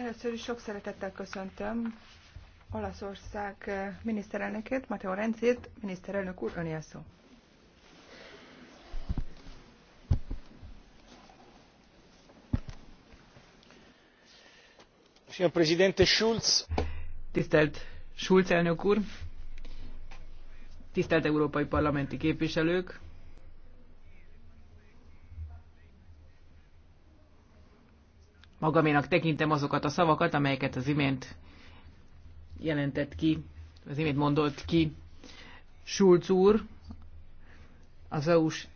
Először is sok szeretettel köszöntöm Olaszország eh, miniszterelnökét, Matteo Renzét, miniszterelnök úr, öné a szó. Presidente Schulz. Tisztelt Schulz elnök úr, tisztelt európai parlamenti képviselők, magaménak tekintem azokat a szavakat, amelyeket az imént jelentett ki, az imént mondott ki Schulz úr, az, Aus,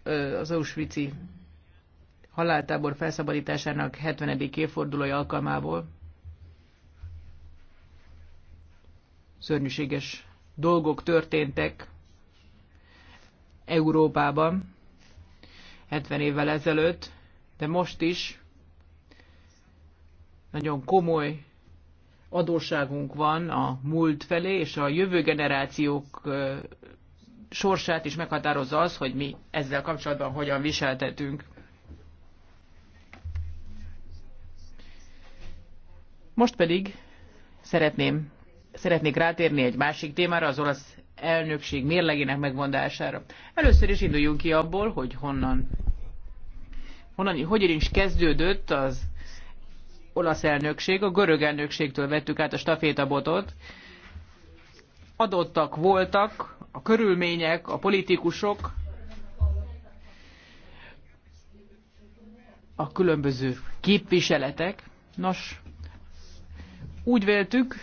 az Auschwitz-i haláltábor felszabadításának 70. évfordulói alkalmából. Szörnyűséges dolgok történtek Európában 70 évvel ezelőtt, de most is nagyon komoly adósságunk van a múlt felé, és a jövő generációk sorsát is meghatározza az, hogy mi ezzel kapcsolatban hogyan viseltetünk. Most pedig szeretném, szeretnék rátérni egy másik témára, az olasz elnökség mérlegének megmondására. Először is induljunk ki abból, hogy honnan, honnan hogyan is kezdődött az olasz elnökség, a görög elnökségtől vettük át a stafétabotot. Adottak voltak a körülmények, a politikusok, a különböző képviseletek. Nos, úgy véltük,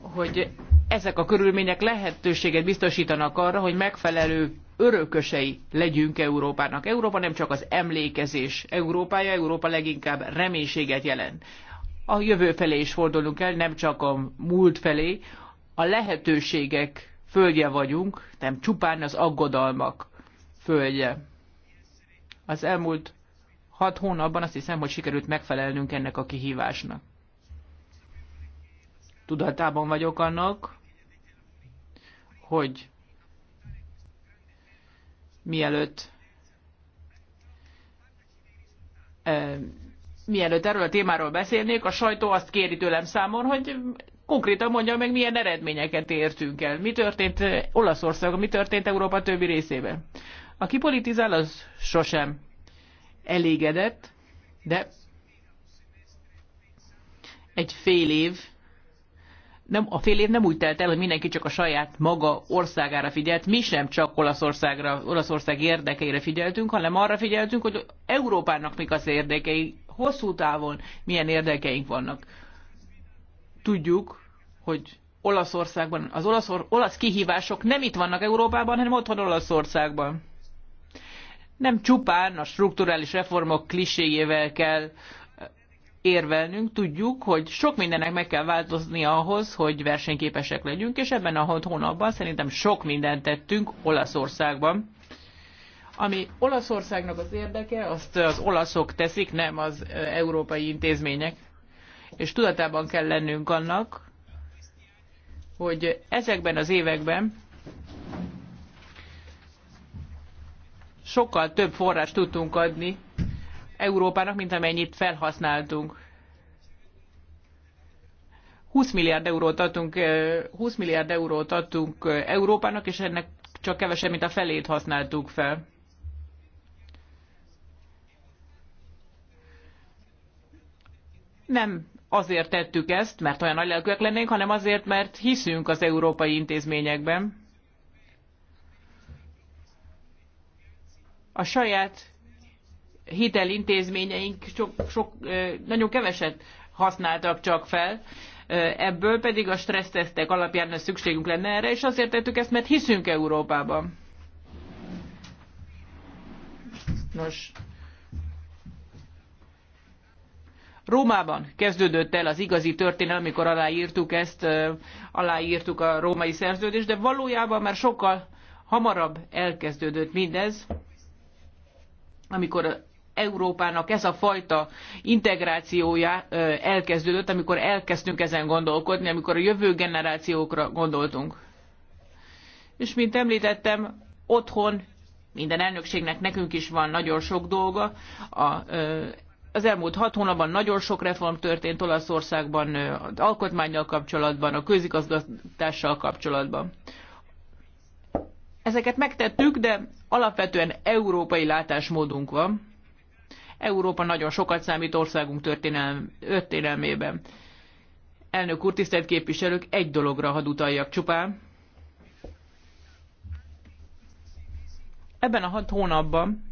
hogy ezek a körülmények lehetőséget biztosítanak arra, hogy megfelelő örökösei legyünk Európának. Európa nem csak az emlékezés Európája, Európa leginkább reménységet jelent. A jövő felé is fordulunk el, nem csak a múlt felé. A lehetőségek földje vagyunk, nem csupán az aggodalmak földje. Az elmúlt hat hónapban azt hiszem, hogy sikerült megfelelnünk ennek a kihívásnak. Tudatában vagyok annak, hogy mielőtt mielőtt erről a témáról beszélnék, a sajtó azt kéri tőlem számon, hogy konkrétan mondja meg, milyen eredményeket értünk el. Mi történt Olaszországon, mi történt Európa többi részében. Aki politizál, az sosem elégedett, de egy fél év nem, a fél év nem úgy telt el, hogy mindenki csak a saját maga országára figyelt, mi sem csak Olaszországra, Olaszország érdekeire figyeltünk, hanem arra figyeltünk, hogy Európának mik az érdekei, hosszú távon milyen érdekeink vannak. Tudjuk, hogy Olaszországban, az olasz, olasz kihívások nem itt vannak Európában, hanem otthon Olaszországban. Nem csupán a strukturális reformok kliséjével kell uh, érvelnünk, tudjuk, hogy sok mindennek meg kell változni ahhoz, hogy versenyképesek legyünk, és ebben a hat hónapban szerintem sok mindent tettünk Olaszországban. Ami Olaszországnak az érdeke, azt az olaszok teszik, nem az európai intézmények. És tudatában kell lennünk annak, hogy ezekben az években sokkal több forrást tudtunk adni Európának, mint amennyit felhasználtunk. 20 milliárd eurót adtunk, 20 eh, milliárd eurót adtunk eh, Európának, és ennek csak kevesebb, mint a felét használtuk fel. Nem azért tettük ezt, mert olyan nagy lelkűek lennénk, hanem azért, mert hiszünk az európai intézményekben. A saját hitelintézményeink sok, sok, nagyon keveset használtak csak fel, ebből pedig a stressztesztek alapján a szükségünk lenne erre, és azért tettük ezt, mert hiszünk Európában. Nos, Rómában kezdődött el az igazi történelem, amikor aláírtuk ezt, aláírtuk a római szerződést, de valójában már sokkal hamarabb elkezdődött mindez, amikor Európának ez a fajta integrációja elkezdődött, amikor elkezdtünk ezen gondolkodni, amikor a jövő generációkra gondoltunk. És mint említettem, otthon minden elnökségnek nekünk is van nagyon sok dolga. A, az elmúlt hat hónapban nagyon sok reform történt Olaszországban, az alkotmányjal kapcsolatban, a közigazgatással kapcsolatban. Ezeket megtettük, de alapvetően európai látásmódunk van. Európa nagyon sokat számít országunk történelmében. Elnök úr, tisztelt képviselők, egy dologra hadd utaljak csupán. Ebben a hat hónapban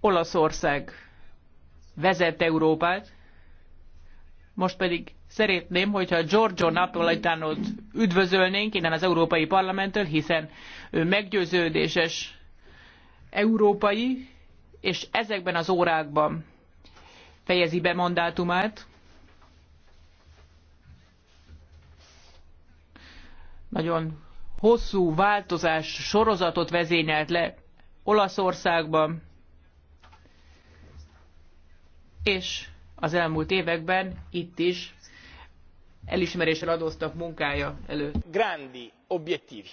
Olaszország vezet Európát, most pedig szeretném, hogyha Giorgio Napolitánot üdvözölnénk innen az Európai Parlamenttől, hiszen ő meggyőződéses európai, és ezekben az órákban fejezi be mandátumát. Nagyon hosszú változás sorozatot vezényelt le Olaszországban, és az elmúlt években itt is elismeréssel adóztak munkája előtt. Grandi obiettivi.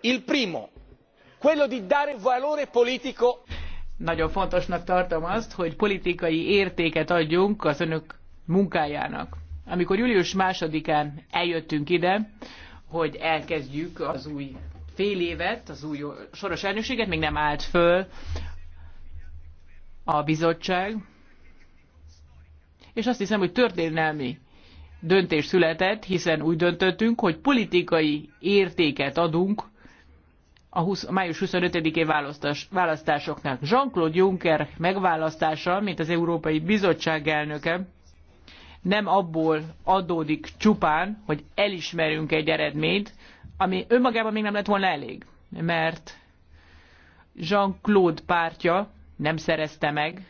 Il primo quello di dare valore politico. Nagyon fontosnak tartom azt, hogy politikai értéket adjunk az önök munkájának. Amikor július másodikán eljöttünk ide, hogy elkezdjük az új fél évet, az új soros elnökséget, még nem állt föl a bizottság, és azt hiszem, hogy történelmi döntés született, hiszen úgy döntöttünk, hogy politikai értéket adunk a 20, május 25-é választás, választásoknak. Jean-Claude Juncker megválasztása, mint az Európai Bizottság elnöke, nem abból adódik csupán, hogy elismerünk egy eredményt, ami önmagában még nem lett volna elég, mert Jean-Claude pártja nem szerezte meg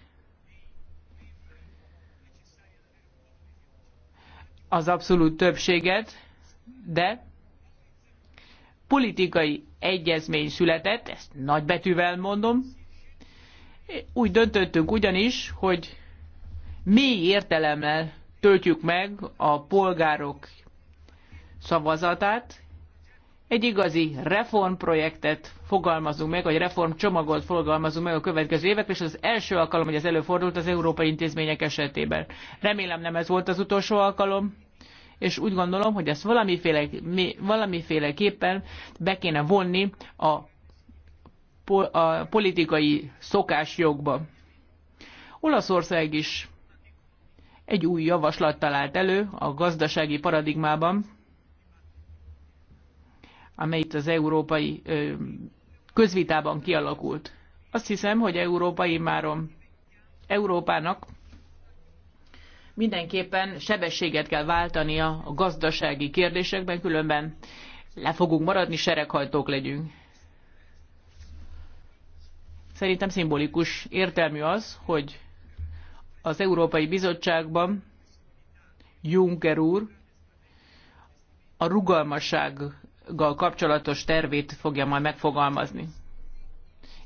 az abszolút többséget, de politikai egyezmény született, ezt nagybetűvel mondom. Úgy döntöttünk ugyanis, hogy mi értelemmel töltjük meg a polgárok szavazatát, egy igazi reformprojektet fogalmazunk meg, vagy reformcsomagot fogalmazunk meg a következő évek és az első alkalom, hogy ez előfordult az európai intézmények esetében. Remélem nem ez volt az utolsó alkalom és úgy gondolom, hogy ezt valamiféle, valamiféleképpen be kéne vonni a, a politikai szokásjogba. Olaszország is egy új javaslat talált elő a gazdasági paradigmában, amely itt az európai közvitában kialakult. Azt hiszem, hogy európai máron Európának mindenképpen sebességet kell váltania a gazdasági kérdésekben, különben le fogunk maradni, sereghajtók legyünk. Szerintem szimbolikus értelmű az, hogy az Európai Bizottságban Juncker úr a rugalmassággal kapcsolatos tervét fogja majd megfogalmazni.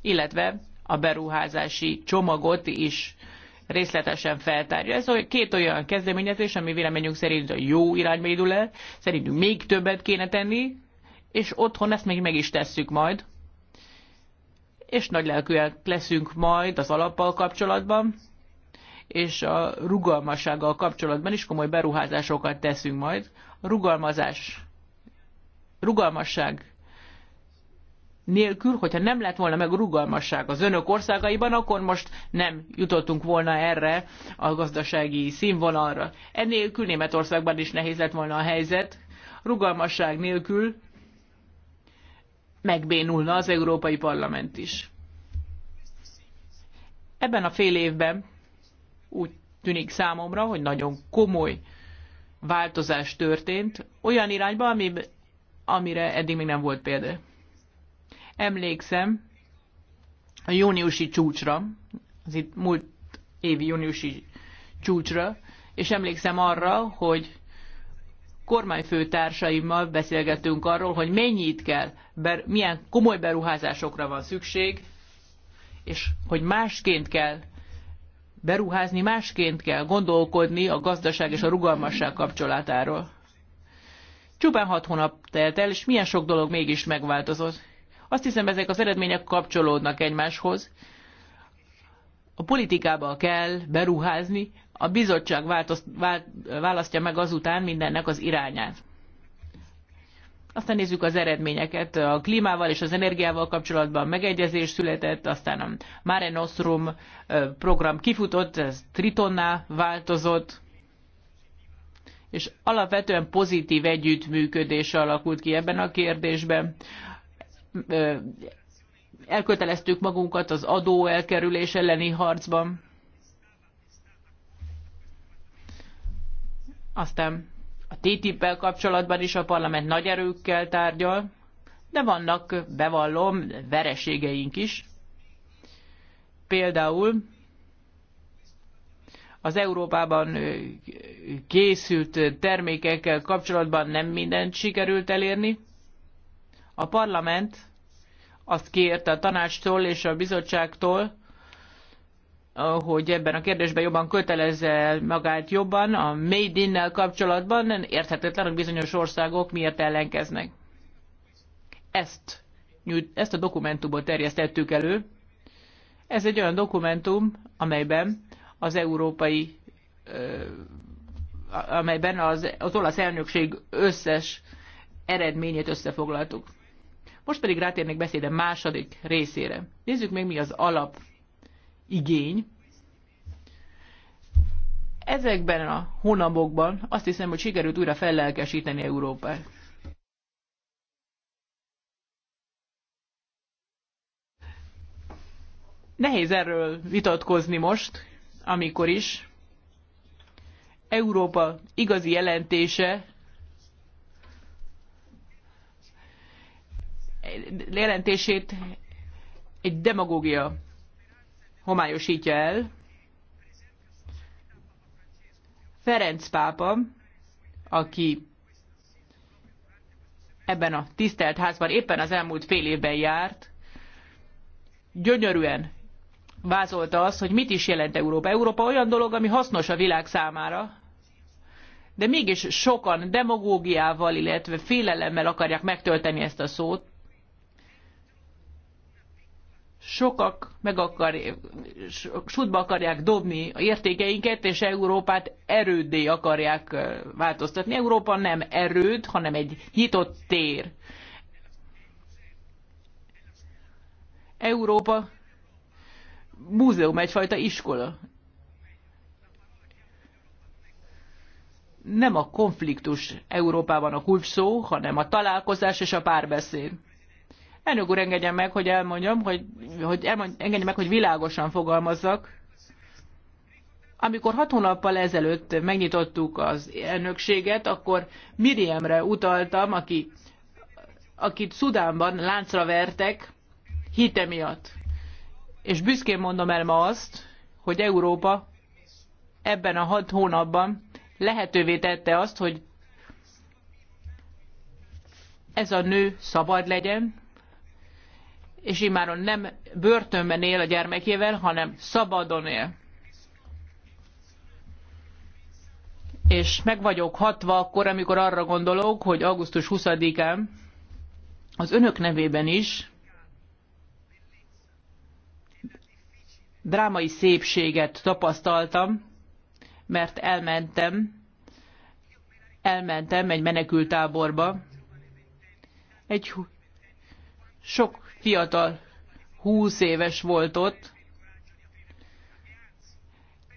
Illetve a beruházási csomagot is részletesen feltárja. Ez két olyan kezdeményezés, ami véleményünk szerint a jó irányba indul el, szerintünk még többet kéne tenni, és otthon ezt még meg is tesszük majd, és nagy lelkűek leszünk majd az alappal kapcsolatban, és a rugalmassággal kapcsolatban is komoly beruházásokat teszünk majd. A rugalmazás, rugalmasság nélkül, hogyha nem lett volna meg rugalmasság az önök országaiban, akkor most nem jutottunk volna erre a gazdasági színvonalra. Ennélkül Németországban is nehéz lett volna a helyzet. Rugalmasság nélkül megbénulna az Európai Parlament is. Ebben a fél évben úgy tűnik számomra, hogy nagyon komoly változás történt olyan irányba, amire eddig még nem volt példa. Emlékszem a júniusi csúcsra, az itt múlt évi júniusi csúcsra, és emlékszem arra, hogy kormányfőtársaimmal beszélgettünk arról, hogy mennyit kell, ber, milyen komoly beruházásokra van szükség, és hogy másként kell beruházni, másként kell gondolkodni a gazdaság és a rugalmasság kapcsolatáról. Csupán hat hónap telt el, és milyen sok dolog mégis megváltozott. Azt hiszem, ezek az eredmények kapcsolódnak egymáshoz. A politikába kell beruházni, a bizottság változt, vált, választja meg azután mindennek az irányát. Aztán nézzük az eredményeket. A klímával és az energiával kapcsolatban megegyezés született, aztán a Mare Nostrum program kifutott, ez Tritonná változott, és alapvetően pozitív együttműködés alakult ki ebben a kérdésben elköteleztük magunkat az adó elkerülés elleni harcban. Aztán a TTIP-el kapcsolatban is a parlament nagy erőkkel tárgyal, de vannak, bevallom, vereségeink is. Például az Európában készült termékekkel kapcsolatban nem mindent sikerült elérni, a parlament azt kérte a tanácstól és a bizottságtól, hogy ebben a kérdésben jobban kötelezze magát jobban, a Made in-nel kapcsolatban érthetetlen, hogy bizonyos országok miért ellenkeznek. Ezt, ezt a dokumentumot terjesztettük elő. Ez egy olyan dokumentum, amelyben az európai amelyben az, az olasz elnökség összes eredményét összefoglaltuk. Most pedig rátérnék beszéde második részére. Nézzük meg, mi az alap igény. Ezekben a hónapokban azt hiszem, hogy sikerült újra fellelkesíteni Európát. Nehéz erről vitatkozni most, amikor is Európa igazi jelentése jelentését egy demagógia homályosítja el. Ferenc pápa, aki ebben a tisztelt házban éppen az elmúlt fél évben járt, gyönyörűen vázolta azt, hogy mit is jelent Európa. Európa olyan dolog, ami hasznos a világ számára, de mégis sokan demagógiával, illetve félelemmel akarják megtölteni ezt a szót sokak meg akar, sútba akarják dobni a értékeinket, és Európát erőddé akarják változtatni. Európa nem erőd, hanem egy nyitott tér. Európa múzeum, egyfajta iskola. Nem a konfliktus Európában a kulcs szó, hanem a találkozás és a párbeszéd. Elnök úr, engedjen meg, hogy elmondjam, hogy, hogy elmond, engedjen meg, hogy világosan fogalmazzak. Amikor hat hónappal ezelőtt megnyitottuk az elnökséget, akkor Miriamre utaltam, aki, akit Szudánban láncra vertek hite miatt. És büszkén mondom el ma azt, hogy Európa ebben a hat hónapban lehetővé tette azt, hogy ez a nő szabad legyen, és immáron nem börtönben él a gyermekével, hanem szabadon él. És meg vagyok hatva akkor, amikor arra gondolok, hogy augusztus 20-án az önök nevében is drámai szépséget tapasztaltam, mert elmentem, elmentem egy menekültáborba, egy sok fiatal 20 éves volt ott.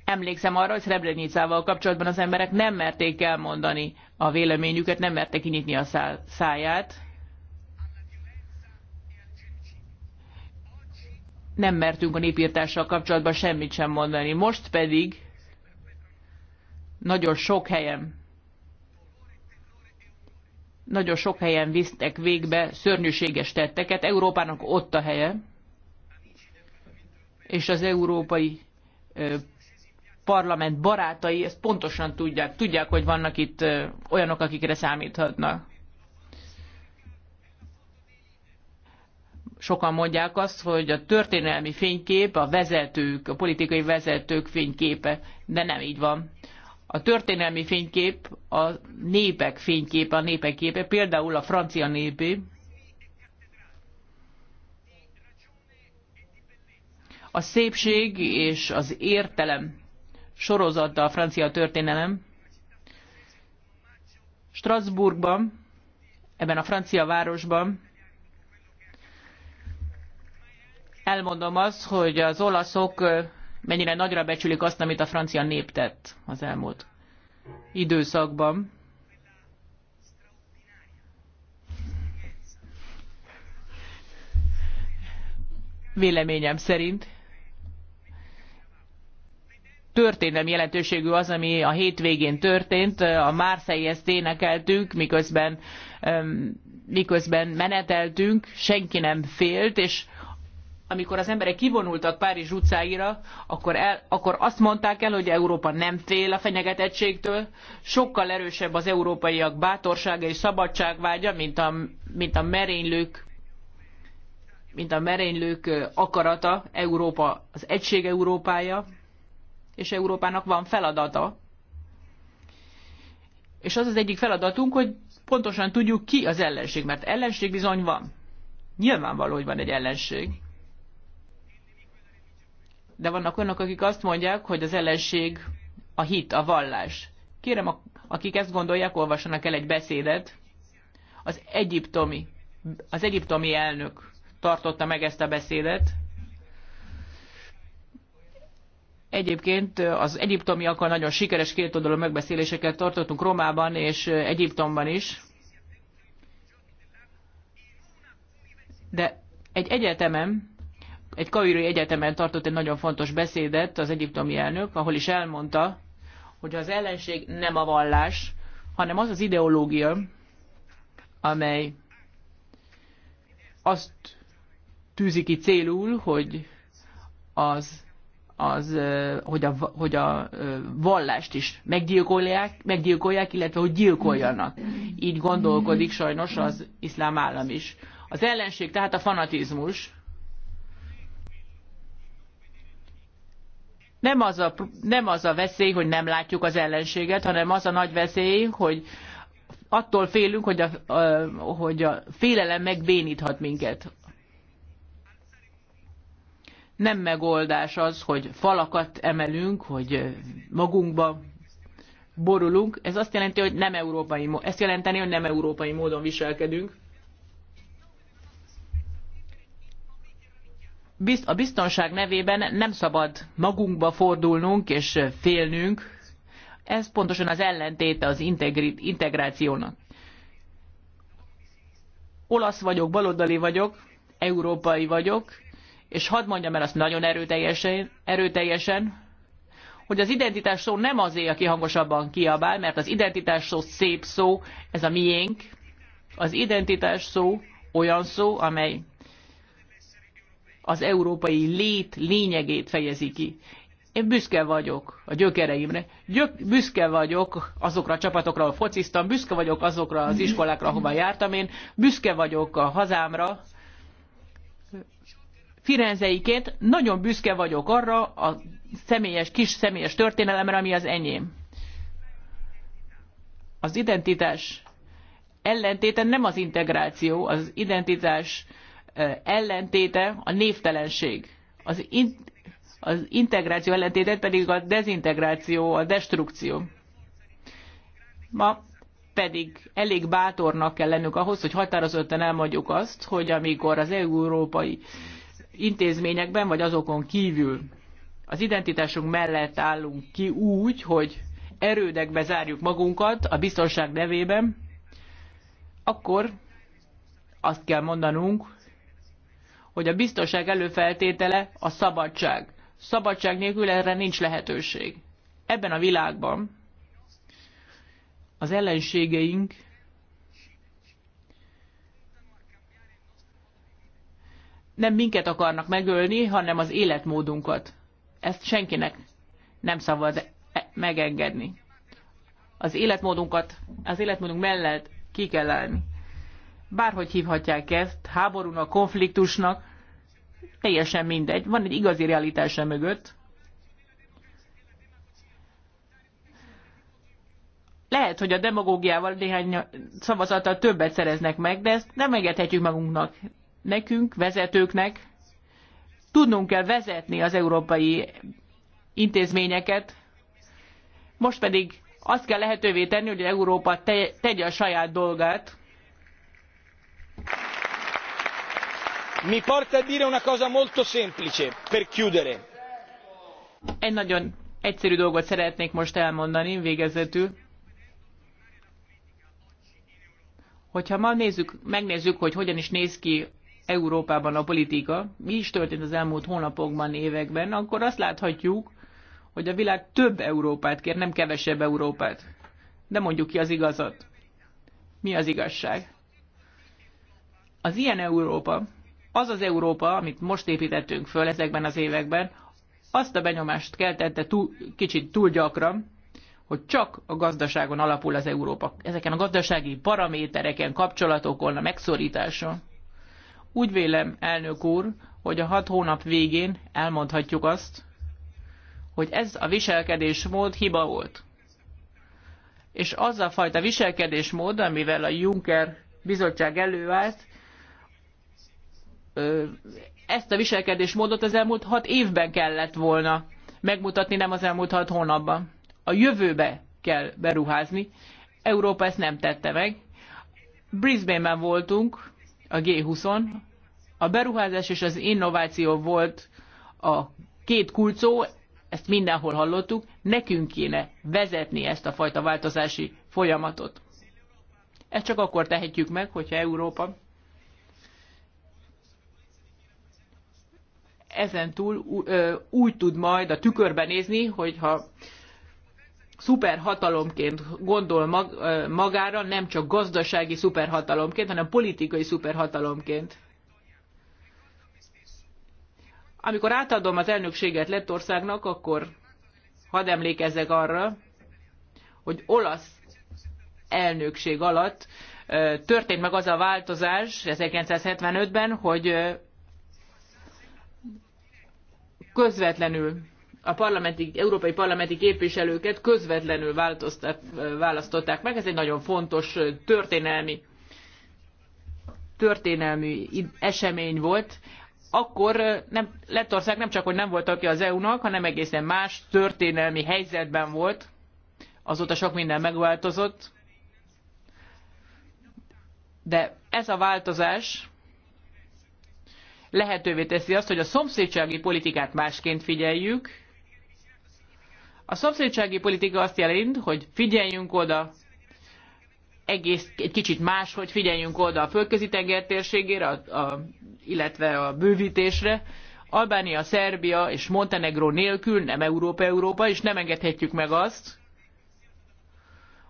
Emlékszem arra, hogy Srebrenicával kapcsolatban az emberek nem merték elmondani a véleményüket, nem merték kinyitni a száját. Nem mertünk a népírtással kapcsolatban semmit sem mondani. Most pedig nagyon sok helyen nagyon sok helyen visztek végbe szörnyűséges tetteket. Európának ott a helye, és az európai parlament barátai ezt pontosan tudják. Tudják, hogy vannak itt olyanok, akikre számíthatnak. Sokan mondják azt, hogy a történelmi fénykép a vezetők, a politikai vezetők fényképe, de nem így van a történelmi fénykép a népek fényképe, a népek képe, például a francia népé. A szépség és az értelem sorozata a francia történelem. Strasbourgban, ebben a francia városban elmondom azt, hogy az olaszok mennyire nagyra becsülik azt, amit a francia nép tett az elmúlt időszakban. Véleményem szerint történelmi jelentőségű az, ami a hétvégén történt. A Márszei ezt énekeltük, miközben, miközben meneteltünk, senki nem félt, és amikor az emberek kivonultak Párizs utcáira, akkor, el, akkor azt mondták el, hogy Európa nem fél a fenyegetettségtől, sokkal erősebb az európaiak bátorsága és szabadságvágya, mint a, mint a merénylők mint a merénylők akarata, Európa az egység Európája, és Európának van feladata. És az az egyik feladatunk, hogy pontosan tudjuk ki az ellenség, mert ellenség bizony van. Nyilvánvaló, hogy van egy ellenség de vannak olyanok, akik azt mondják, hogy az ellenség a hit, a vallás. Kérem, akik ezt gondolják, olvassanak el egy beszédet. Az egyiptomi, az egyiptomi elnök tartotta meg ezt a beszédet. Egyébként az egyiptomiakkal nagyon sikeres kétoldalú megbeszéléseket tartottunk Romában és Egyiptomban is. De egy egyetemem egy kairói egyetemen tartott egy nagyon fontos beszédet az egyiptomi elnök, ahol is elmondta, hogy az ellenség nem a vallás, hanem az az ideológia, amely azt tűzi ki célul, hogy az, az hogy, a, hogy a vallást is meggyilkolják, meggyilkolják, illetve hogy gyilkoljanak. Így gondolkodik sajnos az iszlám állam is. Az ellenség tehát a fanatizmus, nem az, a, nem az a veszély, hogy nem látjuk az ellenséget, hanem az a nagy veszély, hogy attól félünk, hogy a, a, hogy a félelem megbéníthat minket. Nem megoldás az, hogy falakat emelünk, hogy magunkba borulunk. Ez azt jelenti, hogy nem európai, ezt jelenteni, hogy nem európai módon viselkedünk. a biztonság nevében nem szabad magunkba fordulnunk és félnünk. Ez pontosan az ellentéte az integrációnak. Olasz vagyok, baloldali vagyok, európai vagyok, és hadd mondjam el azt nagyon erőteljesen, erőteljesen hogy az identitás szó nem azért, aki hangosabban kiabál, mert az identitás szó szép szó, ez a miénk. Az identitás szó olyan szó, amely az európai lét lényegét fejezi ki. Én büszke vagyok a gyökereimre, Gyök, büszke vagyok azokra a csapatokra, ahol fociztam, büszke vagyok azokra az iskolákra, ahova jártam én, büszke vagyok a hazámra. Firenzeiként nagyon büszke vagyok arra a személyes, kis személyes történelemre, ami az enyém. Az identitás ellentéte nem az integráció, az identitás ellentéte a névtelenség. Az, in, az integráció ellentéte pedig a dezintegráció, a destrukció. Ma pedig elég bátornak kell lennünk ahhoz, hogy határozottan elmondjuk azt, hogy amikor az európai intézményekben vagy azokon kívül az identitásunk mellett állunk ki úgy, hogy erődekbe zárjuk magunkat a biztonság nevében, akkor azt kell mondanunk, hogy a biztonság előfeltétele a szabadság. Szabadság nélkül erre nincs lehetőség. Ebben a világban az ellenségeink nem minket akarnak megölni, hanem az életmódunkat. Ezt senkinek nem szabad e- megengedni. Az életmódunkat, az életmódunk mellett ki kell állni bárhogy hívhatják ezt, háborúnak, konfliktusnak, teljesen mindegy. Van egy igazi realitása mögött. Lehet, hogy a demagógiával néhány szavazattal többet szereznek meg, de ezt nem engedhetjük magunknak. Nekünk, vezetőknek tudnunk kell vezetni az európai intézményeket, most pedig azt kell lehetővé tenni, hogy Európa te tegye a saját dolgát, mi porta a dire una cosa molto semplice per chiudere. Egy nagyon egyszerű dolgot szeretnék most elmondani végezetül. Hogyha ma nézzük, megnézzük, hogy hogyan is néz ki Európában a politika, mi is történt az elmúlt hónapokban, években, akkor azt láthatjuk, hogy a világ több Európát kér, nem kevesebb Európát. De mondjuk ki az igazat. Mi az igazság? Az ilyen Európa, az az Európa, amit most építettünk föl ezekben az években, azt a benyomást keltette túl, kicsit túl gyakran, hogy csak a gazdaságon alapul az Európa. Ezeken a gazdasági paramétereken, kapcsolatokon, a megszorításon. Úgy vélem, elnök úr, hogy a hat hónap végén elmondhatjuk azt, hogy ez a viselkedésmód hiba volt. És az a fajta viselkedésmód, amivel a Juncker bizottság előállt, ezt a viselkedésmódot az elmúlt hat évben kellett volna megmutatni, nem az elmúlt hat hónapban. A jövőbe kell beruházni. Európa ezt nem tette meg. Brisbane-ben voltunk, a G20-on. A beruházás és az innováció volt a két kulcó, ezt mindenhol hallottuk, nekünk kéne vezetni ezt a fajta változási folyamatot. Ezt csak akkor tehetjük meg, hogyha Európa ezen túl úgy tud majd a tükörbe nézni, hogyha szuperhatalomként gondol magára, nem csak gazdasági szuperhatalomként, hanem politikai szuperhatalomként. Amikor átadom az elnökséget Lettországnak, akkor hadd emlékezzek arra, hogy olasz elnökség alatt történt meg az a változás 1975-ben, hogy közvetlenül a parlamenti, európai parlamenti képviselőket közvetlenül választották meg. Ez egy nagyon fontos történelmi, történelmi esemény volt. Akkor nem, Lettország nem csak, hogy nem volt aki az EU-nak, hanem egészen más történelmi helyzetben volt. Azóta sok minden megváltozott. De ez a változás lehetővé teszi azt, hogy a szomszédsági politikát másként figyeljük. A szomszédsági politika azt jelenti, hogy figyeljünk oda egész, egy kicsit más, hogy figyeljünk oda a földközi tenger térségére, a, a, illetve a bővítésre. Albánia, Szerbia és Montenegro nélkül nem Európa-Európa, és nem engedhetjük meg azt,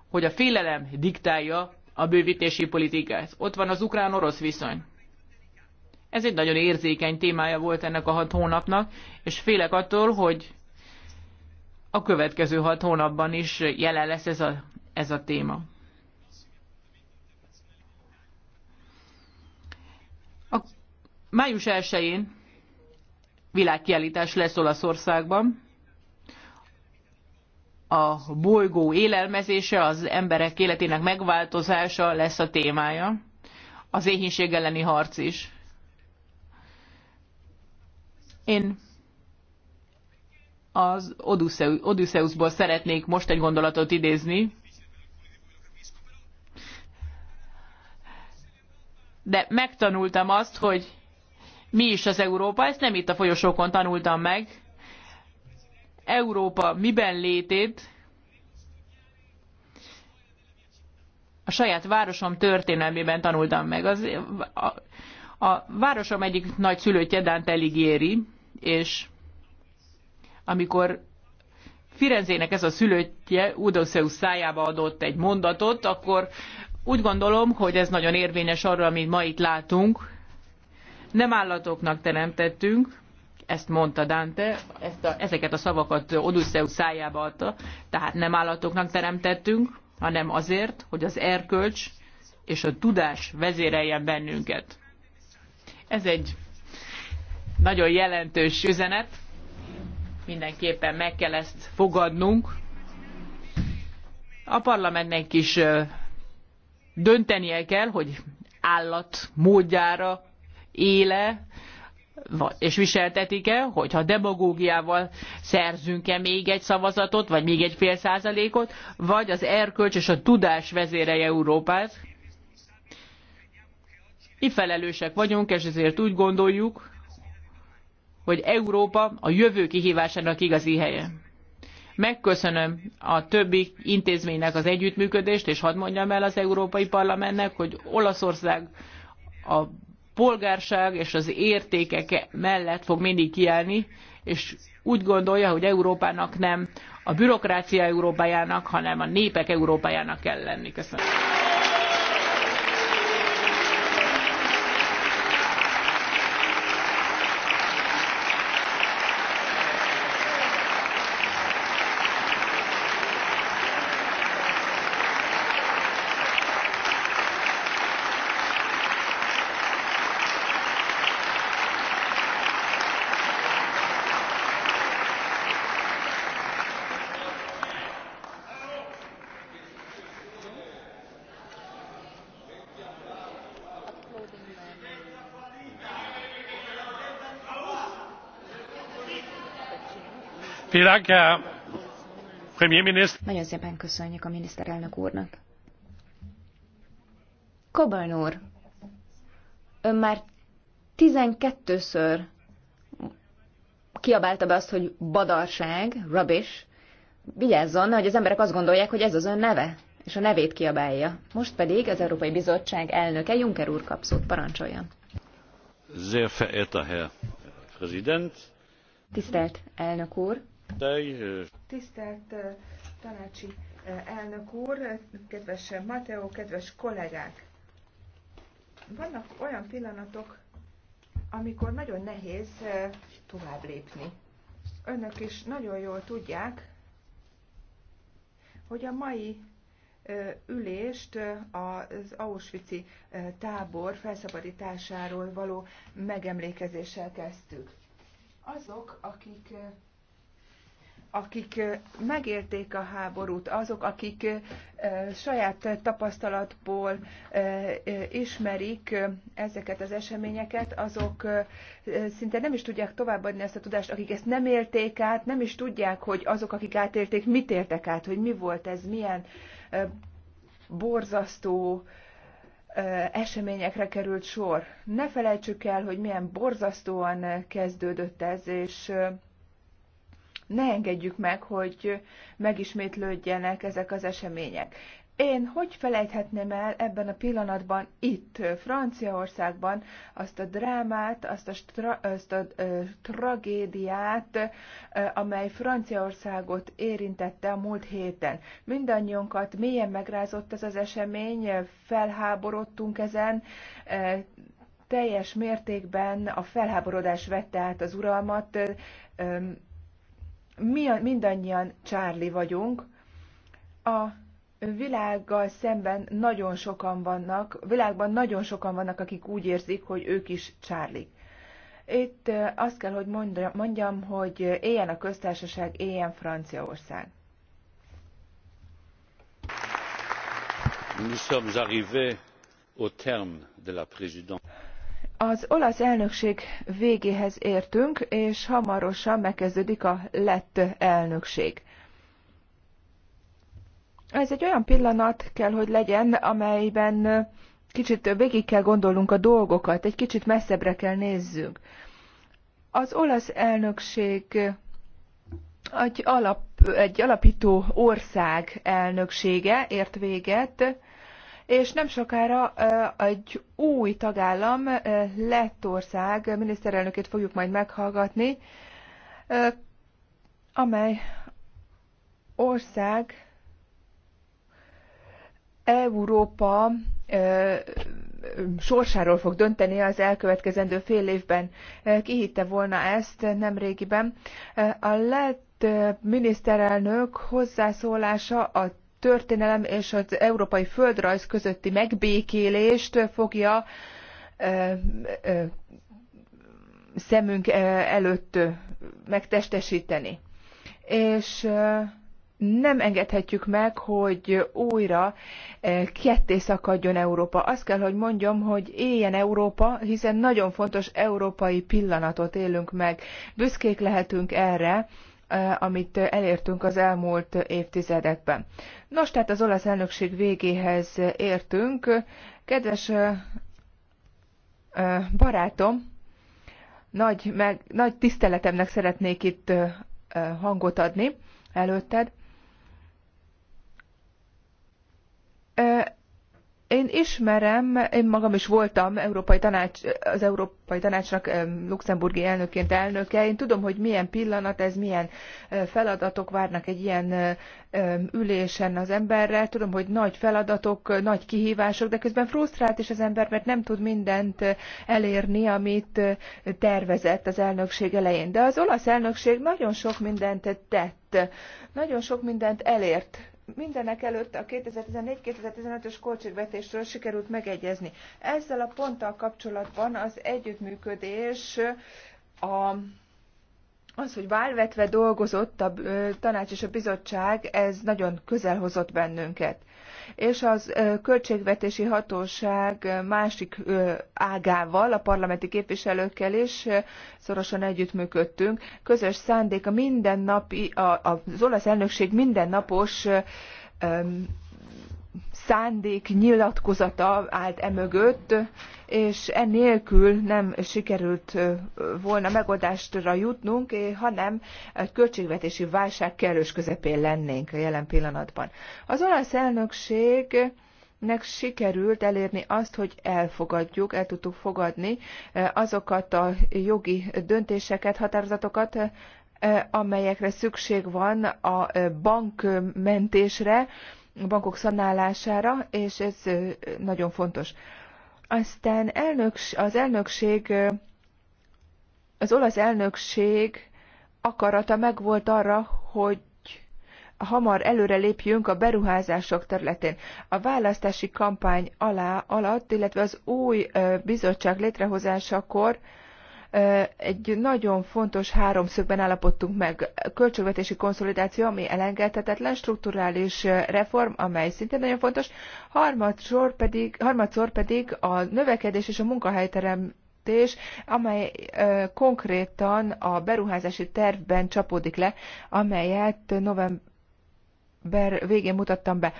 hogy a félelem diktálja a bővítési politikát. Ott van az ukrán-orosz viszony. Ez egy nagyon érzékeny témája volt ennek a hat hónapnak, és félek attól, hogy a következő hat hónapban is jelen lesz ez a, ez a téma. A május 1-én világkiállítás lesz Olaszországban. A bolygó élelmezése, az emberek életének megváltozása lesz a témája. Az éhínség elleni harc is. Én az Odysseusból szeretnék most egy gondolatot idézni, de megtanultam azt, hogy mi is az Európa, ezt nem itt a folyosókon tanultam meg. Európa miben létét a saját városom történelmében tanultam meg. Az, a, a városom egyik nagy szülőtje, Dante Ligieri, és amikor Firenzének ez a szülöttje Udoszeus szájába adott egy mondatot, akkor úgy gondolom, hogy ez nagyon érvényes arra, amit ma itt látunk. Nem állatoknak teremtettünk, ezt mondta Dante, ezt a, ezeket a szavakat Odysseus szájába adta, tehát nem állatoknak teremtettünk, hanem azért, hogy az erkölcs és a tudás vezéreljen bennünket. Ez egy nagyon jelentős üzenet. Mindenképpen meg kell ezt fogadnunk. A parlamentnek is döntenie kell, hogy állat módjára éle, és viseltetik-e, hogyha demagógiával szerzünk-e még egy szavazatot, vagy még egy fél százalékot, vagy az erkölcs és a tudás vezérelje Európát. Mi felelősek vagyunk, és ezért úgy gondoljuk, hogy Európa a jövő kihívásának igazi helye. Megköszönöm a többi intézménynek az együttműködést, és hadd mondjam el az Európai Parlamentnek, hogy Olaszország a polgárság és az értékek mellett fog mindig kiállni, és úgy gondolja, hogy Európának nem a bürokrácia Európájának, hanem a népek Európájának kell lenni. Köszönöm. Nagyon szépen köszönjük a miniszterelnök úrnak. Kobaln úr, ön már 12-ször kiabálta be azt, hogy badarság, rubbish. Vigyázzon, hogy az emberek azt gondolják, hogy ez az ön neve, és a nevét kiabálja. Most pedig az Európai Bizottság elnöke Juncker úr kap szót, parancsoljon. Sehr verehrter Herr Präsident! Tisztelt elnök úr! Tisztelt tanácsi elnök úr, kedves Mateo, kedves kollégák! Vannak olyan pillanatok, amikor nagyon nehéz tovább lépni. Önök is nagyon jól tudják, hogy a mai ülést az auschwitz tábor felszabadításáról való megemlékezéssel kezdtük. Azok, akik akik megélték a háborút, azok, akik saját tapasztalatból ismerik ezeket az eseményeket, azok szinte nem is tudják továbbadni ezt a tudást, akik ezt nem élték át, nem is tudják, hogy azok, akik átélték, mit éltek át, hogy mi volt ez, milyen borzasztó eseményekre került sor. Ne felejtsük el, hogy milyen borzasztóan kezdődött ez, és ne engedjük meg, hogy megismétlődjenek ezek az események. Én hogy felejthetném el ebben a pillanatban itt, Franciaországban azt a drámát, azt a, stra- azt a ö, tragédiát, ö, amely Franciaországot érintette a múlt héten. Mindannyiunkat mélyen megrázott ez az esemény, felháborodtunk ezen, ö, teljes mértékben a felháborodás vette át az uralmat. Ö, ö, mi mindannyian Csárli vagyunk. A világgal szemben nagyon sokan vannak, világban nagyon sokan vannak, akik úgy érzik, hogy ők is Csárlik. Itt azt kell, hogy mondjam, hogy éljen a köztársaság, éljen Franciaország. Nous sommes arrivés au terme de la présidence. Az olasz elnökség végéhez értünk, és hamarosan megkezdődik a lett elnökség. Ez egy olyan pillanat kell, hogy legyen, amelyben kicsit végig kell gondolnunk a dolgokat, egy kicsit messzebbre kell nézzünk. Az olasz elnökség egy, alap, egy alapító ország elnöksége ért véget, és nem sokára egy új tagállam, Lettország miniszterelnökét fogjuk majd meghallgatni, amely ország Európa sorsáról fog dönteni az elkövetkezendő fél évben. Kihitte volna ezt nem nemrégiben. A lett miniszterelnök hozzászólása a történelem és az európai földrajz közötti megbékélést fogja szemünk előtt megtestesíteni. És nem engedhetjük meg, hogy újra ketté szakadjon Európa. Azt kell, hogy mondjam, hogy éljen Európa, hiszen nagyon fontos európai pillanatot élünk meg. Büszkék lehetünk erre, amit elértünk az elmúlt évtizedekben. Nos, tehát az olasz elnökség végéhez értünk. Kedves barátom, nagy, meg, nagy tiszteletemnek szeretnék itt hangot adni előtted. Én ismerem, én magam is voltam Európai Tanács, az Európai Tanácsnak luxemburgi elnökként elnöke. Én tudom, hogy milyen pillanat ez, milyen feladatok várnak egy ilyen ülésen az emberre. Tudom, hogy nagy feladatok, nagy kihívások, de közben frusztrált is az ember, mert nem tud mindent elérni, amit tervezett az elnökség elején. De az olasz elnökség nagyon sok mindent tett, nagyon sok mindent elért mindenek előtt a 2014-2015-ös költségvetésről sikerült megegyezni. Ezzel a ponttal kapcsolatban az együttműködés a az, hogy válvetve dolgozott a tanács és a bizottság, ez nagyon közel hozott bennünket és az költségvetési hatóság másik ágával, a parlamenti képviselőkkel is szorosan együttműködtünk. Közös szándék a mindennapi, az olasz elnökség mindennapos szándék nyilatkozata állt emögött, és enélkül nem sikerült volna megoldástra jutnunk, eh, hanem egy költségvetési válság kellős közepén lennénk a jelen pillanatban. Az olasz elnökség nek sikerült elérni azt, hogy elfogadjuk, el tudtuk fogadni eh, azokat a jogi döntéseket, határozatokat, eh, amelyekre szükség van a bankmentésre, bankok szanálására, és ez nagyon fontos. Aztán elnöks, az elnökség, az olasz elnökség akarata megvolt arra, hogy hamar előre lépjünk a beruházások területén. A választási kampány alá, alatt, illetve az új bizottság létrehozásakor egy nagyon fontos háromszögben állapodtunk meg. Költségvetési konszolidáció, ami elengedhetetlen, strukturális reform, amely szintén nagyon fontos, harmadszor pedig, harmadszor pedig a növekedés és a munkahelyteremtés, amely konkrétan a beruházási tervben csapódik le, amelyet november végén mutattam be.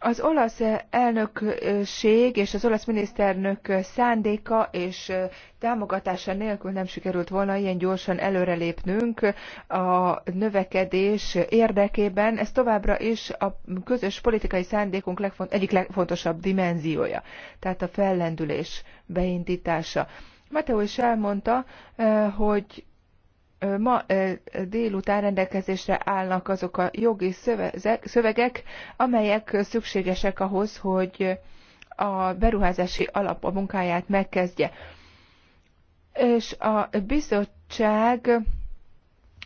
Az olasz elnökség és az olasz miniszternök szándéka és támogatása nélkül nem sikerült volna ilyen gyorsan előrelépnünk a növekedés érdekében. Ez továbbra is a közös politikai szándékunk legfont- egyik legfontosabb dimenziója, tehát a fellendülés beindítása. Mateo is elmondta, hogy ma délután rendelkezésre állnak azok a jogi szövegek, amelyek szükségesek ahhoz, hogy a beruházási alap a munkáját megkezdje. És a bizottság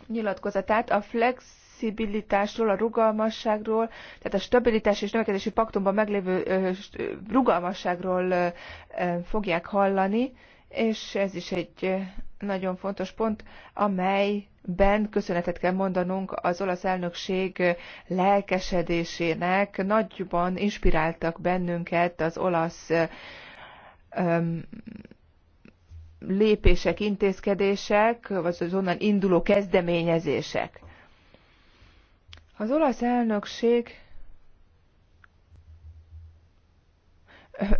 nyilatkozatát a flexibilitásról, a rugalmasságról, tehát a stabilitás és növekedési paktumban meglévő rugalmasságról fogják hallani, és ez is egy nagyon fontos pont, amelyben köszönetet kell mondanunk az olasz elnökség lelkesedésének. Nagyban inspiráltak bennünket az olasz öm, lépések, intézkedések, vagy az onnan induló kezdeményezések. Az olasz elnökség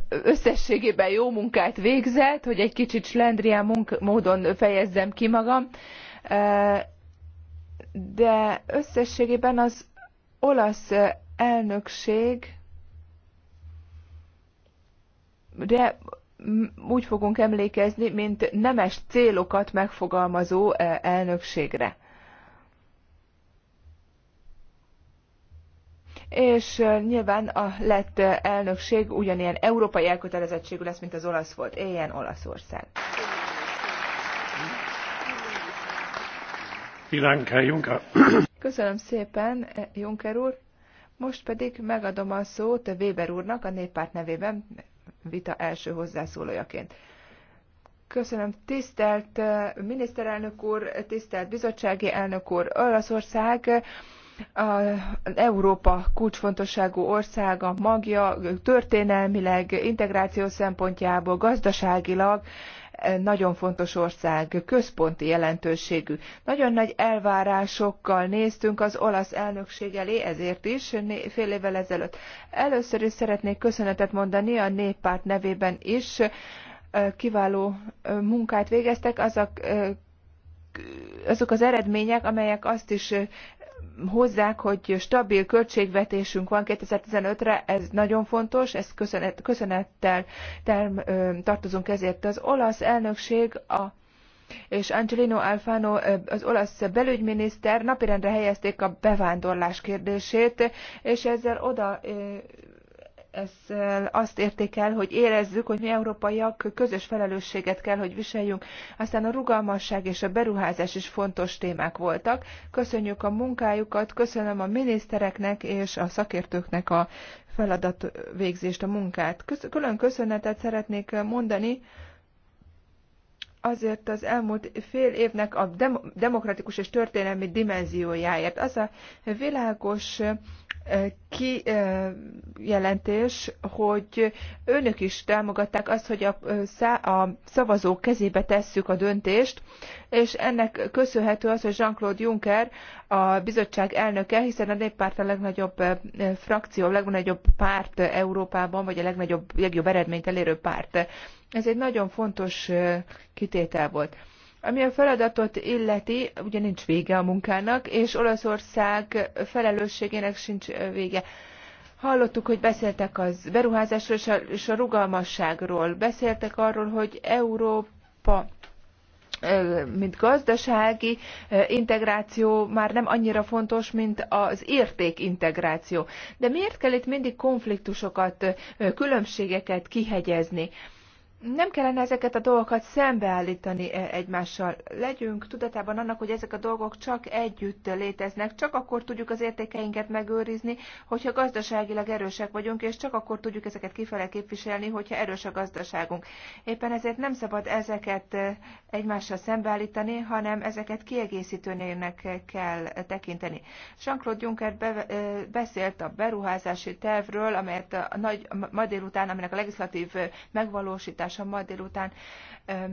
összességében jó munkát végzett, hogy egy kicsit slendrián módon fejezzem ki magam, de összességében az olasz elnökség de úgy fogunk emlékezni, mint nemes célokat megfogalmazó elnökségre. és nyilván a lett elnökség ugyanilyen európai elkötelezettségű lesz, mint az olasz volt. Éljen Olaszország! Köszönöm szépen, Juncker úr. Most pedig megadom a szót Weber úrnak a néppárt nevében, vita első hozzászólójaként. Köszönöm, tisztelt miniszterelnök úr, tisztelt bizottsági elnök úr, Olaszország az Európa kulcsfontosságú országa, magja, történelmileg, integráció szempontjából, gazdaságilag eh, nagyon fontos ország, központi jelentőségű. Nagyon nagy elvárásokkal néztünk az olasz elnökség elé, ezért is fél évvel ezelőtt. Először is szeretnék köszönetet mondani a néppárt nevében is. Eh, kiváló eh, munkát végeztek, azok azok az eredmények, amelyek azt is hozzák, hogy stabil költségvetésünk van fifteen re ez nagyon fontos, ezt köszönettel tartozunk ezért. Az olasz elnökség és Angelino Alfano, az olasz belügyminiszter napirendre helyezték a bevándorlás kérdését, és ezzel oda ezzel azt érték el, hogy érezzük, hogy mi európaiak közös felelősséget kell, hogy viseljünk. Aztán a rugalmasság és a beruházás is fontos témák voltak. Köszönjük a munkájukat, köszönöm a minisztereknek és a szakértőknek a feladatvégzést, a munkát. Külön köszönetet szeretnék mondani azért az elmúlt fél évnek a demokratikus és történelmi dimenziójáért. Az a világos kijelentés, hogy önök is támogatták azt, hogy a, szavazók kezébe tesszük a döntést, és ennek köszönhető az, hogy Jean-Claude Juncker a bizottság elnöke, hiszen a néppárt a legnagyobb frakció, a legnagyobb párt Európában, vagy a legnagyobb, legjobb eredményt elérő párt. Ez egy nagyon fontos kitétel volt. Ami a feladatot illeti, ugye nincs vége a munkának, és Olaszország felelősségének sincs vége. Hallottuk, hogy beszéltek az beruházásról és a, és a rugalmasságról, beszéltek arról, hogy Európa mint gazdasági integráció már nem annyira fontos, mint az értékintegráció. De miért kell itt mindig konfliktusokat, különbségeket kihegyezni? nem kellene ezeket a dolgokat szembeállítani e, egymással. Legyünk tudatában annak, hogy ezek a dolgok csak együtt léteznek, csak akkor tudjuk az értékeinket megőrizni, hogyha gazdaságilag erősek vagyunk, és csak akkor tudjuk ezeket kifele képviselni, hogyha erős a gazdaságunk. Éppen ezért nem szabad ezeket e, egymással szembeállítani, hanem ezeket kiegészítőnének e, kell tekinteni. Jean-Claude Juncker be, beszélt a beruházási tervről, amelyet a nagy, ma délután, aminek a legislatív megvalósítás meghallgatása ma délután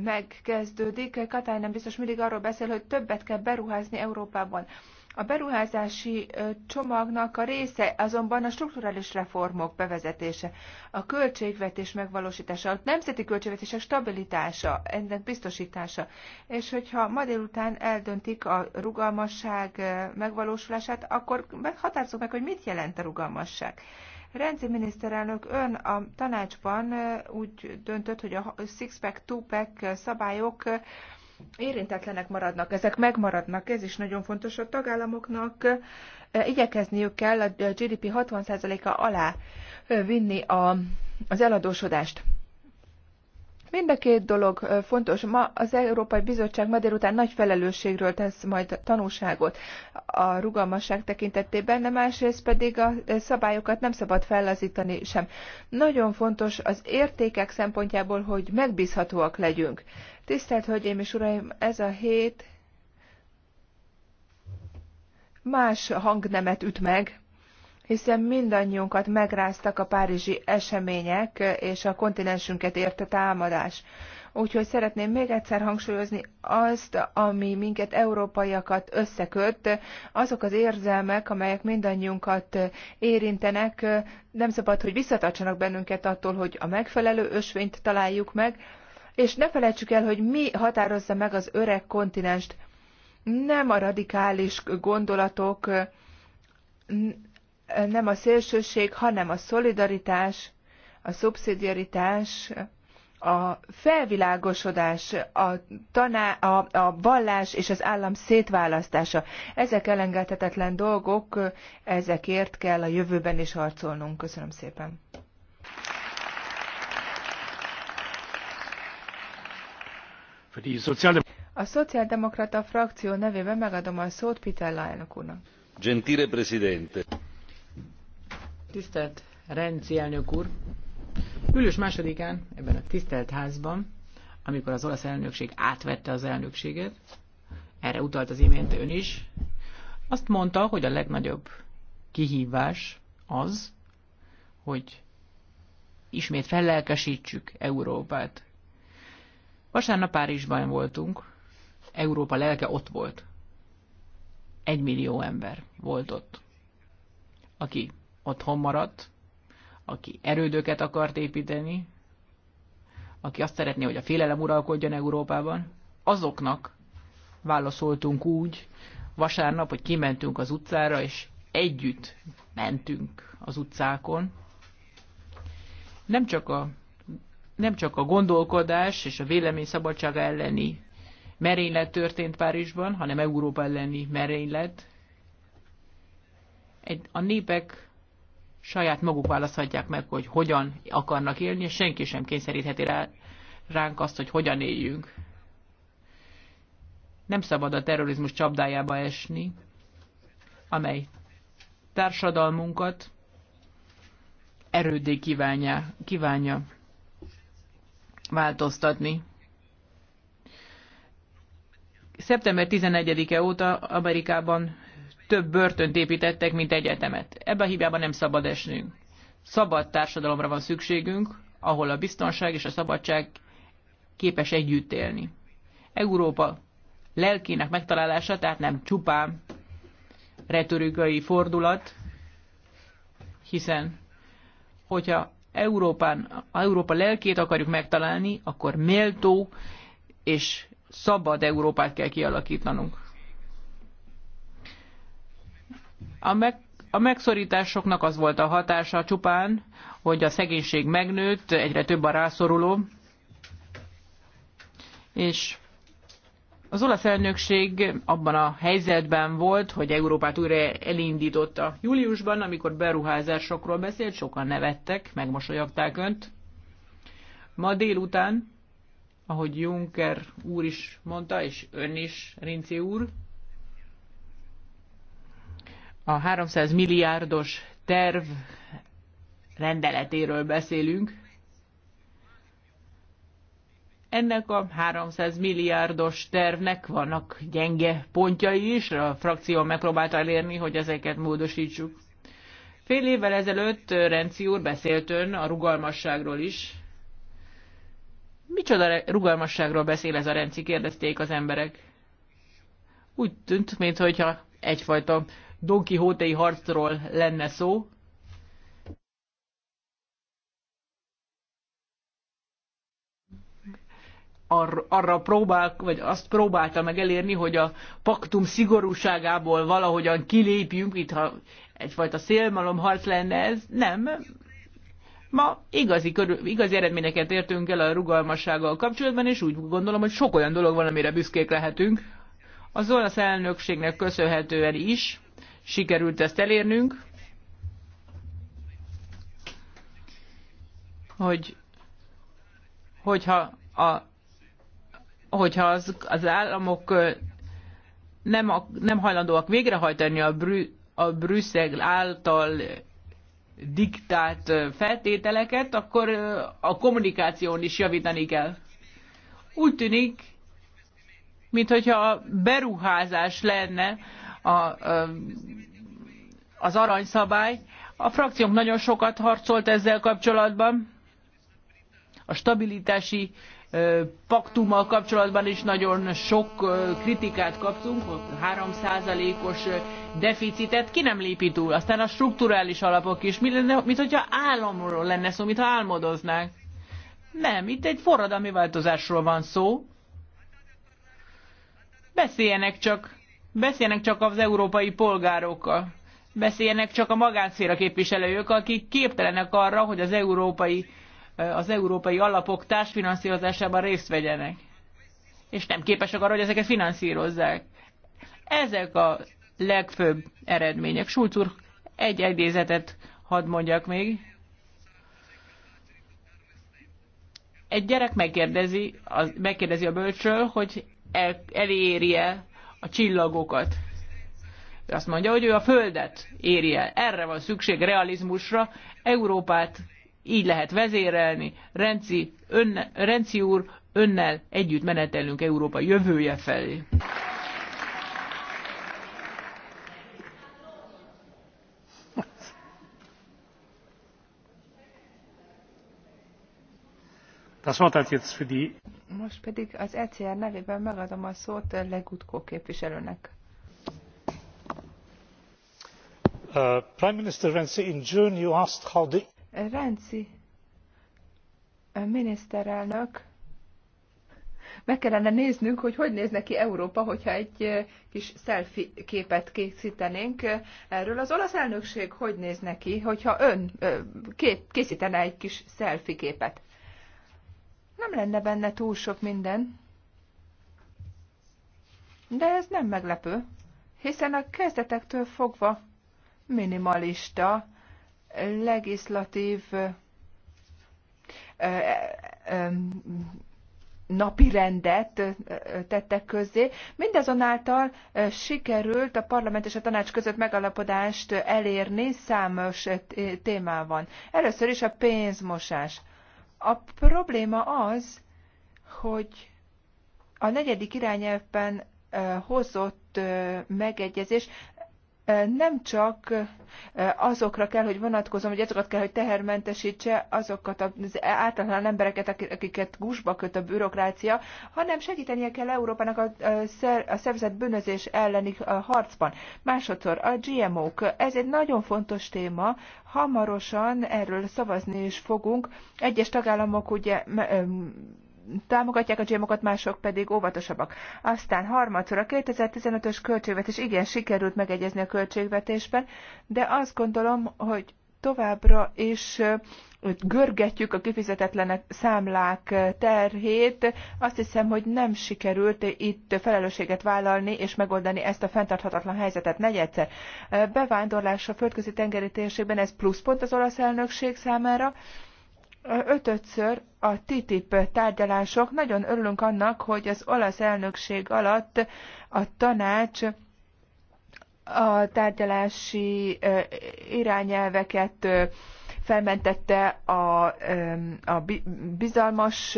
megkezdődik. Katály nem biztos mindig arról beszél, hogy többet kell beruházni Európában. A beruházási csomagnak a része azonban a strukturális reformok bevezetése, a költségvetés megvalósítása, a nemzeti költségvetések stabilitása, ennek biztosítása. És hogyha ma délután eldöntik a rugalmasság megvalósulását, akkor meghatározzuk meg, hogy mit jelent a rugalmasság. Renzi miniszterelnök ön a tanácsban úgy döntött, hogy a six-pack, two-pack szabályok érintetlenek maradnak, ezek megmaradnak, ez is nagyon fontos a tagállamoknak. Igyekezniük kell a GDP 60%-a alá vinni a, az eladósodást. Mind a két dolog fontos. Ma az Európai Bizottság ma délután nagy felelősségről tesz majd tanúságot a rugalmasság tekintetében, de másrészt pedig a szabályokat nem szabad fellazítani sem. Nagyon fontos az értékek szempontjából, hogy megbízhatóak legyünk. Tisztelt Hölgyeim és Uraim, ez a hét más hangnemet üt meg, hiszen mindannyiunkat megráztak a párizsi események, és a kontinensünket érte támadás. Úgyhogy szeretném még egyszer hangsúlyozni azt, ami minket európaiakat összeköt, azok az érzelmek, amelyek mindannyiunkat érintenek, nem szabad, hogy visszatartsanak bennünket attól, hogy a megfelelő ösvényt találjuk meg, és ne felejtsük el, hogy mi határozza meg az öreg kontinenst, nem a radikális gondolatok, nem a szélsőség, hanem a szolidaritás, a szubszidiaritás, a felvilágosodás, a, taná, a, a vallás és az állam szétválasztása. Ezek elengedhetetlen dolgok, ezekért kell a jövőben is harcolnunk. Köszönöm szépen. A szociáldemokrata frakció nevében megadom a szót Pitella elnök úrnak. Gentile Presidente. Tisztelt Renci elnök úr! Július másodikán ebben a tisztelt házban, amikor az olasz elnökség átvette az elnökséget, erre utalt az imént ön is, azt mondta, hogy a legnagyobb kihívás az, hogy ismét fellelkesítsük Európát. Vasárnap Párizsban voltunk, Európa lelke ott volt. Egy millió ember volt ott, aki otthon maradt, aki erődöket akart építeni, aki azt szeretné, hogy a félelem uralkodjon Európában, azoknak válaszoltunk úgy vasárnap, hogy kimentünk az utcára, és együtt mentünk az utcákon. Nem csak a, nem csak a gondolkodás és a vélemény szabadsága elleni merénylet történt Párizsban, hanem Európa elleni merénylet. Egy, a népek saját maguk választhatják meg, hogy hogyan akarnak élni, és senki sem kényszerítheti rá, ránk azt, hogy hogyan éljünk. Nem szabad a terrorizmus csapdájába esni, amely társadalmunkat erődé kívánja, kívánja változtatni. Szeptember 11-e óta Amerikában több börtönt építettek, mint egyetemet. Ebbe a hibában nem szabad esnünk. Szabad társadalomra van szükségünk, ahol a biztonság és a szabadság képes együtt élni. Európa lelkének megtalálása, tehát nem csupán retorikai fordulat, hiszen hogyha Európán, Európa lelkét akarjuk megtalálni, akkor méltó és szabad Európát kell kialakítanunk. A, meg, a megszorításoknak az volt a hatása csupán, hogy a szegénység megnőtt, egyre több a rászoruló, és az olasz elnökség abban a helyzetben volt, hogy Európát újra elindította. Júliusban, amikor beruházásokról beszélt, sokan nevettek, megmosolyogták önt. Ma délután, ahogy Juncker úr is mondta, és ön is, Rinci úr, a 300 milliárdos terv rendeletéről beszélünk. Ennek a 300 milliárdos tervnek vannak gyenge pontjai is, a frakció megpróbálta elérni, hogy ezeket módosítsuk. Fél évvel ezelőtt Renci úr beszélt ön a rugalmasságról is. Micsoda rugalmasságról beszél ez a Renci, kérdezték az emberek. Úgy tűnt, mintha egyfajta Don Quixote-i harcról lenne szó. Ar- arra próbál, vagy azt próbálta meg elérni, hogy a paktum szigorúságából valahogyan kilépjünk, itt ha egyfajta harc lenne ez, nem, Ma igazi, körül, igazi eredményeket értünk el a rugalmassággal kapcsolatban, és úgy gondolom, hogy sok olyan dolog van, amire büszkék lehetünk. Az olasz elnökségnek köszönhetően is sikerült ezt elérnünk, hogy hogyha, a, hogyha az, az államok nem, a, nem hajlandóak végrehajtani a, Brü, a Brüsszel által diktált feltételeket, akkor a kommunikáción is javítani kell. Úgy tűnik, mintha beruházás lenne a, az aranyszabály. A frakciónk nagyon sokat harcolt ezzel kapcsolatban. A stabilitási paktummal kapcsolatban is nagyon sok kritikát kaptunk, 3%-os deficitet ki nem lépi túl. Aztán a strukturális alapok is, mi lenne, mint hogyha államról lenne szó, mintha álmodoznánk. Nem, itt egy forradalmi változásról van szó. Beszéljenek csak Beszélnek csak az európai polgárokkal. Beszélnek csak a magánszféra képviselők, akik képtelenek arra, hogy az európai, az európai alapok társfinanszírozásában részt vegyenek. És nem képesek arra, hogy ezeket finanszírozzák. Ezek a legfőbb eredmények. Schulz úr, egy idézetet hadd mondjak még. Egy gyerek megkérdezi, az, megkérdezi a bölcsről, hogy el, eléri-e a csillagokat. Ő azt mondja, hogy ő a Földet éri el. Erre van szükség realizmusra. Európát így lehet vezérelni. Renci, önne, Renci úr, önnel együtt menetelünk Európa jövője felé. Most pedig az ECR nevében megadom a szót Legutko képviselőnek. Uh, Prime Minister Renzi, in June you asked how the... Renzi, uh, miniszterelnök, meg kellene néznünk, hogy hogy néz neki Európa, hogyha egy uh, kis selfie képet készítenénk erről. Az olasz elnökség hogy néz neki, hogyha ön uh, kép, készítene egy kis selfie képet? nem lenne benne túl sok minden. De ez nem meglepő, hiszen a kezdetektől fogva minimalista, legislatív napi rendet tettek közzé. Mindazonáltal sikerült a parlament és a tanács között megalapodást elérni számos témában. Először is a pénzmosás. A probléma az, hogy a negyedik irányelvben hozott megegyezés nem csak azokra kell, hogy vonatkozom, hogy azokat kell, hogy tehermentesítse azokat az általán embereket, akiket gusba köt a bürokrácia, hanem segítenie kell Európának a, szer, a szervezett bűnözés elleni harcban. Másodszor a GMO-k. Ez egy nagyon fontos téma. Hamarosan erről szavazni is fogunk. Egyes tagállamok ugye támogatják a gyémokat, mások pedig óvatosabbak. Aztán harmadszor a 2015-ös költségvetés igen sikerült megegyezni a költségvetésben, de azt gondolom, hogy továbbra is görgetjük a kifizetetlenek számlák terhét. Azt hiszem, hogy nem sikerült itt felelősséget vállalni és megoldani ezt a fenntarthatatlan helyzetet negyedszer. Bevándorlás a földközi tengeri térségben, ez pluszpont az olasz elnökség számára ötödször a TTIP tárgyalások. Nagyon örülünk annak, hogy az olasz elnökség alatt a tanács a tárgyalási irányelveket felmentette a, a bizalmas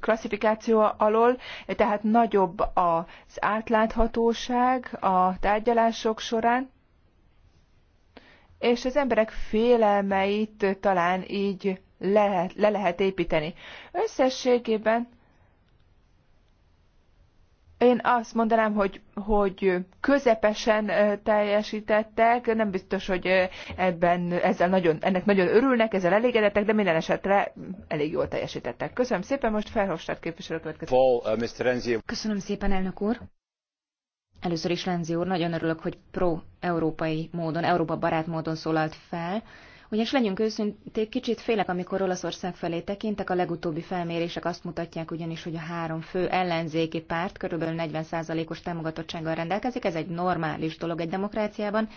klasszifikáció alól, tehát nagyobb az átláthatóság a tárgyalások során, és az emberek félelmeit talán így lehet, le lehet építeni. Összességében én azt mondanám, hogy, hogy közepesen teljesítettek, nem biztos, hogy ebben, ezzel nagyon, ennek nagyon örülnek, ezzel elégedettek, de minden esetre elég jól teljesítettek. Köszönöm szépen, most Ferhofstadt képviselő következik. Köszönöm szépen, elnök úr. Először is Renzi úr, nagyon örülök, hogy pro-európai módon, Európa barát módon szólalt fel, ugyanis legyünk őszinték, kicsit félek, amikor Olaszország felé tekintek, a legutóbbi felmérések azt mutatják ugyanis, hogy a három fő ellenzéki párt körülbelül 40%-os támogatottsággal rendelkezik, ez egy normális dolog egy demokráciában,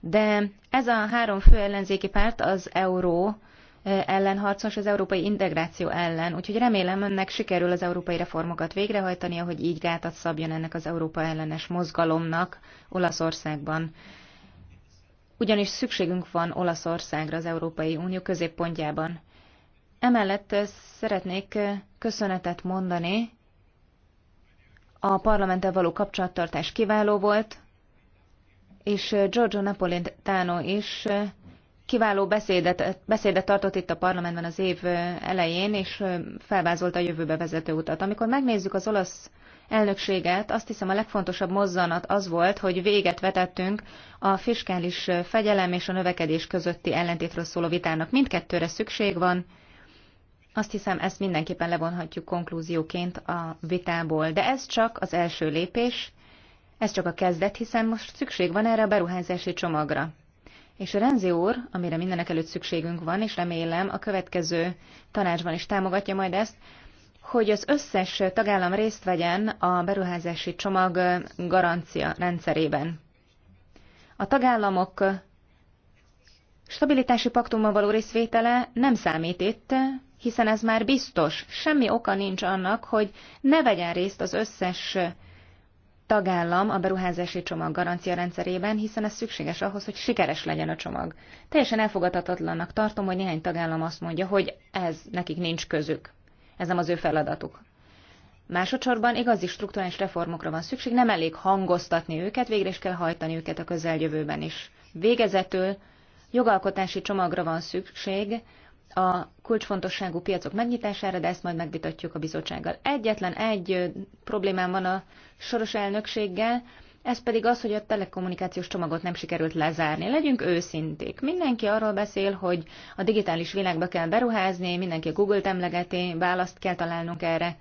de ez a három fő ellenzéki párt az euró eh, ellen harcos, az európai integráció ellen, úgyhogy remélem önnek sikerül az európai reformokat végrehajtania, hogy így gátat szabjon ennek az Európa ellenes mozgalomnak Olaszországban ugyanis szükségünk van Olaszországra az Európai Unió középpontjában. Emellett eh, szeretnék eh, köszönetet mondani. A parlamenttel való kapcsolattartás kiváló volt, és eh, Giorgio Napolitano is kiváló beszédet, beszédet tartott itt a parlamentben az év elején, és felvázolta a jövőbe vezető utat. Amikor megnézzük az olasz elnökséget, azt hiszem a legfontosabb mozzanat az volt, hogy véget vetettünk a fiskális fegyelem és a növekedés közötti ellentétről szóló vitának. Mindkettőre szükség van, azt hiszem, ezt mindenképpen levonhatjuk konklúzióként a vitából, de ez csak az első lépés, ez csak a kezdet, hiszen most szükség van erre a beruházási csomagra. És a Renzi úr, amire mindenek előtt szükségünk van, és remélem a következő tanácsban is támogatja majd ezt, hogy az összes tagállam részt vegyen a beruházási csomag garancia rendszerében. A tagállamok stabilitási paktumban való részvétele nem számít itt, hiszen ez már biztos. Semmi oka nincs annak, hogy ne vegyen részt az összes tagállam a beruházási csomag garancia rendszerében, hiszen ez szükséges ahhoz, hogy sikeres legyen a csomag. Teljesen elfogadhatatlannak tartom, hogy néhány tagállam azt mondja, hogy ez nekik nincs közük. Ez nem az ő feladatuk. Másodszorban igazi struktúrális reformokra van szükség, nem elég hangoztatni őket, végre is kell hajtani őket a közeljövőben is. Végezetül jogalkotási csomagra van szükség a kulcsfontosságú piacok megnyitására, de ezt majd megvitatjuk a bizottsággal. Egyetlen egy problémám van a soros elnökséggel, ez pedig az, hogy a telekommunikációs csomagot nem sikerült lezárni. Legyünk őszinték. Mindenki arról beszél, hogy a digitális világba kell beruházni, mindenki a Google-t emlegeti, választ kell találnunk erre.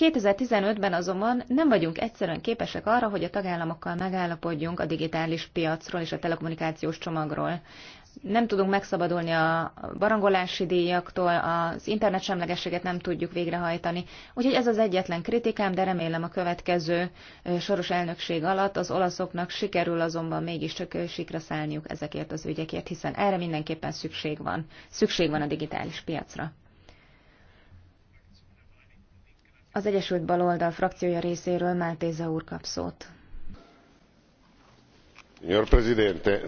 2015-ben azonban nem vagyunk egyszerűen képesek arra, hogy a tagállamokkal megállapodjunk a digitális piacról és a telekommunikációs csomagról nem tudunk megszabadulni a barangolási díjaktól, az internet semlegességet nem tudjuk végrehajtani. Úgyhogy ez az egyetlen kritikám, de remélem a következő soros elnökség alatt az olaszoknak sikerül azonban mégiscsak sikra szállniuk ezekért az ügyekért, hiszen erre mindenképpen szükség van. Szükség van a digitális piacra. Az Egyesült Baloldal frakciója részéről Máltéza úr kap szót. Signor Presidente,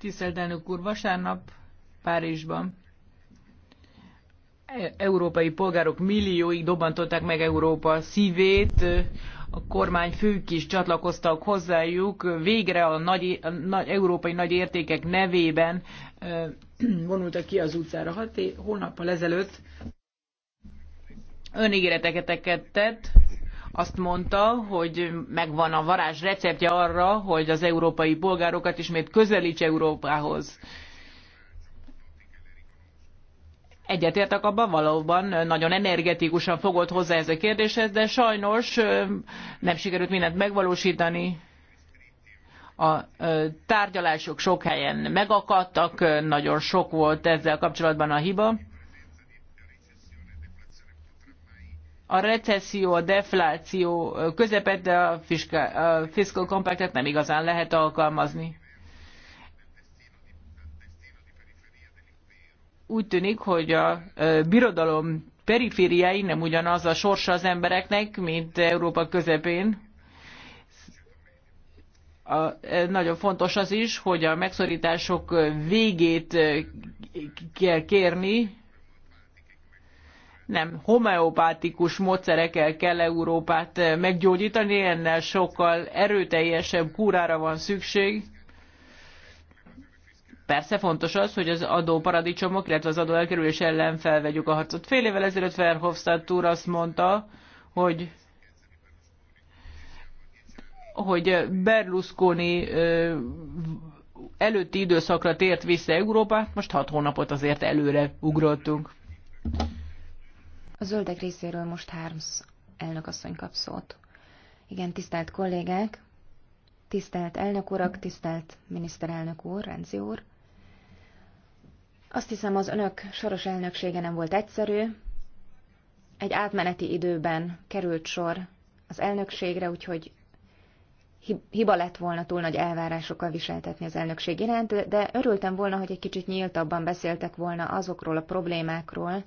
Tisztelt elnök úr, vasárnap Párizsban e- európai polgárok millióig dobantották meg Európa szívét, a kormány fők is csatlakoztak hozzájuk, végre a, nagy, a nagy, európai nagy értékek nevében vonultak ki az utcára. Hat hónappal ezelőtt önigéreteket tett, azt mondta, hogy megvan a varázs receptje arra, hogy az európai polgárokat ismét közelíts Európához. Egyetértek abban valóban, nagyon energetikusan fogott hozzá ez a kérdéshez, de sajnos nem sikerült mindent megvalósítani. A tárgyalások sok helyen megakadtak, nagyon sok volt ezzel kapcsolatban a hiba a recesszió, a defláció közepette a, fiskál, fiscal compactet nem igazán lehet alkalmazni. Úgy tűnik, hogy a birodalom perifériái nem ugyanaz a sorsa az embereknek, mint Európa közepén. A, nagyon fontos az is, hogy a megszorítások végét kell kérni, nem homeopátikus módszerekkel kell Európát eh, meggyógyítani, ennél sokkal erőteljesebb kúrára van szükség. Persze fontos az, hogy az adóparadicsomok, illetve az adóelkerülés ellen felvegyük a harcot. Fél évvel ezelőtt Verhofstadt úr azt mondta, hogy hogy Berlusconi eh, előtti időszakra tért vissza Európát, most hat hónapot azért előre ugrottunk. A zöldek részéről most Harms elnökasszony kap szót. Igen, tisztelt kollégák, tisztelt elnök urak, tisztelt miniszterelnök úr, Renzi úr. Azt hiszem, az önök soros elnöksége nem volt egyszerű. Egy átmeneti időben került sor az elnökségre, úgyhogy hiba lett volna túl nagy elvárásokkal viseltetni az elnökség iránt, de örültem volna, hogy egy kicsit nyíltabban beszéltek volna azokról a problémákról,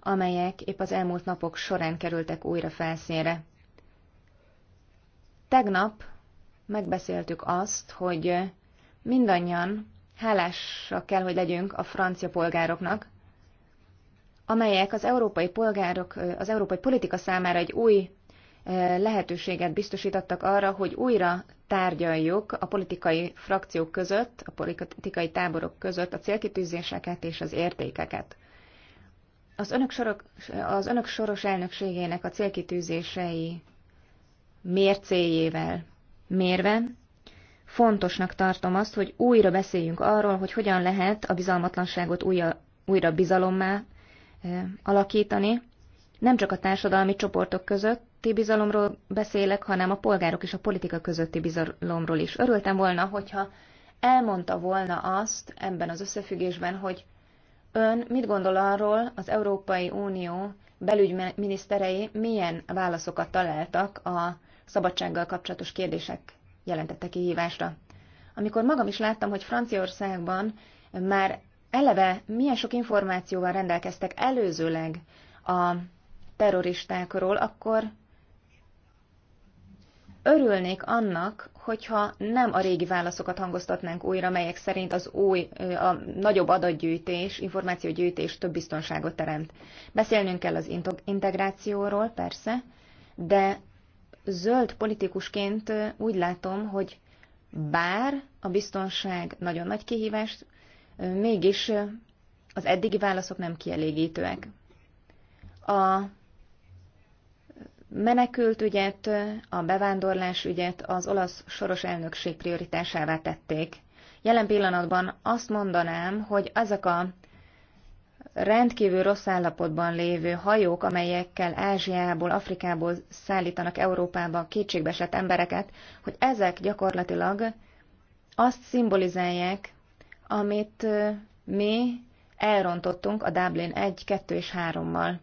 amelyek épp az elmúlt napok során kerültek újra felszínre. Tegnap megbeszéltük azt, hogy mindannyian hálásak kell, hogy legyünk a francia polgároknak, amelyek az európai polgárok, az európai politika számára egy új eh, lehetőséget biztosítottak arra, hogy újra tárgyaljuk a politikai frakciók között, a politikai táborok között a célkitűzéseket és az értékeket. Az önök, sorok, az önök soros elnökségének a célkitűzései mércéjével mérve fontosnak tartom azt, hogy újra beszéljünk arról, hogy hogyan lehet a bizalmatlanságot újra, újra bizalommá alakítani. Nem csak a társadalmi csoportok közötti bizalomról beszélek, hanem a polgárok és a politika közötti bizalomról is. Örültem volna, hogyha elmondta volna azt ebben az összefüggésben, hogy Ön mit gondol arról, az Európai Unió belügyminiszterei milyen válaszokat találtak a szabadsággal kapcsolatos kérdések jelentette kihívásra? Amikor magam is láttam, hogy Franciaországban már eleve milyen sok információval rendelkeztek előzőleg a terroristákról, akkor örülnék annak, hogyha nem a régi válaszokat hangoztatnánk újra, melyek szerint az új, a nagyobb adatgyűjtés, információgyűjtés több biztonságot teremt. Beszélnünk kell az integrációról, persze, de zöld politikusként úgy látom, hogy bár a biztonság nagyon nagy kihívás, mégis az eddigi válaszok nem kielégítőek. A menekültügyet, a bevándorlás ügyet az olasz soros elnökség prioritásává tették. Jelen pillanatban azt mondanám, hogy ezek a rendkívül rossz állapotban lévő hajók, amelyekkel Ázsiából, Afrikából szállítanak Európába kétségbesett embereket, hogy ezek gyakorlatilag azt szimbolizálják, amit mi elrontottunk a Dublin 1, 2 és 3-mal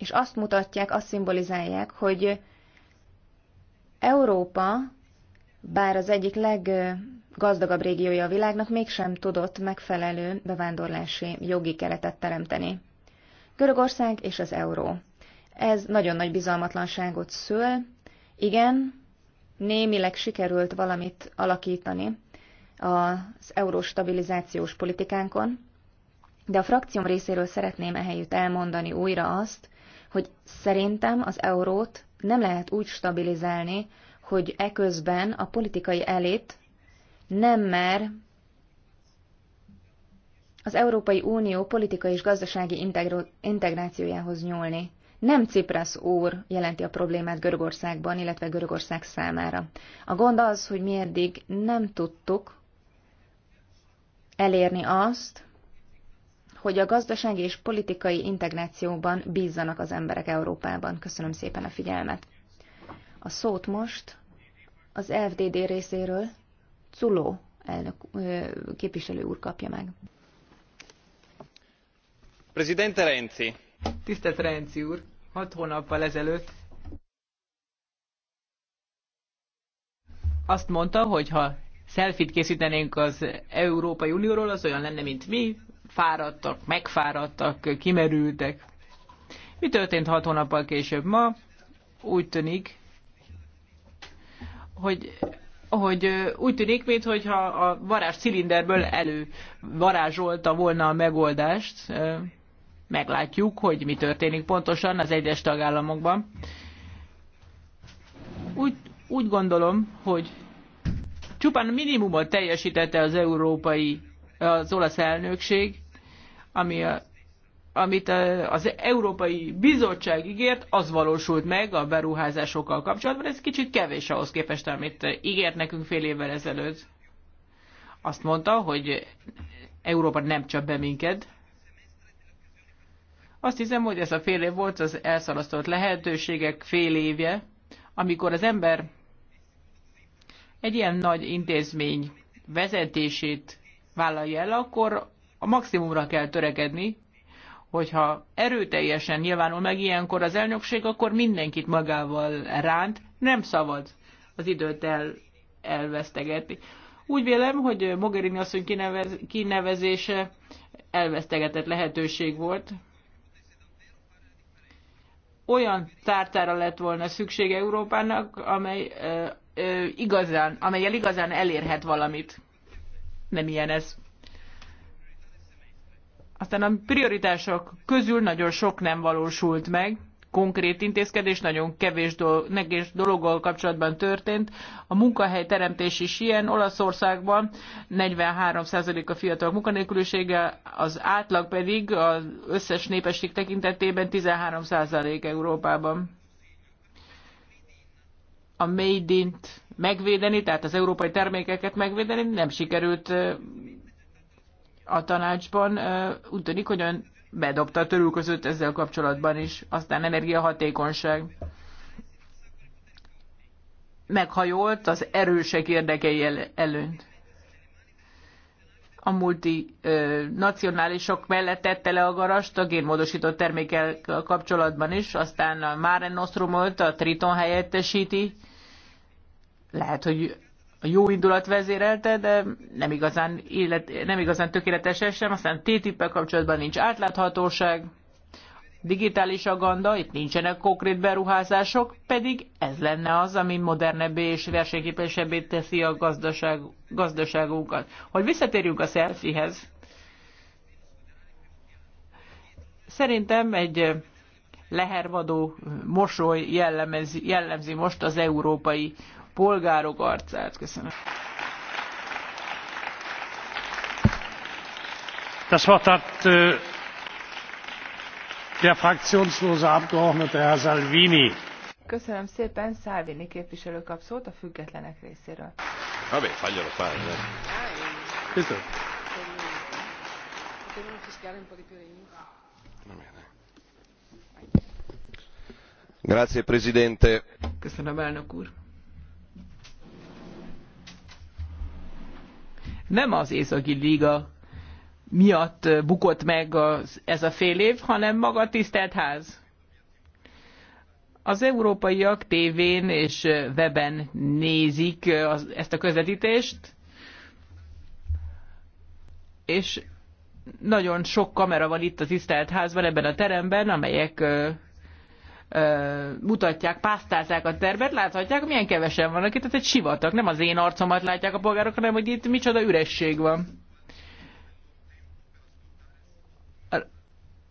és azt mutatják, azt szimbolizálják, hogy Európa, bár az egyik leggazdagabb régiója a világnak, mégsem tudott megfelelő bevándorlási jogi keretet teremteni. Görögország és az euró. Ez nagyon nagy bizalmatlanságot szül. Igen, némileg sikerült valamit alakítani az euró stabilizációs politikánkon, de a frakcióm részéről szeretném ehelyütt elmondani újra azt, hogy szerintem az eurót nem lehet úgy stabilizálni, hogy eközben a politikai elit nem mer az Európai Unió politikai és gazdasági integrációjához nyúlni. Nem Ciprasz úr jelenti a problémát Görögországban, illetve Görögország számára. A gond az, hogy mi eddig nem tudtuk elérni azt, hogy a gazdasági és politikai integrációban bízzanak az emberek Európában. Köszönöm szépen a figyelmet. A szót most az FDD részéről Culó elnök, képviselő úr kapja meg. Presidente Renzi. Tisztelt Renzi úr, hat hónappal ezelőtt azt mondta, hogy ha szelfit készítenénk az Európai Unióról, az olyan lenne, mint mi, fáradtak, megfáradtak, kimerültek. Mi történt hat hónappal később? Ma úgy tűnik, hogy hogy úgy tűnik, mintha a varázs cilinderből elő varázsolta volna a megoldást. Meglátjuk, hogy mi történik pontosan az egyes tagállamokban. Úgy, úgy gondolom, hogy csupán minimumot teljesítette az európai, az olasz elnökség, ami a, amit az Európai Bizottság ígért, az valósult meg a beruházásokkal kapcsolatban. Ez kicsit kevés ahhoz képest, amit ígért nekünk fél évvel ezelőtt. Azt mondta, hogy Európa nem csap be minket. Azt hiszem, hogy ez a fél év volt az elszalasztott lehetőségek fél évje, amikor az ember egy ilyen nagy intézmény vezetését vállalja el, akkor a maximumra kell törekedni, hogyha erőteljesen nyilvánul meg ilyenkor az elnökség, akkor mindenkit magával ránt, nem szabad az időt el, elvesztegetni. Úgy vélem, hogy Mogherini asszony kinevez, kinevezése elvesztegetett lehetőség volt. Olyan tártára lett volna szükség Európának, amely, ö, ö, igazán, amelyel igazán elérhet valamit. Nem ilyen ez. Aztán a prioritások közül nagyon sok nem valósult meg, konkrét intézkedés, nagyon kevés dologgal kapcsolatban történt. A munkahely teremtés is ilyen. Olaszországban 43% a fiatalok munkanélkülisége, az átlag pedig az összes népesség tekintetében 13% Európában. A Made in-t megvédeni, tehát az európai termékeket megvédeni nem sikerült a tanácsban úgy tűnik, hogy ön bedobta a között ezzel kapcsolatban is, aztán energiahatékonyság. Meghajolt az erősek érdekei el előnt. A nacionálisok mellett tette le a garast a génmódosított termékkel kapcsolatban is, aztán a Mare Nostrumot a Triton helyettesíti. Lehet, hogy a jó indulat vezérelte, de nem igazán, illet, nem igazán tökéletes sem. Aztán ttip kapcsolatban nincs átláthatóság, digitális aganda, itt nincsenek konkrét beruházások, pedig ez lenne az, ami modernebbé és versenyképesebbé teszi a gazdaság, gazdaságunkat. Hogy visszatérjünk a selfiehez, szerintem egy lehervadó mosoly jellemzi, jellemzi most az európai polgárok arcát. Köszönöm. Das Wort hat äh, der fraktionslose Abgeordnete Herr Salvini. Köszönöm szépen, Salvini képviselő kap szót a függetlenek részéről. Habe, faglielo fare. Questo. Potevo Grazie Presidente. Köszönöm, elnök úr. nem az Északi Liga miatt bukott meg az, ez a fél év, hanem maga tisztelt ház. Az európaiak tévén és weben nézik az, ezt a közvetítést, és nagyon sok kamera van itt a tisztelt házban, ebben a teremben, amelyek mutatják, pásztázzák a tervet, láthatják, milyen kevesen vannak itt, tehát egy sivatag. Nem az én arcomat látják a polgárok, hanem hogy itt micsoda üresség van.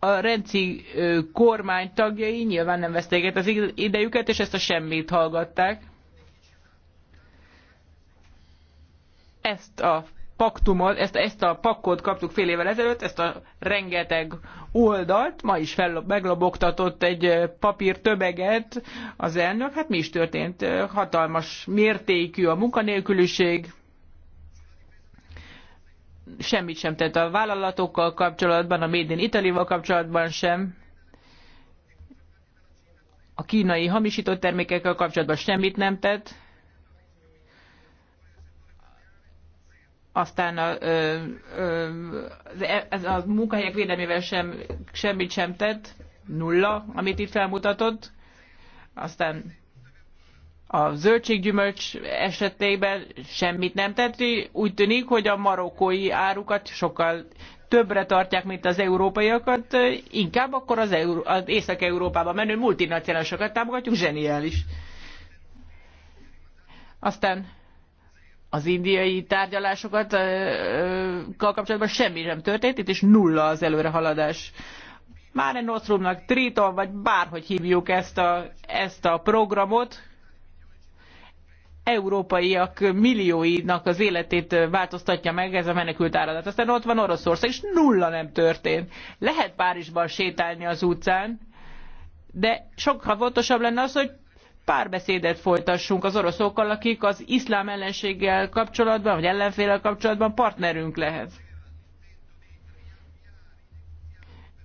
a rendszi kormány tagjai nyilván nem veszték az idejüket, és ezt a semmit hallgatták. Ezt a paktumot, ezt, ezt a pakkot kaptuk fél évvel ezelőtt, ezt a rengeteg oldalt, ma is fel, meglobogtatott egy papír tömeget az elnök, hát mi is történt, hatalmas mértékű a munkanélküliség, semmit sem tett a vállalatokkal kapcsolatban, a Made in Italy-val kapcsolatban sem, a kínai hamisított termékekkel kapcsolatban semmit nem tett, aztán a, e, ez a munkahelyek védelmével sem, semmit sem tett, nulla, amit itt felmutatott, aztán a zöldséggyümölcs esetében semmit nem tett, úgy tűnik, hogy a marokkói árukat sokkal többre tartják, mint az európaiakat, inkább akkor az, Euró- az észak európában menő multinacionálisokat támogatjuk, zseniális. Aztán az indiai tárgyalásokat kapcsolatban semmi sem történt, itt is nulla az előrehaladás. Már egy Nostrumnak, Triton, vagy bárhogy hívjuk ezt a, ezt a programot, európaiak millióinak az életét változtatja meg ez a menekült áradat. Aztán ott van Oroszország, és nulla nem történt. Lehet Párizsban sétálni az utcán, de sokkal fontosabb lenne az, hogy párbeszédet folytassunk az oroszokkal, akik az iszlám ellenséggel kapcsolatban, vagy ellenféllel kapcsolatban partnerünk lehet.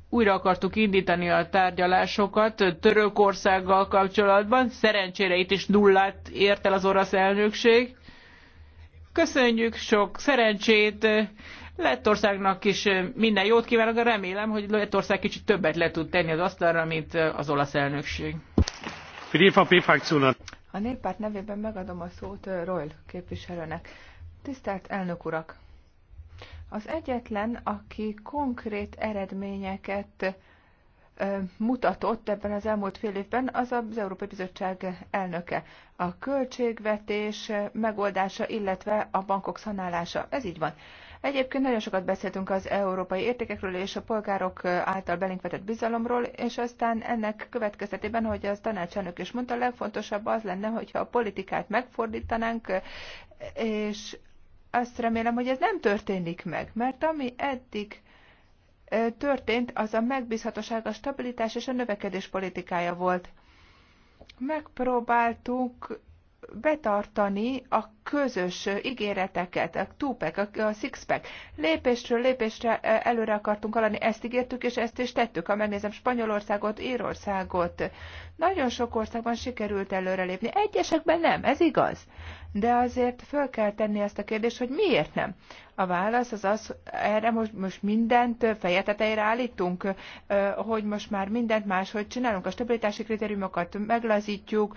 újra akartuk indítani a tárgyalásokat Törökországgal kapcsolatban. Szerencsére itt is nullát ért el az orosz elnökség. Köszönjük sok szerencsét. Lettországnak is minden jót kívánok, remélem, hogy Lettország kicsit többet le tud tenni az asztalra, mint az olasz elnökség. A néppárt nevében megadom a szót Royal képviselőnek. Tisztelt elnök urak! Az egyetlen, aki konkrét eredményeket mutatott ebben az elmúlt fél évben, az az Európai Bizottság elnöke. A költségvetés megoldása, illetve a bankok szanálása. Ez így van. Egyébként nagyon sokat beszéltünk az európai értékekről és a polgárok által belénk vetett bizalomról, és aztán ennek következtetében, hogy az tanácselnök is mondta, a legfontosabb az lenne, hogyha a politikát megfordítanánk, és azt remélem, hogy ez nem történik meg, mert ami eddig történt, az a megbízhatóság, a stabilitás és a növekedés politikája volt. Megpróbáltuk betartani a közös ígéreteket, a túpek, a sixpack. Lépésről lépésre e, előre akartunk alani, ezt ígértük, és ezt is tettük. Ha megnézem Spanyolországot, Írországot, nagyon sok országban sikerült előrelépni. Egyesekben nem, ez igaz de azért föl kell tenni ezt a kérdést, hogy miért nem. A válasz az az, erre most, most mindent feje tetejére állítunk, hogy most már mindent máshogy csinálunk. A stabilitási kritériumokat meglazítjuk,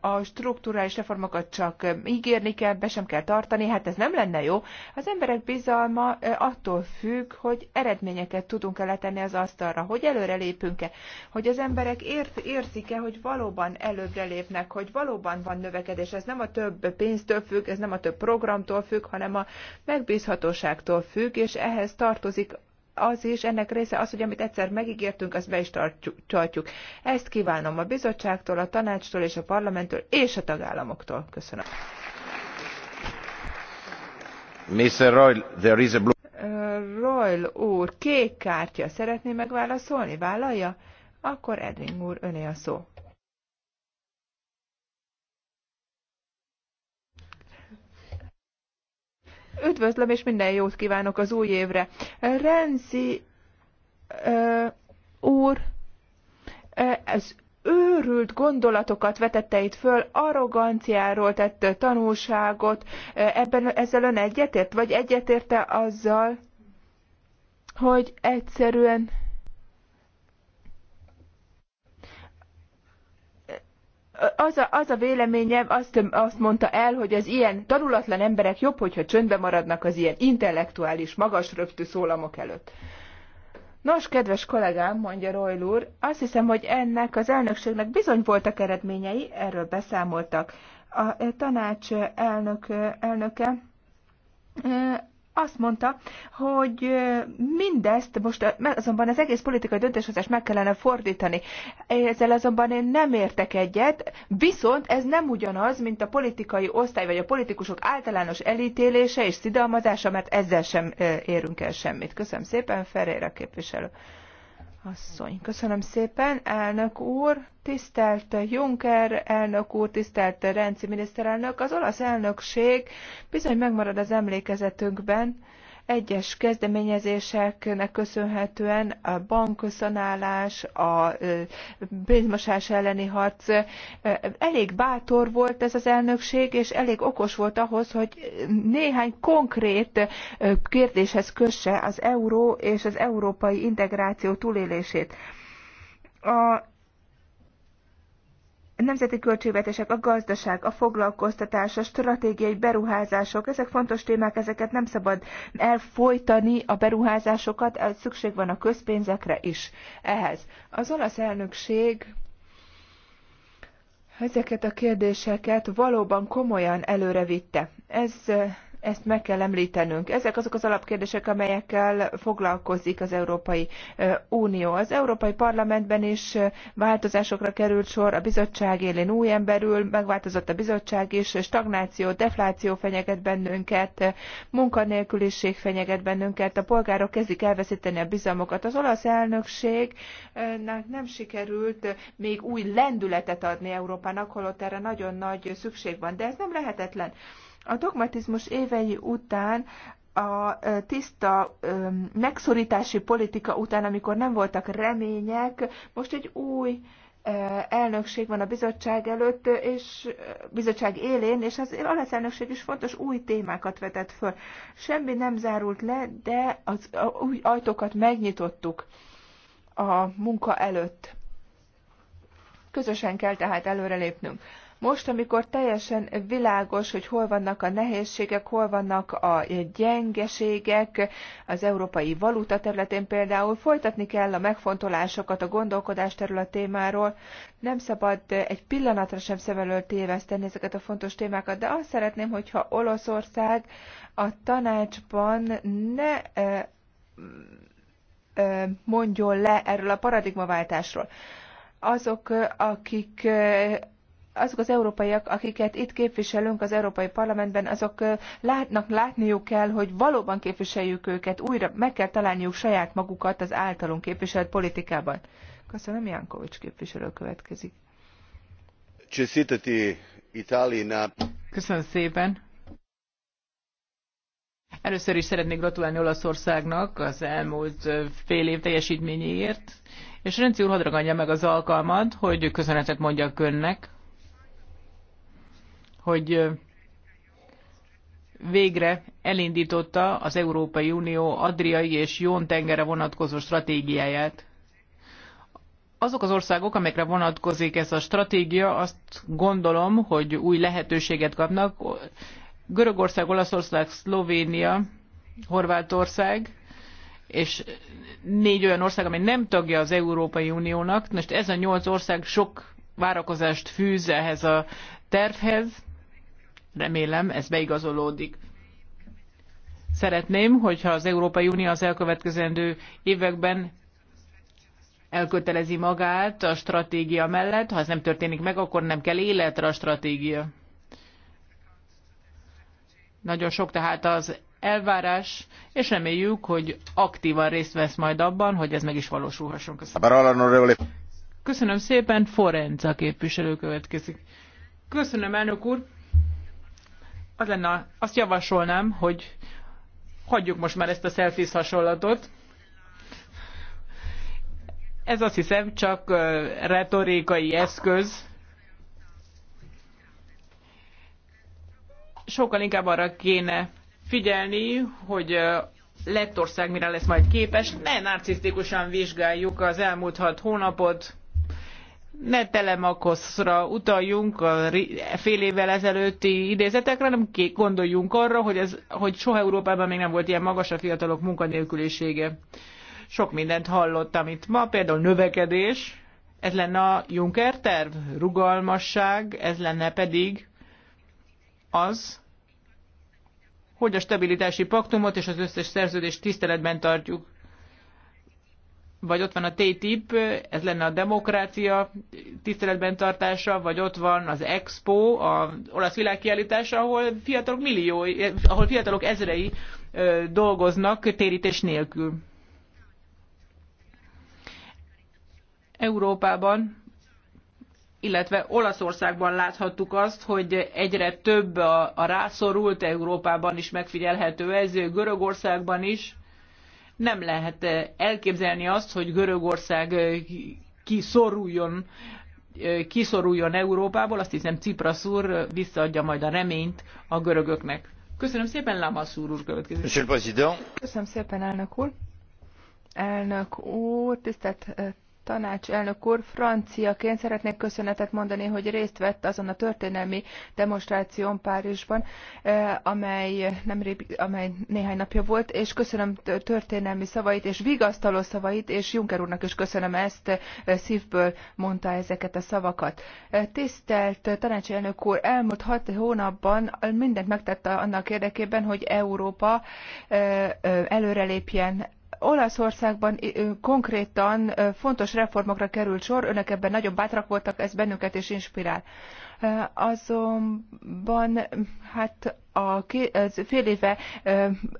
a strukturális reformokat csak ígérni kell, be sem kell tartani, hát ez nem lenne jó. Az emberek bizalma attól függ, hogy eredményeket tudunk-e letenni az asztalra, hogy előrelépünk-e, hogy az emberek ért, érzik-e, hogy valóban előbbre lépnek, hogy valóban van növekedés, ez nem a több pénztől függ, ez nem a több programtól függ, hanem a megbízhatóságtól függ, és ehhez tartozik az is, ennek része az, hogy amit egyszer megígértünk, azt be is tartjuk. Ezt kívánom a bizottságtól, a tanácstól és a parlamenttől és a tagállamoktól. Köszönöm. Mr. Royal, there is a blue... Royal úr, kék kártya, szeretné megválaszolni? Vállalja? Akkor Edring úr, öné a szó. Üdvözlöm, és minden jót kívánok az új évre. Renzi ö, úr, ez őrült gondolatokat vetette itt föl, arroganciáról tett tanulságot, ebben ezzel ön egyetért, vagy egyetérte azzal, hogy egyszerűen az a, az a véleményem, azt, azt mondta el, hogy az ilyen tanulatlan emberek jobb, hogyha csöndbe maradnak az ilyen intellektuális, magas röptű szólamok előtt. Nos, kedves kollégám, mondja Royl úr, azt hiszem, hogy ennek az elnökségnek bizony voltak eredményei, erről beszámoltak. A e, tanács e, elnök, e, elnöke azt mondta, hogy mindezt most azonban az egész politikai döntéshozást meg kellene fordítani. Ezzel azonban én nem értek egyet, viszont ez nem ugyanaz, mint a politikai osztály vagy a politikusok általános elítélése és szidalmazása, mert ezzel sem érünk el semmit. Köszönöm szépen, Ferreira képviselő asszony. Köszönöm szépen, elnök úr, tisztelt Juncker elnök úr, tisztelt Renci miniszterelnök. Az olasz elnökség bizony megmarad az emlékezetünkben, egyes kezdeményezéseknek köszönhetően a bankszanálás, a pénzmosás elleni harc elég bátor volt ez az elnökség, és elég okos volt ahhoz, hogy néhány konkrét kérdéshez kösse az euró és az európai integráció túlélését. A nemzeti költségvetések, a gazdaság, a foglalkoztatás, a stratégiai beruházások, ezek fontos témák, ezeket nem szabad elfolytani a beruházásokat, szükség van a közpénzekre is ehhez. Az olasz elnökség ezeket a kérdéseket valóban komolyan előrevitte. Ez ezt meg kell említenünk. Ezek azok az alapkérdések, amelyekkel foglalkozik az Európai Unió. Az Európai Parlamentben is változásokra került sor, a bizottság élén új emberül, megváltozott a bizottság is, stagnáció, defláció fenyeget bennünket, munkanélküliség fenyeget bennünket, a polgárok kezdik elveszíteni a bizalmokat. Az olasz elnökségnek nem sikerült még új lendületet adni Európának, holott erre nagyon nagy szükség van, de ez nem lehetetlen. A dogmatizmus évei után a tiszta megszorítási politika után, amikor nem voltak remények, most egy új elnökség van a bizottság előtt, és bizottság élén, és az olasz elnökség is fontos új témákat vetett föl. Semmi nem zárult le, de az új ajtókat megnyitottuk a munka előtt. Közösen kell tehát előrelépnünk. Most, amikor teljesen világos, hogy hol vannak a nehézségek, hol vannak a gyengeségek, az európai valuta területén például folytatni kell a megfontolásokat a gondolkodás területémáról. Nem szabad egy pillanatra sem szem elől téveszteni ezeket a fontos témákat, de azt szeretném, hogyha Olaszország a tanácsban ne mondjon le erről a paradigmaváltásról. Azok, akik azok az európaiak, akiket itt képviselünk az Európai Parlamentben, azok látnak, látniuk kell, hogy valóban képviseljük őket, újra meg kell találniuk saját magukat az általunk képviselt politikában. Köszönöm, Jankovics képviselő következik. Köszönöm szépen. Először is szeretnék gratulálni Olaszországnak az elmúlt fél év teljesítményéért, és Renci úr hadd meg az alkalmat, hogy köszönetet mondjak önnek hogy végre elindította az Európai Unió Adriai és Jón tengere vonatkozó stratégiáját. Azok az országok, amelyekre vonatkozik ez a stratégia, azt gondolom, hogy új lehetőséget kapnak. Görögország, Olaszország, Szlovénia, Horvátország, és négy olyan ország, amely nem tagja az Európai Uniónak. Most ez a nyolc ország sok várakozást fűz ehhez a tervhez, remélem ez beigazolódik. Szeretném, hogyha az Európai Unió az elkövetkezendő években elkötelezi magát a stratégia mellett, ha ez nem történik meg, akkor nem kell életre a stratégia. Nagyon sok tehát az elvárás, és reméljük, hogy aktívan részt vesz majd abban, hogy ez meg is valósulhasson. Köszönöm, Köszönöm szépen, Forenza képviselő következik. Köszönöm, elnök úr! az lenne, azt javasolnám, hogy hagyjuk most már ezt a selfies hasonlatot. Ez azt hiszem csak retorikai eszköz. Sokkal inkább arra kéne figyelni, hogy Lettország mire lesz majd képes. Ne narcisztikusan vizsgáljuk az elmúlt hat hónapot, ne telemakoszra utaljunk a fél évvel ezelőtti idézetekre, hanem gondoljunk arra, hogy, ez, hogy soha Európában még nem volt ilyen magas a fiatalok munkanélkülisége. Sok mindent hallottam itt ma, például növekedés, ez lenne a Juncker terv, rugalmasság, ez lenne pedig az, hogy a stabilitási paktumot és az összes szerződést tiszteletben tartjuk vagy ott van a TTIP, ez lenne a demokrácia tiszteletben tartása, vagy ott van az Expo, az olasz világkiállítás, ahol fiatalok milliói, ahol fiatalok ezrei dolgoznak térítés nélkül. Európában, illetve Olaszországban láthattuk azt, hogy egyre több a, a rászorult Európában is megfigyelhető ez, Görögországban is nem lehet eh, elképzelni azt, hogy Görögország eh, kiszoruljon eh, kiszoruljon Európából, azt hiszem Cipras úr visszaadja majd a reményt a görögöknek. Köszönöm szépen, Lamassur úr következik. Köszönöm szépen, elnök úr. Elnök úr, tisztelt Tanács elnök úr, franciaként szeretnék köszönetet mondani, hogy részt vett azon a történelmi demonstráción Párizsban, eh, amely, nem rég, amely néhány napja volt, és köszönöm történelmi szavait és vigasztaló szavait, és Juncker úrnak is köszönöm ezt, eh, szívből mondta ezeket a szavakat. Eh, tisztelt tanácsi elnök úr, elmúlt hat hónapban mindent megtette annak érdekében, hogy Európa előrelépjen Olaszországban konkrétan fontos reformokra került sor, önök ebben nagyon bátrak voltak, ez bennünket is inspirál. Azonban hát a fél éve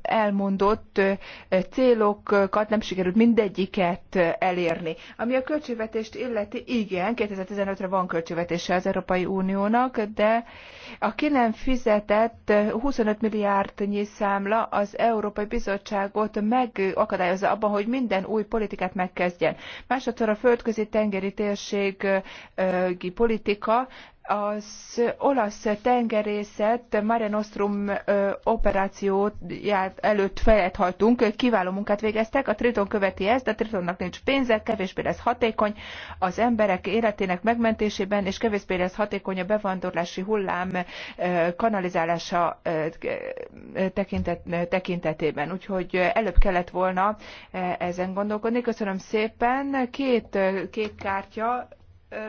elmondott célokat nem sikerült mindegyiket elérni. Ami a költségvetést illeti, igen, 2015-re van költségvetése az Európai Uniónak, de a ki nem fizetett 25 milliárdnyi számla az Európai Bizottságot megakadályozza abban, hogy minden új politikát megkezdjen. Másodszor a földközi tengeri térségi politika az olasz tengerészet Mare Nostrum operációját előtt fejet hajtunk, kiváló munkát végeztek, a Triton követi ezt, de a Tritonnak nincs pénze, kevésbé lesz hatékony az emberek életének megmentésében, és kevésbé lesz hatékony a bevándorlási hullám kanalizálása tekintet, tekintetében. Úgyhogy előbb kellett volna ezen gondolkodni. Köszönöm szépen. Két kék kártya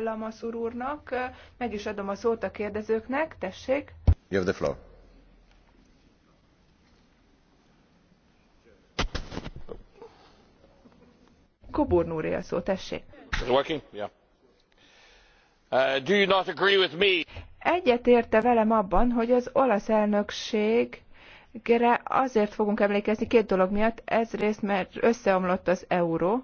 Lamaszur úrnak. Meg is adom a szót a kérdezőknek. Tessék. You have the floor. Coburn a szó, tessék. Is working? Yeah. Uh, do you not agree with me? Egyet érte velem abban, hogy az olasz elnökség azért fogunk emlékezni két dolog miatt. Ezrészt, mert összeomlott az euró,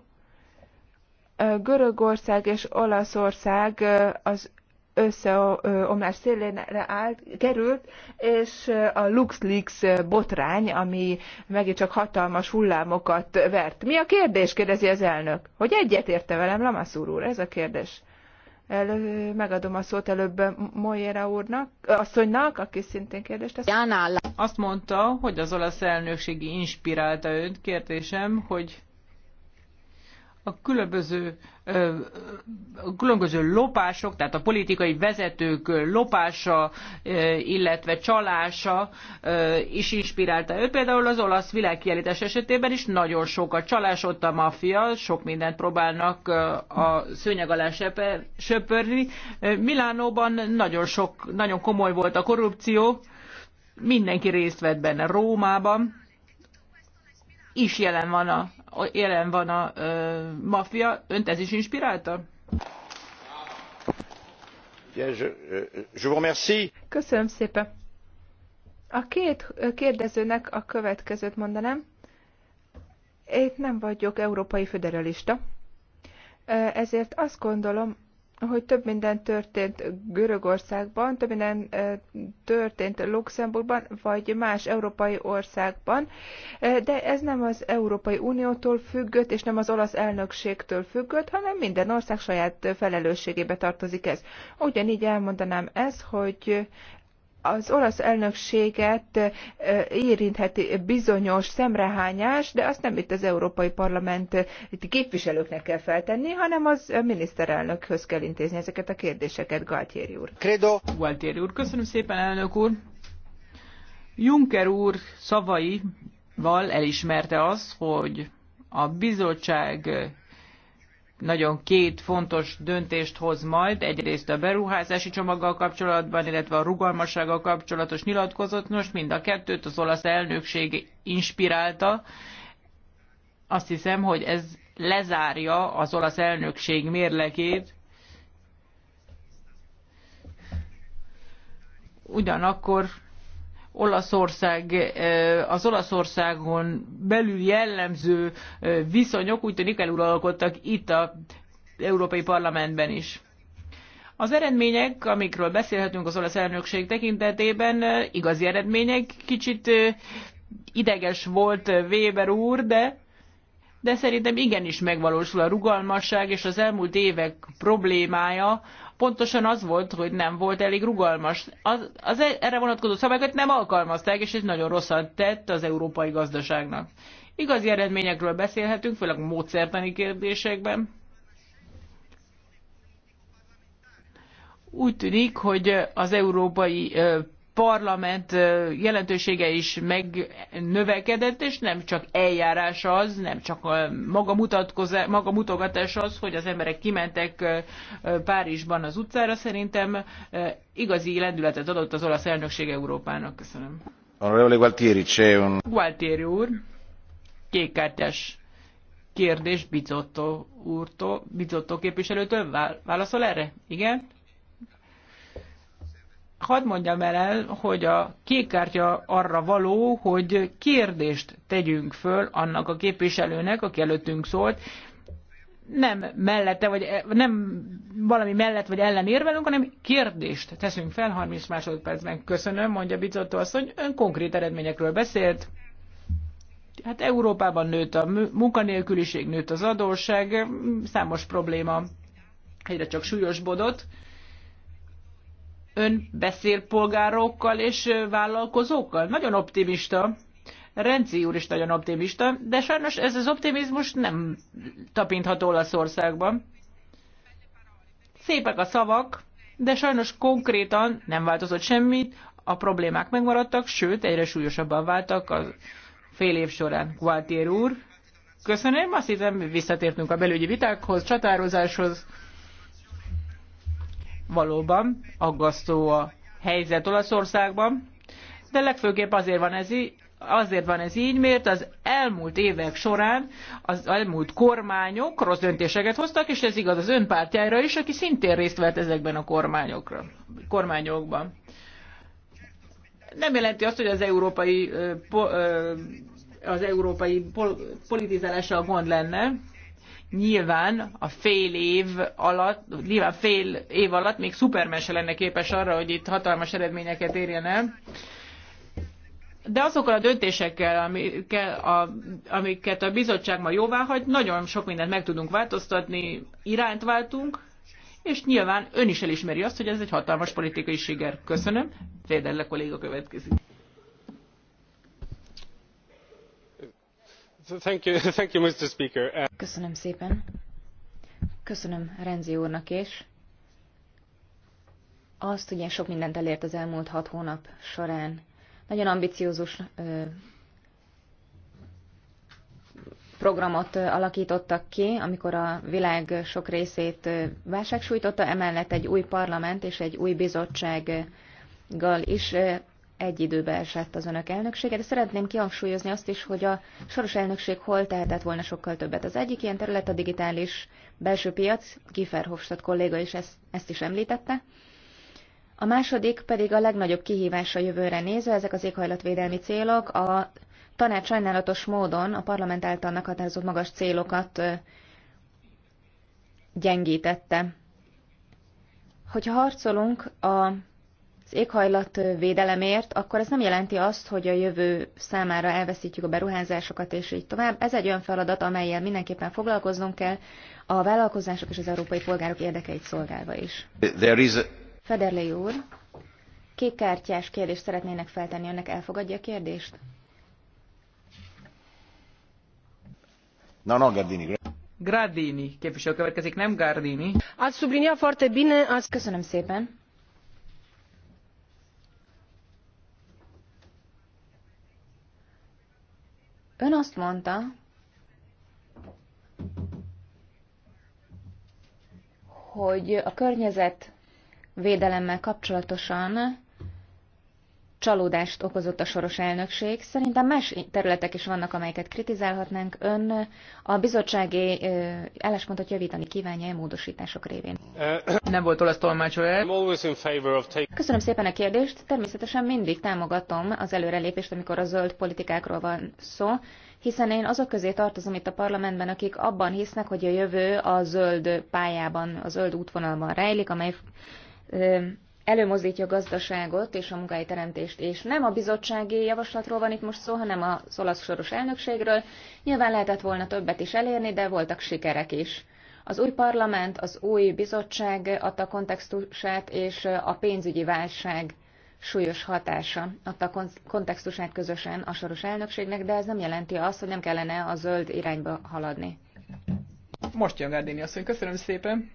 Görögország és Olaszország az összeomlás szélére állt, került, és a LuxLeaks botrány, ami megint csak hatalmas hullámokat vert. Mi a kérdés, kérdezi az elnök. Hogy egyetérte velem, Lamaszúr úr, ez a kérdés. El megadom a szót előbb Moyera úrnak, asszonynak, aki szintén kérdést tesz. Azt mondta, hogy az olasz elnökségi inspirálta önt, Kérdésem, hogy a különböző, a különböző lopások, tehát a politikai vezetők lopása, illetve csalása is inspirálta őt. Például az olasz világkiállítás esetében is nagyon sok a csalás, ott a maffia, sok mindent próbálnak a szőnyeg alá söpörni. Milánóban nagyon, sok, nagyon komoly volt a korrupció, mindenki részt vett benne Rómában, is jelen van a jelen van a ö, maffia, önt ez is inspirálta? Euh, Köszönöm szépen. A két kérdezőnek a következőt mondanám. Én nem vagyok európai föderalista, ezért azt gondolom, hogy több minden történt Görögországban, több minden történt Luxemburgban, vagy más európai országban, de ez nem az Európai Uniótól függött, és nem az olasz elnökségtől függött, hanem minden ország saját felelősségébe tartozik ez. Ugyanígy elmondanám ez, hogy az olasz elnökséget érintheti bizonyos szemrehányás, de azt nem itt az Európai Parlament itt képviselőknek kell feltenni, hanem az miniszterelnökhöz kell intézni ezeket a kérdéseket, Galtieri úr. Credo. Galtieri úr, köszönöm szépen, elnök úr. Juncker úr szavaival elismerte azt, hogy a bizottság nagyon két fontos döntést hoz majd, egyrészt a beruházási csomaggal kapcsolatban, illetve a rugalmassággal kapcsolatos nyilatkozott, most mind a kettőt az olasz elnökség inspirálta. Azt hiszem, hogy ez lezárja az olasz elnökség mérlekét, ugyanakkor Olaszország, az Olaszországon belül jellemző viszonyok úgy tűnik eluralkodtak itt a Európai Parlamentben is. Az eredmények, amikről beszélhetünk az olasz elnökség tekintetében, igazi eredmények, kicsit ideges volt Weber úr, de, de szerintem igenis megvalósul a rugalmasság, és az elmúlt évek problémája pontosan az volt, hogy nem volt elég rugalmas. Az, az e- erre vonatkozó szabályokat nem alkalmazták, és ez nagyon rosszat tett az európai gazdaságnak. Igazi eredményekről beszélhetünk, főleg módszertani kérdésekben. Úgy tűnik, hogy az európai parlament jelentősége is megnövekedett, és nem csak eljárás az, nem csak maga, maga mutogatás az, hogy az emberek kimentek Párizsban az utcára, szerintem igazi lendületet adott az olasz elnökség Európának. Köszönöm. Honorable Gualtieri, c'è un... Gualtieri úr, kékkártyás kérdés Bizotto úrtól, Bizotto képviselőtől válaszol erre? Igen? hadd mondjam el, hogy a kék arra való, hogy kérdést tegyünk föl annak a képviselőnek, aki előttünk szólt, nem mellette, vagy nem valami mellett vagy ellen érvelünk, hanem kérdést teszünk fel 30 másodpercben. Köszönöm, mondja Bicotto asszony, ön konkrét eredményekről beszélt. Hát Európában nőtt a munkanélküliség, nőtt az adósság, számos probléma egyre csak súlyosbodott. Ön beszél polgárokkal és vállalkozókkal? Nagyon optimista. Renci úr is nagyon optimista, de sajnos ez az optimizmus nem tapintható Olaszországban. Szépek a szavak, de sajnos konkrétan nem változott semmit, a problémák megmaradtak, sőt, egyre súlyosabban váltak a fél év során. Gualtier úr, köszönöm, azt hiszem visszatértünk a belügyi vitákhoz, csatározáshoz. Valóban aggasztó a helyzet Olaszországban, de legfőképp azért van ez így, azért van ez így, mert az elmúlt évek során az elmúlt kormányok rossz döntéseket hoztak, és ez igaz az önpártjára is, aki szintén részt vett ezekben a kormányokra, kormányokban. Nem jelenti azt, hogy az európai, az európai politizálása a gond lenne, nyilván a fél év alatt, nyilván fél év alatt még Superman se lenne képes arra, hogy itt hatalmas eredményeket érjen el. De azokkal a döntésekkel, amikkel a, amiket a bizottság ma jóvá hagy, nagyon sok mindent meg tudunk változtatni, irányt váltunk, és nyilván ön is elismeri azt, hogy ez egy hatalmas politikai siker. Köszönöm. Fédelle kolléga következik. Uh, Köszönöm szépen. Köszönöm Renzi úrnak is. Azt ugye sok mindent elért az elmúlt hat hónap során. Nagyon ambiciózus ö, programot alakítottak ki, amikor a világ sok részét válság sújtotta, emellett egy új parlament és egy új bizottsággal is egy időbe esett az önök elnöksége, de szeretném kihangsúlyozni azt is, hogy a soros elnökség hol tehetett volna sokkal többet. Az egyik ilyen terület a digitális belső piac, Giffer Hofstadt kolléga is ezt, ezt is említette. A második pedig a legnagyobb kihívás a jövőre nézve, ezek az éghajlatvédelmi célok. A tanács sajnálatos módon a parlament által meghatározott magas célokat gyengítette. Hogyha harcolunk a védelemért, akkor ez nem jelenti azt, hogy a jövő számára elveszítjük a beruházásokat, és így tovább. Ez egy olyan feladat, amelyel mindenképpen foglalkoznunk kell, a vállalkozások és az európai polgárok érdekeit szolgálva is. is a... Federley úr, kékkártyás kérdést szeretnének feltenni, önnek elfogadja a kérdést? No, no, Gardini. Gardini, képviselő következik, nem Gardini. Az subliniat foarte bine, azt Köszönöm szépen. Ön azt mondta, hogy a környezet védelemmel kapcsolatosan csalódást okozott a soros elnökség. Szerintem más területek is vannak, amelyeket kritizálhatnánk. Ön a bizottsági álláspontot javítani kívánja-e módosítások révén? Eh, nem volt olasz tolmácsolja. Köszönöm szépen a kérdést. Természetesen mindig támogatom az előrelépést, amikor a zöld politikákról van szó, hiszen én azok közé tartozom itt a parlamentben, akik abban hisznek, hogy a jövő a zöld pályában, a zöld útvonalban rejlik, amely előmozdítja a gazdaságot és a munkahelyteremtést. És nem a bizottsági javaslatról van itt most szó, hanem az olasz soros elnökségről. Nyilván lehetett volna többet is elérni, de voltak sikerek is. Az új parlament, az új bizottság adta kontextusát, és a pénzügyi válság súlyos hatása adta kontextusát közösen a soros elnökségnek, de ez nem jelenti azt, hogy nem kellene a zöld irányba haladni. Most jön Gárdéni asszony, köszönöm szépen!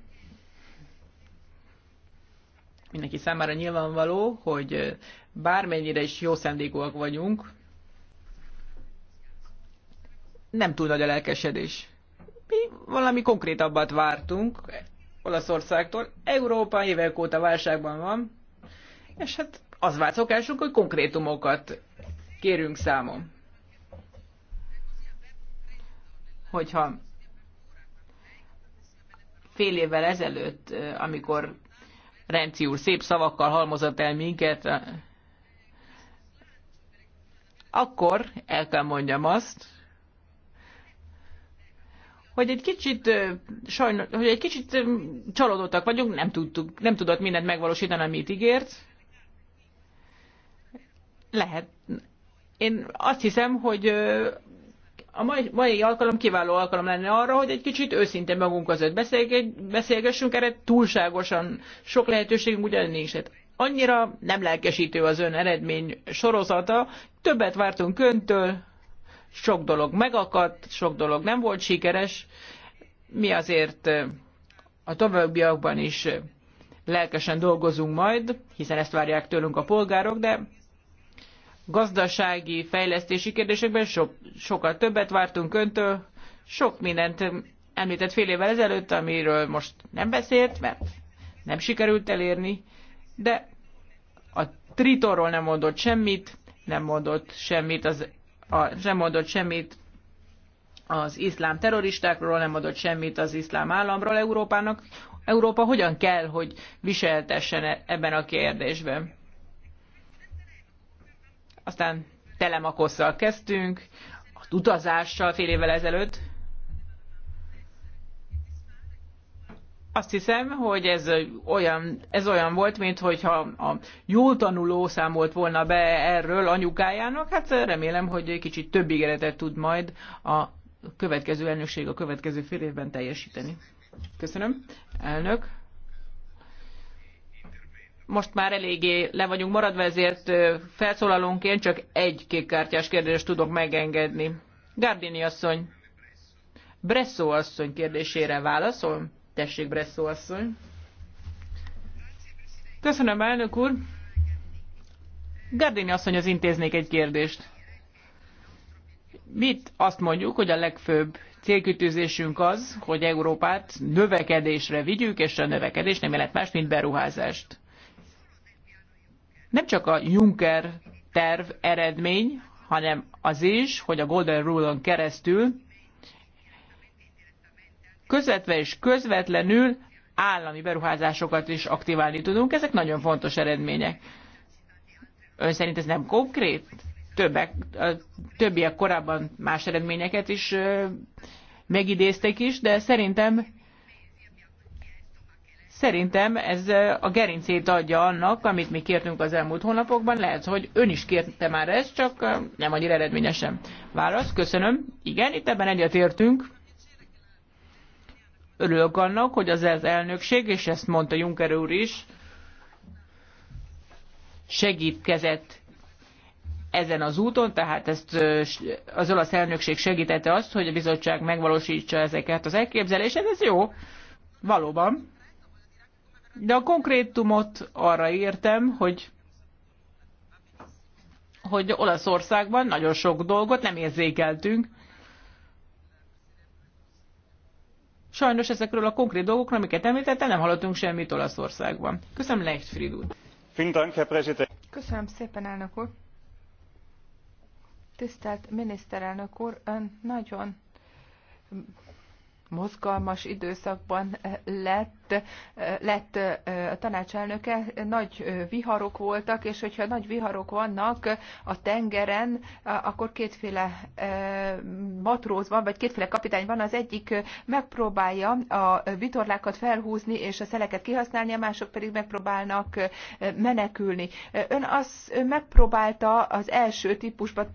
Mindenki számára nyilvánvaló, hogy bármennyire is jó szándékúak vagyunk, nem túl nagy a lelkesedés. Mi valami konkrétabbat vártunk Olaszországtól. Európa évek óta válságban van, és hát az vált szokásunk, hogy konkrétumokat kérünk számon. Hogyha fél évvel ezelőtt, amikor Renci úr szép szavakkal halmozott el minket, akkor el kell mondjam azt, hogy egy kicsit, sajnos, hogy egy kicsit csalódottak vagyunk, nem, tudtuk, nem tudott mindent megvalósítani, amit ígért. Lehet. Én azt hiszem, hogy a mai, mai alkalom kiváló alkalom lenne arra, hogy egy kicsit őszintén magunk között beszélgessünk, erre túlságosan sok lehetőségünk ugyanis. Hát annyira nem lelkesítő az ön eredmény sorozata, többet vártunk öntől, sok dolog megakadt, sok dolog nem volt sikeres, mi azért a továbbiakban is lelkesen dolgozunk majd, hiszen ezt várják tőlünk a polgárok, de gazdasági, fejlesztési kérdésekben so, sokkal többet vártunk öntől, sok mindent említett fél évvel ezelőtt, amiről most nem beszélt, mert nem sikerült elérni, de a Tritorról nem mondott semmit, nem mondott semmit az, a, sem mondott semmit az iszlám terroristákról, nem mondott semmit az iszlám államról Európának. Európa hogyan kell, hogy viseltessen e-, ebben a kérdésben? Aztán telemakosszal kezdtünk, a utazással fél évvel ezelőtt. Azt hiszem, hogy ez olyan, ez olyan volt, mint hogyha a jó tanuló számolt volna be erről anyukájának. Hát remélem, hogy egy kicsit több ígéretet tud majd a következő elnökség a következő fél évben teljesíteni. Köszönöm, elnök most már eléggé le vagyunk maradva, ezért felszólalónként csak egy kékkártyás kérdést tudok megengedni. Gardini asszony, Bresso asszony kérdésére válaszol? Tessék, Bresso asszony. Köszönöm, elnök úr. Gardini az intéznék egy kérdést. Mit azt mondjuk, hogy a legfőbb célkütőzésünk az, hogy Európát növekedésre vigyük, és a növekedés nem jelent más, mint beruházást. Nem csak a Juncker terv eredmény, hanem az is, hogy a Golden Rule-on keresztül közvetve és közvetlenül állami beruházásokat is aktiválni tudunk. Ezek nagyon fontos eredmények. Ön szerint ez nem konkrét? Többek, a többiek korábban más eredményeket is megidéztek is, de szerintem Szerintem ez a gerincét adja annak, amit mi kértünk az elmúlt hónapokban. Lehet, hogy ön is kérte már ezt, csak nem annyira eredményesen. Válasz, köszönöm. Igen, itt ebben egyetértünk. Örülök annak, hogy az ez elnökség, és ezt mondta Juncker úr is, segítkezett ezen az úton, tehát ezt az olasz elnökség segítette azt, hogy a bizottság megvalósítsa ezeket az elképzeléseket, ez jó, valóban. De a konkrétumot arra értem, hogy hogy Olaszországban nagyon sok dolgot nem érzékeltünk. Sajnos ezekről a konkrét dolgokról, amiket említettem, nem hallottunk semmit Olaszországban. Köszönöm Leichtfried úr. Köszönöm szépen, elnök úr. Tisztelt miniszterelnök úr, ön nagyon mozgalmas időszakban lett lett, lett a tanácselnöke, nagy viharok voltak, és hogyha nagy viharok vannak a tengeren, akkor kétféle matróz van, vagy kétféle kapitány van, az egyik megpróbálja a vitorlákat felhúzni és a szeleket kihasználni, a mások pedig megpróbálnak menekülni. Ön az ön megpróbálta az első, típusba,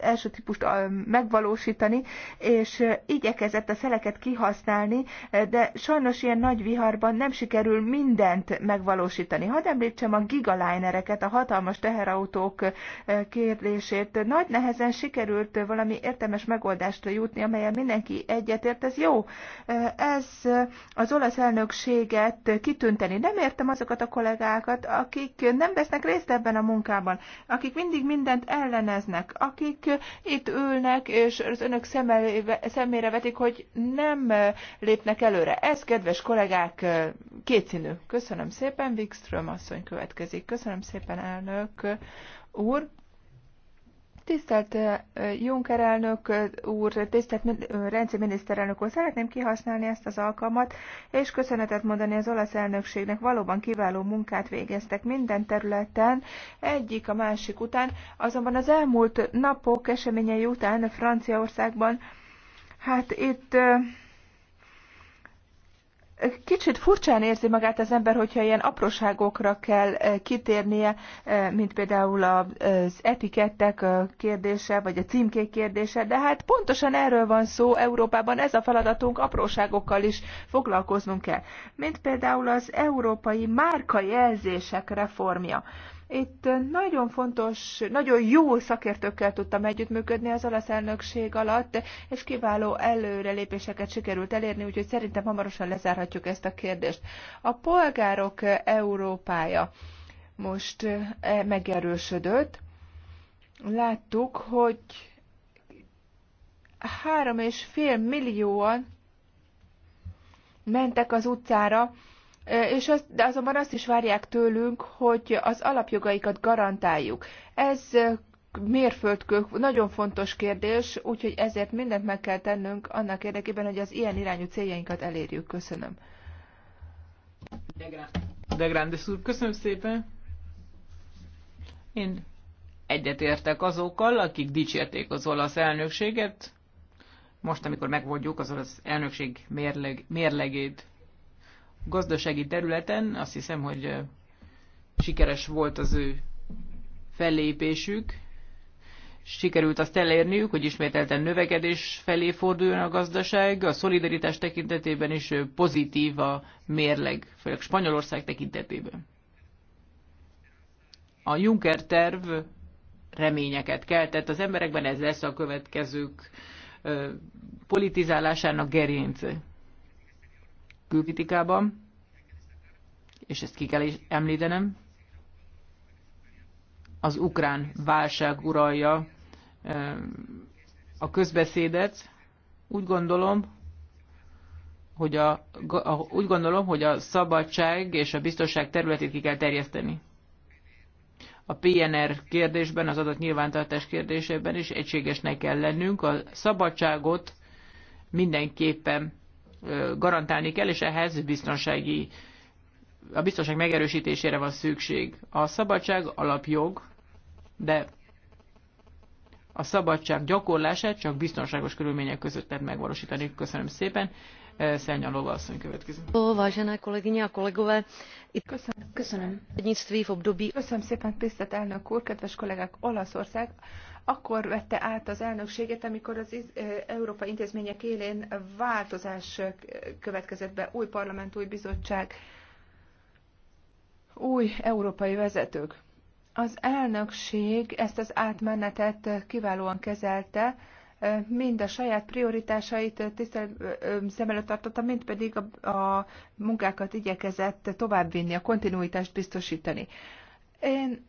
első típust megvalósítani, és igyekezett a szeleket kihasználni, de sajnos ilyen nagy nagy viharban nem sikerül mindent megvalósítani. Hadd említsem a gigalinereket, a hatalmas teherautók eh, kérdését. Nagy nehezen sikerült valami értelmes megoldást jutni, amelyen mindenki egyetért. Ez jó. Eh, ez eh, az olasz elnökséget kitünteni. Nem értem azokat a kollégákat, akik nem vesznek részt ebben a munkában, akik mindig mindent elleneznek, akik itt ülnek, és az önök szemére vetik, hogy nem lépnek előre. Ez, kedves kollégák, kollégák, kétszínű. Köszönöm szépen, Wikström asszony következik. Köszönöm szépen, elnök úr. Tisztelt Juncker elnök úr, tisztelt rendszer miniszterelnök úr, szeretném kihasználni ezt az alkalmat, és köszönetet mondani az olasz elnökségnek. Valóban kiváló munkát végeztek minden területen, egyik a másik után. Azonban az elmúlt napok eseményei után Franciaországban, hát itt kicsit furcsán érzi magát az ember, hogyha ilyen apróságokra kell eh, kitérnie, eh, mint például az etikettek kérdése, vagy a címkék kérdése, de hát pontosan erről van szó Európában, ez a feladatunk, apróságokkal is foglalkoznunk kell. Mint például az európai márkajelzések reformja. Itt nagyon fontos, nagyon jó szakértőkkel tudtam együttműködni az olasz elnökség alatt, és kiváló előrelépéseket sikerült elérni, úgyhogy szerintem hamarosan lezárhatjuk ezt a kérdést. A polgárok Európája most eh, megerősödött. Láttuk, hogy három és fél millióan mentek az utcára, és az, de azonban azt is várják tőlünk, hogy az alapjogaikat garantáljuk. Ez mérföldkő, nagyon fontos kérdés, úgyhogy ezért mindent meg kell tennünk annak érdekében, hogy az ilyen irányú céljainkat elérjük. Köszönöm. De Grandes úr, köszönöm szépen. Én egyetértek azokkal, akik dicsérték az olasz elnökséget, most, amikor megvonjuk az olasz elnökség mérleg, mérlegét gazdasági területen azt hiszem, hogy sikeres volt az ő fellépésük. Sikerült azt elérniük, hogy ismételten növekedés felé forduljon a gazdaság, a szolidaritás tekintetében is pozitív a mérleg, főleg Spanyolország tekintetében. A Juncker terv reményeket keltett az emberekben, ez lesz a következők politizálásának gerince külkritikában, és ezt ki kell említenem, az ukrán válság uralja a közbeszédet. Úgy gondolom, hogy a, a, úgy gondolom, hogy a szabadság és a biztonság területét ki kell terjeszteni. A PNR kérdésben, az adott nyilvántartás kérdésében is egységesnek kell lennünk. A szabadságot mindenképpen garantálni kell, és ehhez biztonsági, a biztonság megerősítésére van szükség. A szabadság alapjog, de a szabadság gyakorlását csak biztonságos körülmények között lehet megvalósítani. Köszönöm szépen. Szennyalova asszony következő. Vážené kolegyne a kolegové, Köszönöm. Köszönöm. Köszönöm szépen, tisztelt elnök úr, kedves kollégák, Olaszország akkor vette át az elnökséget, amikor az Európa intézmények élén változás következett be, új parlament, új bizottság, új európai vezetők. Az elnökség ezt az átmenetet kiválóan kezelte, mind a saját prioritásait tisztelt szem előtt tartotta, mind pedig a, a munkákat igyekezett továbbvinni, a kontinuitást biztosítani. Én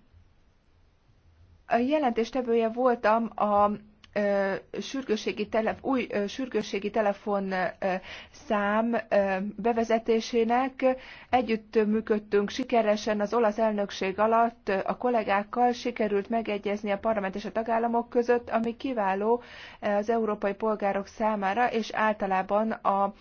jelentéstevője voltam a sürgősségi telef, új sürgősségi szám bevezetésének. Együtt működtünk sikeresen az olasz elnökség alatt a kollégákkal, sikerült megegyezni a parlament és a tagállamok között, ami kiváló az európai polgárok számára, és általában a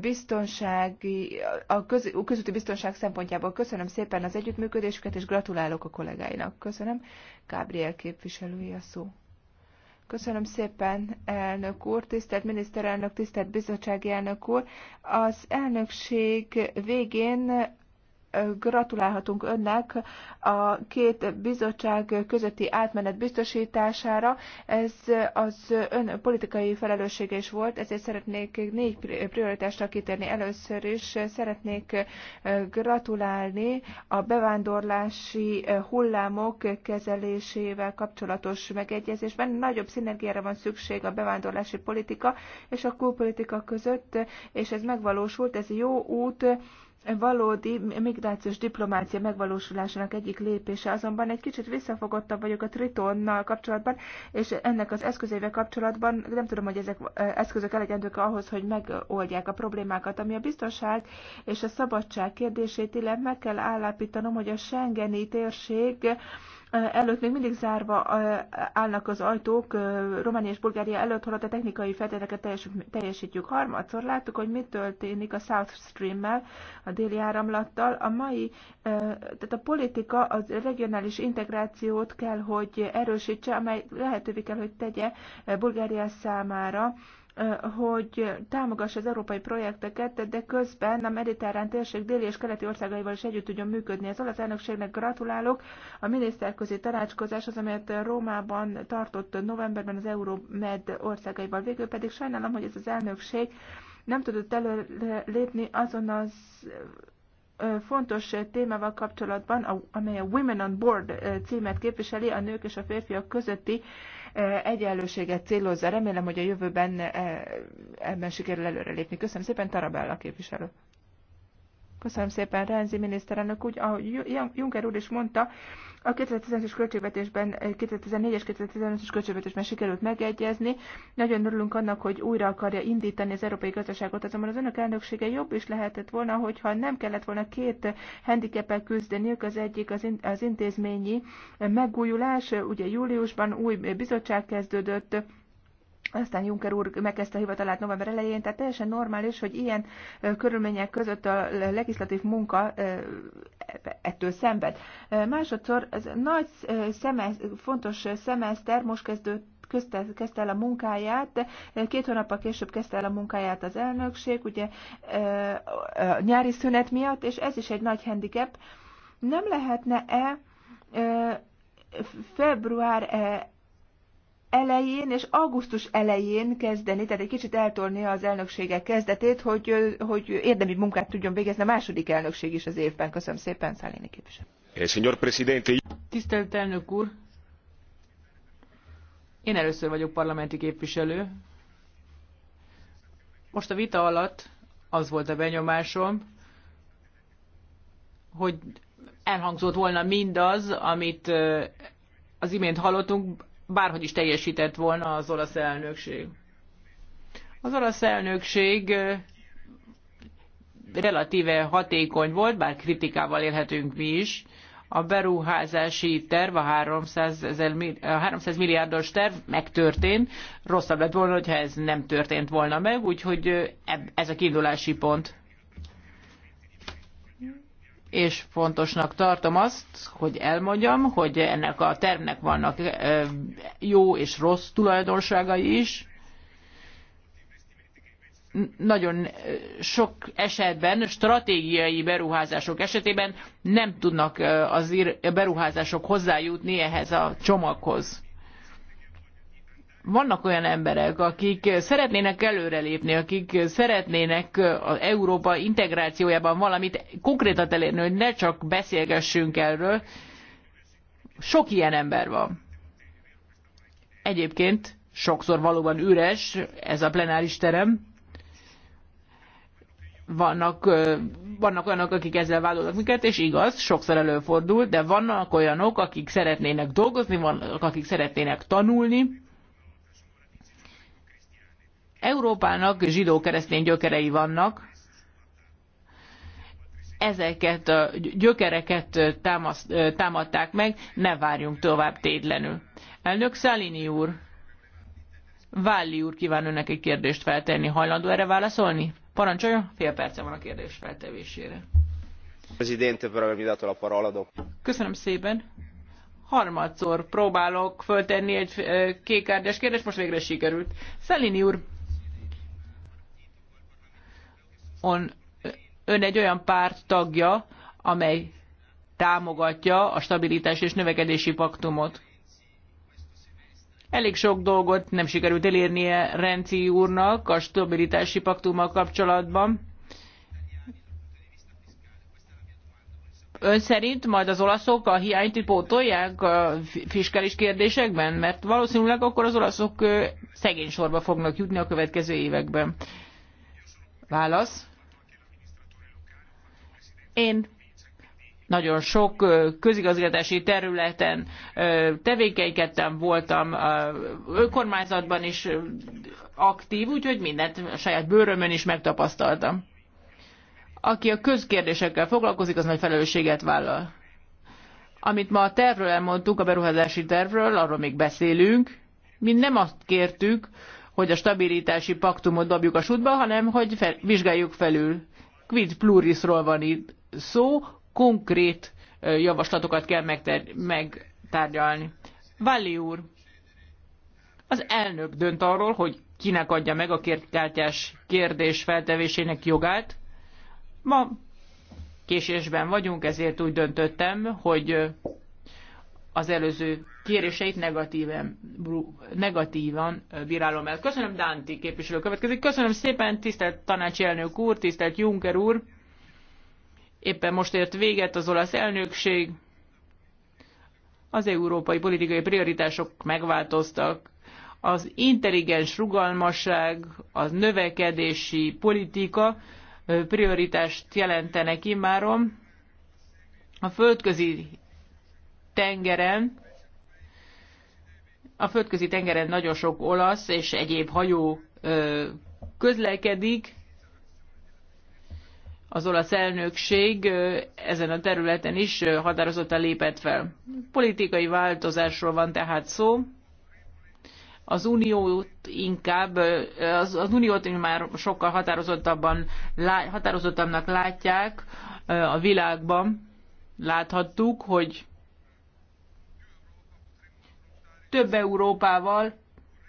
biztonsági, a köz, közúti biztonság szempontjából köszönöm szépen az együttműködésüket, és gratulálok a kollégáinak. Köszönöm. Gabriel képviselői a szó. Köszönöm szépen, elnök úr, tisztelt miniszterelnök, tisztelt bizottsági elnök úr. Az elnökség végén gratulálhatunk önnek a két bizottság közötti átmenet biztosítására. Ez az ön politikai felelőssége is volt, ezért szeretnék négy prioritásra kitérni. Először is szeretnék eh, gratulálni a bevándorlási eh, hullámok kezelésével kapcsolatos megegyezésben. Nagyobb szinergiára van szükség a bevándorlási politika és a külpolitika között, és ez megvalósult, ez jó út valódi migrációs diplomácia megvalósulásának egyik lépése, azonban egy kicsit visszafogottabb vagyok a Tritonnal kapcsolatban, és ennek az eszközével kapcsolatban nem tudom, hogy ezek eszközök elegendők ahhoz, hogy megoldják a problémákat, ami a biztonság és a szabadság kérdését illet, meg kell állapítanom, hogy a Schengeni térség előtt még mindig zárva állnak az ajtók Románia és Bulgária előtt, holott a technikai feltételeket teljesítjük. Harmadszor láttuk, hogy mi történik a South Stream-mel, a déli áramlattal. A mai, tehát a politika az regionális integrációt kell, hogy erősítse, amely lehetővé kell, hogy tegye Bulgária számára, hogy támogassa az európai projekteket, de közben a mediterrán térség déli és keleti országaival is együtt tudjon működni. Az olasz elnökségnek gratulálok. A miniszterközi tanácskozás az, amelyet Rómában tartott novemberben az Euromed országaival. Végül pedig sajnálom, hogy ez az elnökség nem tudott előlépni azon az fontos témával kapcsolatban, amely a Women on Board címet képviseli, a nők és a férfiak közötti egyenlőséget célozza. Remélem, hogy a jövőben ebben sikerül előrelépni. Köszönöm szépen, Tarabella képviselő. Köszönöm szépen, Renzi miniszterelnök. Úgy, ahogy Juncker úr is mondta, a 2010-es költségvetésben, 2014-es, eh, 2015-es költségvetésben sikerült megegyezni. Nagyon örülünk annak, hogy újra akarja indítani az európai gazdaságot, azonban az önök elnöksége jobb is lehetett volna, hogyha nem kellett volna két handicapel küzdeniük, az egyik az, in, az intézményi megújulás, ugye júliusban új bizottság kezdődött, aztán Juncker úr megkezdte a hivatalát november elején, tehát teljesen normális, hogy ilyen körülmények között a legislatív munka ettől szenved. Másodszor ez nagy szemez, fontos szemeszter most kezdődött kezdte el a munkáját, két hónappal később kezdte el a munkáját az elnökség, ugye a nyári szünet miatt, és ez is egy nagy handicap. Nem lehetne-e február elején és augusztus elején kezdeni, tehát egy kicsit eltolni az elnökségek kezdetét, hogy, hogy érdemi munkát tudjon végezni a második elnökség is az évben. Köszönöm szépen, Szállini képviselő. Eh, Tisztelt elnök úr! Én először vagyok parlamenti képviselő. Most a vita alatt az volt a benyomásom, hogy elhangzott volna mindaz, amit az imént hallottunk, bárhogy is teljesített volna az olasz elnökség. Az olasz elnökség relatíve hatékony volt, bár kritikával élhetünk mi is. A beruházási terv, a 300, 300 milliárdos terv megtörtént. Rosszabb lett volna, hogyha ez nem történt volna meg, úgyhogy ez a kiindulási pont és fontosnak tartom azt, hogy elmondjam, hogy ennek a tervnek vannak jó és rossz tulajdonságai is. Nagyon sok esetben, stratégiai beruházások esetében nem tudnak az beruházások hozzájutni ehhez a csomaghoz vannak olyan emberek, akik szeretnének előrelépni, akik szeretnének az Európa integrációjában valamit konkrétat elérni, hogy ne csak beszélgessünk erről. Sok ilyen ember van. Egyébként sokszor valóban üres ez a plenáris terem. Vannak, vannak olyanok, akik ezzel vádolnak minket, és igaz, sokszor előfordul, de vannak olyanok, akik szeretnének dolgozni, vannak, akik szeretnének tanulni, Európának zsidó-keresztény gyökerei vannak, ezeket a gyökereket támaszt, támadták meg, ne várjunk tovább tétlenül. Elnök Szalini úr, Válli úr kíván önnek egy kérdést feltenni. Hajlandó erre válaszolni? Parancsolja, fél perce van a kérdés feltevésére. Köszönöm szépen. Harmadszor próbálok föltenni egy kékárdes kérdést, most végre sikerült. Szalini úr, on, ön egy olyan párt tagja, amely támogatja a stabilitás és növekedési paktumot. Elég sok dolgot nem sikerült elérnie Renci úrnak a stabilitási paktummal kapcsolatban. Ön szerint majd az olaszok a hiányt pótolják a fiskális kérdésekben? Mert valószínűleg akkor az olaszok szegény sorba fognak jutni a következő években. Válasz? Én nagyon sok közigazgatási területen tevékenykedtem, voltam önkormányzatban is aktív, úgyhogy mindent a saját bőrömön is megtapasztaltam. Aki a közkérdésekkel foglalkozik, az nagy felelősséget vállal. Amit ma a tervről elmondtuk, a beruházási tervről, arról még beszélünk. Mi nem azt kértük, hogy a stabilitási paktumot dobjuk a sútba, hanem hogy fel, vizsgáljuk felül. Quid plurisról van itt szó, konkrét javaslatokat kell megtárgyalni. Valli úr, az elnök dönt arról, hogy kinek adja meg a kártyás kérdés feltevésének jogát. Ma késésben vagyunk, ezért úgy döntöttem, hogy az előző kéréseit negatíven, negatívan bírálom el. Köszönöm, Dánti képviselő következik. Köszönöm szépen, tisztelt tanácselnök úr, tisztelt Juncker úr. Éppen most ért véget az olasz elnökség, az európai politikai prioritások megváltoztak, az intelligens rugalmasság, az növekedési politika prioritást jelentenek immáron. A földközi tengeren a földközi tengeren nagyon sok olasz és egyéb hajó közlekedik, az olasz elnökség ezen a területen is határozottan lépett fel. Politikai változásról van tehát szó. Az uniót inkább, az, az uniót már sokkal határozottabban, határozottabbnak látják a világban. Láthattuk, hogy több Európával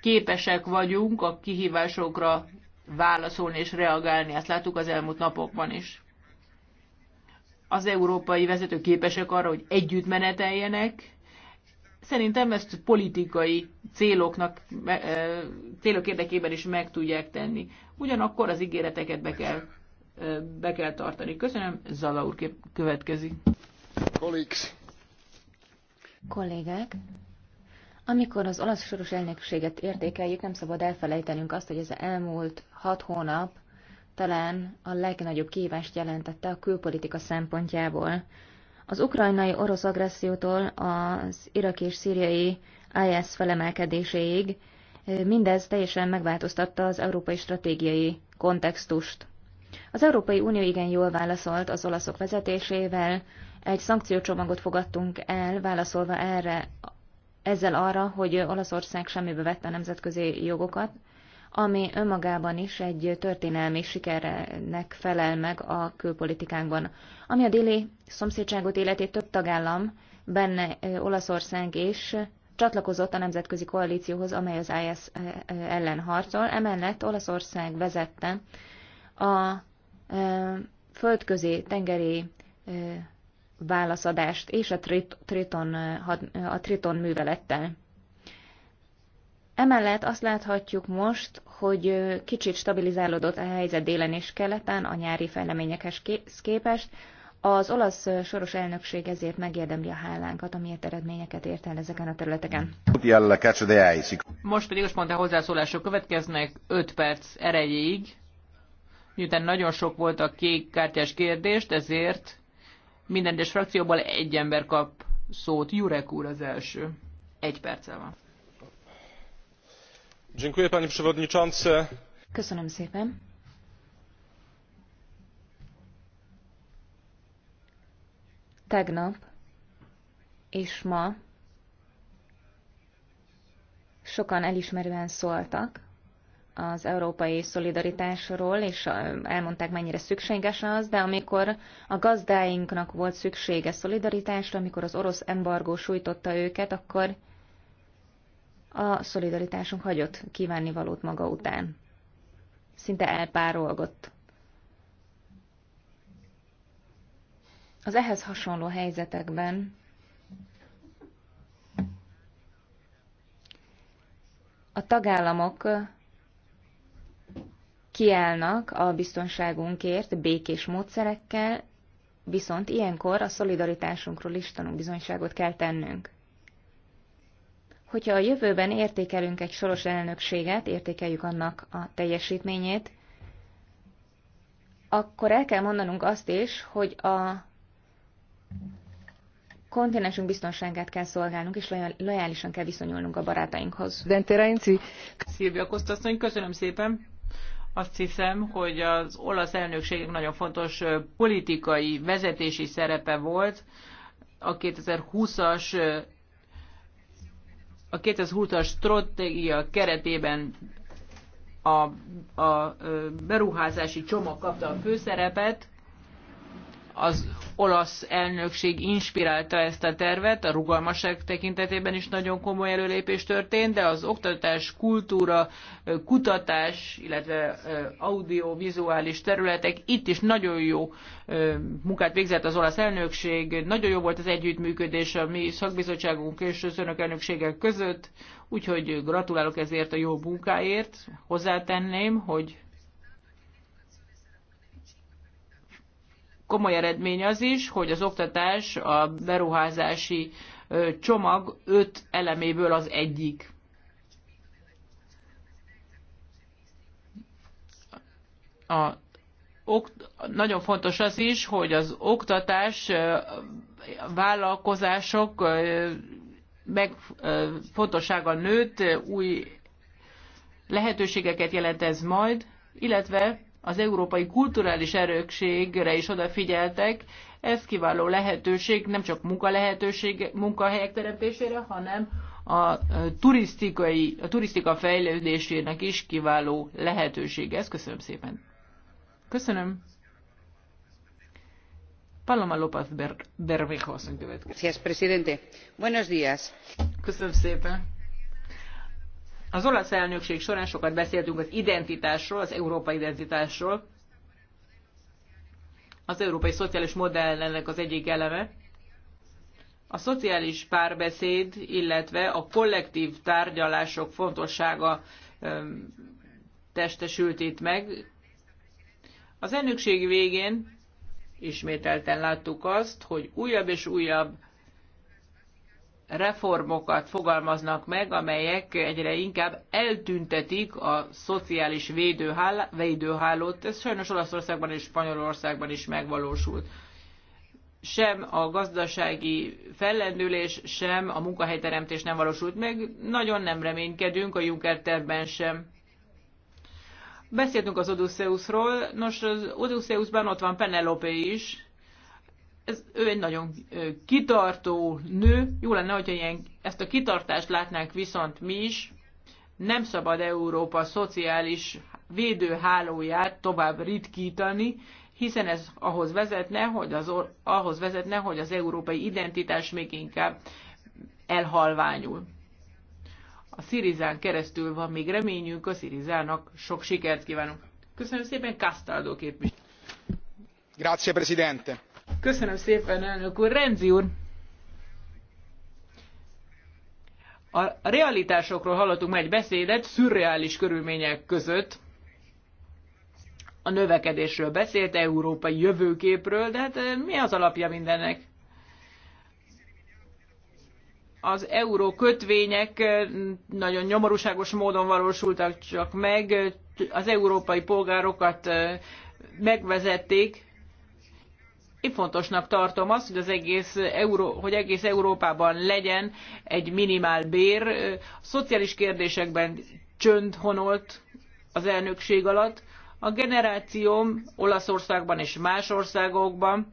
képesek vagyunk a kihívásokra válaszolni és reagálni. Ezt láttuk az elmúlt napokban is. Az európai vezetők képesek arra, hogy együtt meneteljenek. Szerintem ezt politikai céloknak, célok érdekében is meg tudják tenni. Ugyanakkor az ígéreteket be kell, be kell tartani. Köszönöm, Zala úr következik. Kollégák, amikor az olasz soros elnökséget értékeljük, nem szabad elfelejtenünk azt, hogy ez az elmúlt hat hónap talán a legnagyobb kívást jelentette a külpolitika szempontjából. Az ukrajnai orosz agressziótól az iraki és szíriai IS felemelkedéséig eh, mindez teljesen megváltoztatta az európai stratégiai kontextust. Az Európai Unió igen jól válaszolt az olaszok vezetésével, egy szankciócsomagot fogadtunk el, válaszolva erre ezzel arra, hogy Olaszország semmibe vette a nemzetközi jogokat, ami önmagában is egy történelmi sikernek felel meg a külpolitikánkban. Ami a déli szomszédságot életét több tagállam, benne Olaszország is csatlakozott a nemzetközi koalícióhoz, amely az IS ellen harcol. Emellett Olaszország vezette a földközi tengeri válaszadást és a Triton, eh, eh, a Triton művelettel. Emellett azt láthatjuk most, hogy eh, kicsit stabilizálódott a helyzet délen és keleten a nyári fejleményekhez képest. Az olasz soros elnökség ezért megérdemli a hálánkat, amiért eredményeket ért el ezeken a területeken. Most pedig a spontán hozzászólások következnek 5 perc erejéig. Miután nagyon sok volt a kék kártyás kérdést, ezért minden egyes frakcióból egy ember kap szót. Jurek úr az első. Egy perccel van. Dziękuję, panie przewodniczący. Köszönöm szépen. Tegnap és ma sokan elismerően szóltak az európai szolidaritásról, és elmondták, mennyire szükséges az, de amikor a gazdáinknak volt szüksége szolidaritásra, amikor az orosz embargó sújtotta őket, akkor a szolidaritásunk hagyott kívánni valót maga után. Szinte elpárolgott. Az ehhez hasonló helyzetekben a tagállamok kiállnak a biztonságunkért békés módszerekkel, viszont ilyenkor a szolidaritásunkról is bizonyságot kell tennünk. Hogyha a jövőben értékelünk egy soros elnökséget, értékeljük annak a teljesítményét, akkor el kell mondanunk azt is, hogy a kontinensünk biztonságát kell szolgálnunk, és lojálisan kell viszonyulnunk a barátainkhoz. Dente Reinci. Szilvia Kosztasszony, köszönöm szépen. Azt hiszem, hogy az olasz elnökségnek nagyon fontos politikai vezetési szerepe volt a 2020-as a 2020-as stratégia keretében a, a beruházási csomag kapta a főszerepet, az olasz elnökség inspirálta ezt a tervet, a rugalmasság tekintetében is nagyon komoly előlépés történt, de az oktatás, kultúra, kutatás, illetve audiovizuális területek itt is nagyon jó munkát végzett az olasz elnökség, nagyon jó volt az együttműködés a mi szakbizottságunk és az önök elnökségek között, úgyhogy gratulálok ezért a jó munkáért. Hozzátenném, hogy komoly eredmény az is, hogy az oktatás a beruházási csomag öt eleméből az egyik. A, ok, nagyon fontos az is, hogy az oktatás vállalkozások meg fontossága nőtt, új lehetőségeket jelent ez majd, illetve az európai kulturális erőkségre is odafigyeltek. Ez kiváló lehetőség, nem csak lehetőség munkahelyek teremtésére, hanem a, turisztikai, a turisztika fejlődésének is kiváló lehetőség. Ez köszönöm szépen. Köszönöm. Paloma López Bermejo asszony következik. Buenos días. Köszönöm szépen. Az olasz elnökség során sokat beszéltünk az identitásról, az európai identitásról. Az európai szociális modell ennek az egyik eleme. A szociális párbeszéd, illetve a kollektív tárgyalások fontossága testesült itt meg. Az elnökség végén ismételten láttuk azt, hogy újabb és újabb reformokat fogalmaznak meg, amelyek egyre inkább eltüntetik a szociális védőhálót. Ez sajnos Olaszországban és Spanyolországban is megvalósult. Sem a gazdasági fellendülés, sem a munkahelyteremtés nem valósult meg. Nagyon nem reménykedünk a Juncker tervben sem. Beszéltünk az Odysseusról. Nos, az Odysseusban ott van Penelope is, ez, ő egy nagyon kitartó nő, jó lenne, hogyha ilyen, ezt a kitartást látnánk viszont mi is, nem szabad Európa szociális védőhálóját tovább ritkítani, hiszen ez ahhoz vezetne, hogy az, ahhoz vezetne, hogy az európai identitás még inkább elhalványul. A Szirizán keresztül van még reményünk, a Szirizának sok sikert kívánunk. Köszönöm szépen, Castaldo képviselő. Grazie, Presidente Köszönöm szépen, elnök úr. Renzi úr, A realitásokról hallottunk már egy beszédet, szürreális körülmények között. A növekedésről beszélt, európai jövőképről, de hát eh, mi az alapja mindennek? Az euró kötvények eh, nagyon nyomorúságos módon valósultak csak meg, eh, az európai polgárokat megvezették, én fontosnak tartom azt, hogy, az egész Euró- hogy egész Európában legyen egy minimál bér. A szociális kérdésekben csönd honolt az elnökség alatt. A generációm Olaszországban és más országokban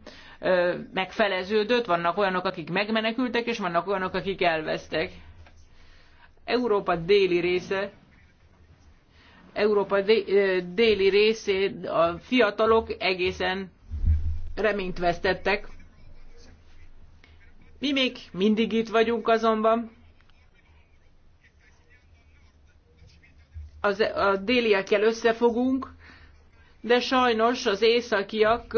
megfeleződött, vannak olyanok, akik megmenekültek, és vannak olyanok, akik elvesztek. Európa déli része Európa déli részét a fiatalok egészen reményt vesztettek. Mi még mindig itt vagyunk azonban. Az, a déliekkel összefogunk, de sajnos az északiak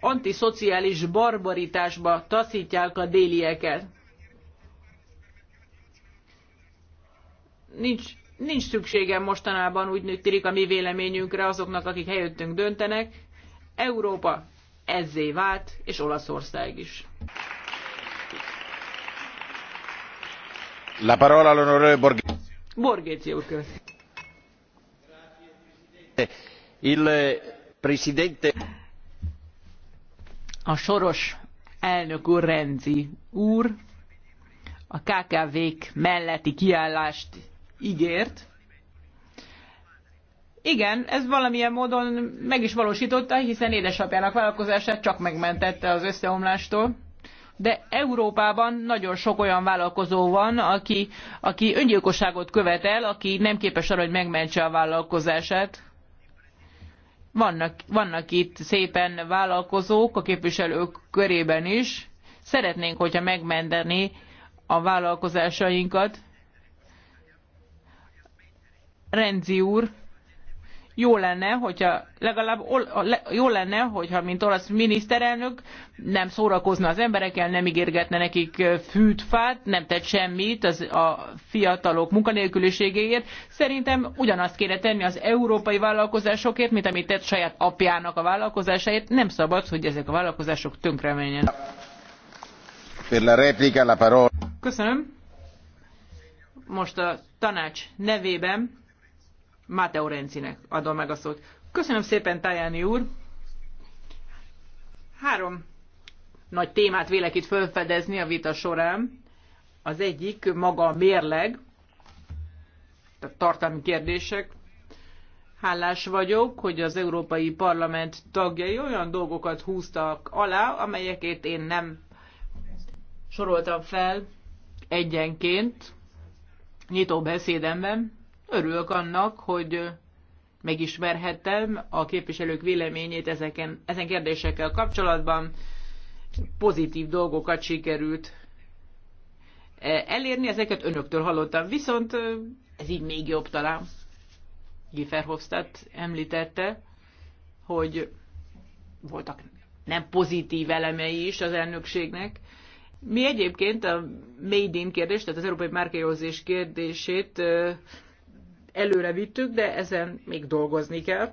antiszociális barbaritásba taszítják a délieket. Nincs, nincs szükségem mostanában úgy tűnik a mi véleményünkre azoknak, akik helyettünk döntenek. Európa ezzé vált, és Olaszország is. La parola all'onorevole Borghezio. Borghezio következik. Il eh, presidente... A soros elnök úr Renzi úr a KKV-k melletti kiállást ígért, igen, ez valamilyen módon meg is valósította, hiszen édesapjának vállalkozását csak megmentette az összeomlástól. De Európában nagyon sok olyan vállalkozó van, aki, aki öngyilkosságot követel, aki nem képes arra, hogy megmentse a vállalkozását. Vannak, vannak itt szépen vállalkozók a képviselők körében is. Szeretnénk, hogyha megmenteni a vállalkozásainkat. Renzi úr, jó lenne, hogyha legalább jó lenne, hogyha mint olasz miniszterelnök nem szórakozna az emberekkel, nem ígérgetne nekik fűt, fát, nem tett semmit az, a fiatalok munkanélküliségéért. Szerintem ugyanazt kéne tenni az európai vállalkozásokért, mint amit tett saját apjának a vállalkozásáért. Nem szabad, hogy ezek a vállalkozások tönkre Köszönöm. Most a tanács nevében Máteo Rencinek adom meg a szót. Köszönöm szépen, Tajani úr! Három nagy témát vélek itt felfedezni a vita során. Az egyik maga a mérleg, tehát tartalmi kérdések. Hálás vagyok, hogy az Európai Parlament tagjai olyan dolgokat húztak alá, amelyeket én nem soroltam fel egyenként nyitó beszédemben. Örülök annak, hogy megismerhettem a képviselők véleményét ezeken, ezen kérdésekkel kapcsolatban. Pozitív dolgokat sikerült e, elérni, ezeket önöktől hallottam, viszont e, ez így még jobb talán. Giffer Hofstadt említette, hogy voltak nem pozitív elemei is az elnökségnek. Mi egyébként a Made in kérdést, tehát az európai márkajózés kérdését e, előre vittük, de ezen még dolgozni kell.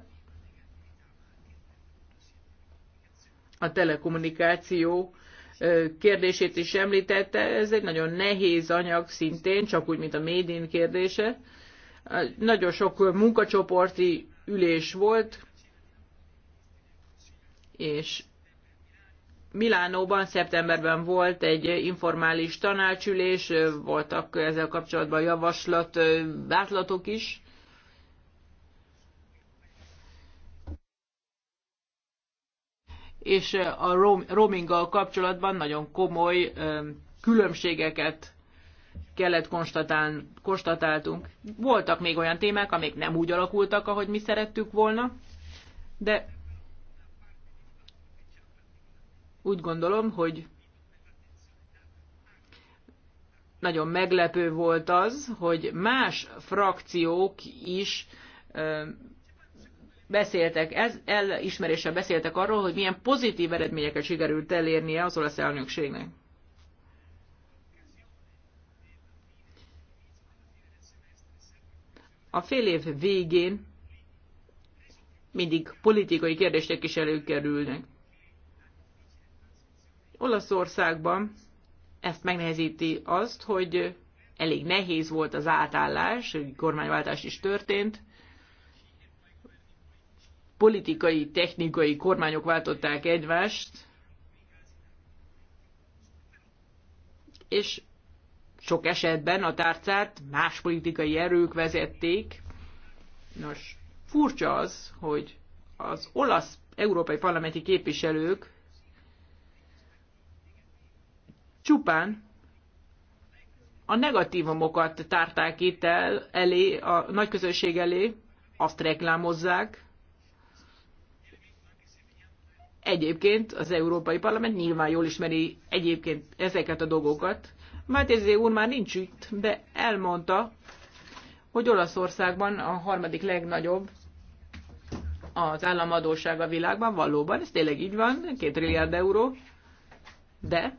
A telekommunikáció kérdését is említette, ez egy nagyon nehéz anyag szintén, csak úgy, mint a médin kérdése. Nagyon sok munkacsoporti ülés volt, és Milánóban szeptemberben volt egy informális tanácsülés, voltak ezzel kapcsolatban javaslat, vázlatok is. És a roaminggal kapcsolatban nagyon komoly különbségeket kellett konstatál, konstatáltunk. Voltak még olyan témák, amik nem úgy alakultak, ahogy mi szerettük volna, de úgy gondolom, hogy nagyon meglepő volt az, hogy más frakciók is beszéltek, ez elismeréssel beszéltek arról, hogy milyen pozitív eredményeket sikerült elérnie az olasz elnökségnek. A fél év végén mindig politikai kérdések is előkerülnek. Olaszországban ezt megnehezíti azt, hogy elég nehéz volt az átállás, hogy kormányváltás is történt, politikai, technikai kormányok váltották egymást, és sok esetben a tárcát más politikai erők vezették. Nos, furcsa az, hogy az olasz európai parlamenti képviselők Csupán a negatívumokat tárták itt el, elé, a nagy közösség elé, azt reklámozzák. Egyébként az Európai Parlament nyilván jól ismeri egyébként ezeket a dolgokat. Mátézé úr már nincs itt, de elmondta, hogy Olaszországban a harmadik legnagyobb az államadóság a világban, valóban, ez tényleg így van, két trilliárd euró, de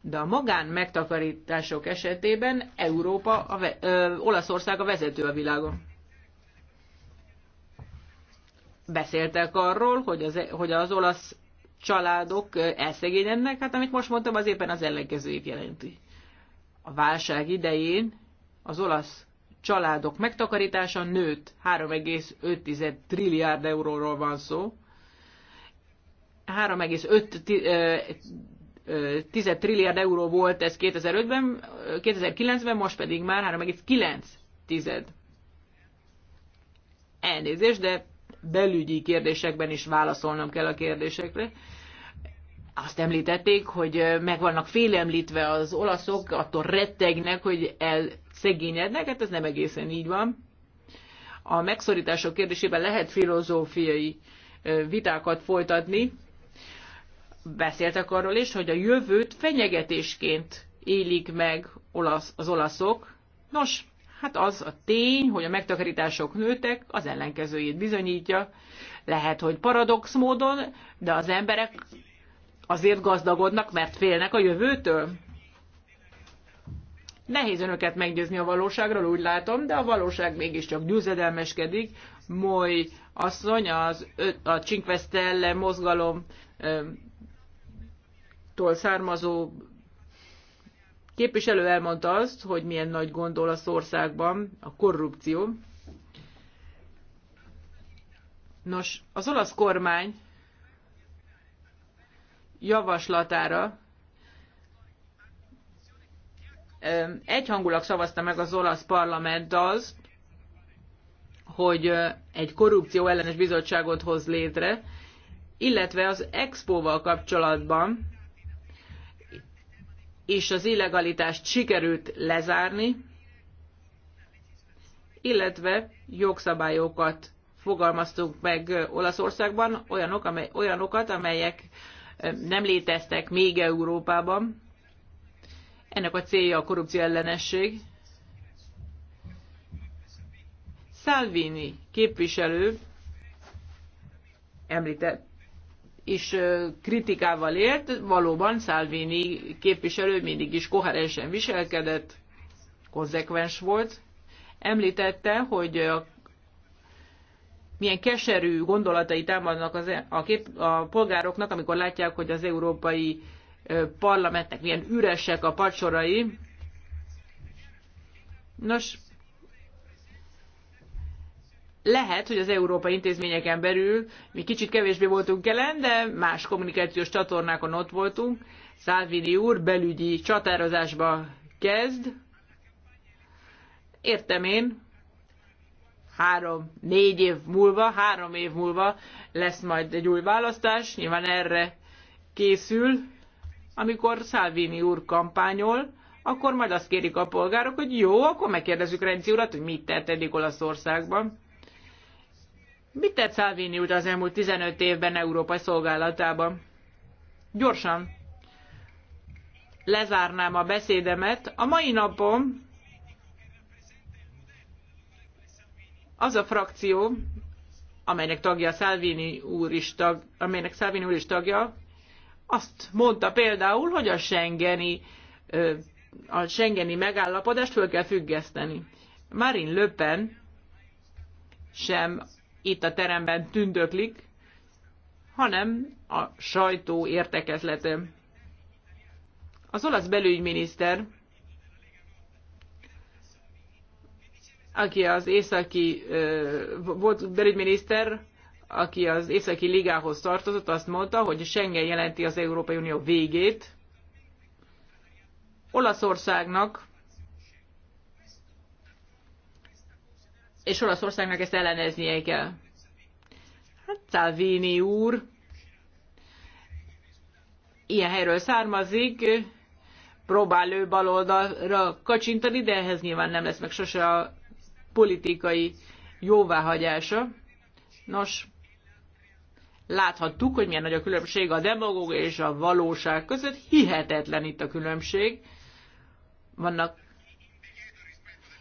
de a magán megtakarítások esetében Európa, a, ö, Olaszország a vezető a világon. Beszéltek arról, hogy az, e- hogy az olasz családok elszegényednek, hát amit most mondtam, az éppen az ellenkezőjét jelenti. A válság idején az olasz családok megtakarítása nőtt, 3,5 trilliárd euróról van szó, 3,5 10 trilliárd euró volt ez 2005-ben, 2009-ben, most pedig már 3,9 tized. Elnézést, de belügyi kérdésekben is válaszolnom kell a kérdésekre. Azt említették, hogy meg vannak félemlítve az olaszok, attól rettegnek, hogy elszegényednek, hát ez nem egészen így van. A megszorítások kérdésében lehet filozófiai vitákat folytatni, beszéltek arról is, hogy a jövőt fenyegetésként élik meg olasz, az olaszok. Nos, hát az a tény, hogy a megtakarítások nőtek, az ellenkezőjét bizonyítja. Lehet, hogy paradox módon, de az emberek azért gazdagodnak, mert félnek a jövőtől. Nehéz önöket meggyőzni a valóságról, úgy látom, de a valóság mégiscsak győzedelmeskedik. Moly asszony, az, a Csinkvesztelle mozgalom tól származó képviselő elmondta azt, hogy milyen nagy gondol az országban a korrupció. Nos, az olasz kormány javaslatára egyhangulag szavazta meg az olasz parlament azt, hogy egy korrupció ellenes bizottságot hoz létre, illetve az Expo-val kapcsolatban és az illegalitást sikerült lezárni, illetve jogszabályokat fogalmaztunk meg Olaszországban, olyanok, amely, olyanokat, amelyek eh, nem léteztek még Európában. Ennek a célja a korrupció ellenesség. Salvini képviselő említett is kritikával élt, valóban Salvini képviselő mindig is koherensen viselkedett, konzekvens volt. Említette, hogy a milyen keserű gondolatai támadnak az, e, a, kép, a polgároknak, amikor látják, hogy az Európai Parlamentnek milyen üresek a pacsorai. Nos, lehet, hogy az európai intézményeken belül mi kicsit kevésbé voltunk jelen, de más kommunikációs csatornákon ott voltunk. Szálvini úr belügyi csatározásba kezd. Értem én, három-négy év múlva, három év múlva lesz majd egy új választás, nyilván erre készül, amikor Salvini úr kampányol, akkor majd azt kérik a polgárok, hogy jó, akkor megkérdezzük Renzi urat, hogy mit tett eddig Olaszországban. Mit tett Salvini út az elmúlt 15 évben Európai szolgálatában? Gyorsan lezárnám a beszédemet. A mai napon az a frakció, amelynek tagja Salvini úr is, tag, amelynek Salvini úr is tagja, azt mondta például, hogy a Schengeni, a Schengeni megállapodást föl kell függeszteni. Marine Le Pen sem itt a teremben tündöklik, hanem a sajtó értekezlete. Az olasz belügyminiszter, aki az északi, volt belügyminiszter, aki az északi ligához tartozott, azt mondta, hogy Schengen jelenti az Európai Unió végét. Olaszországnak és Olaszországnak ezt elleneznie kell. Hát Salvini úr ilyen helyről származik, próbál ő baloldalra kacsintani, de ehhez nyilván nem lesz meg sose a politikai jóváhagyása. Nos, láthattuk, hogy milyen nagy a különbség a demagóg és a valóság között. Hihetetlen itt a különbség. Vannak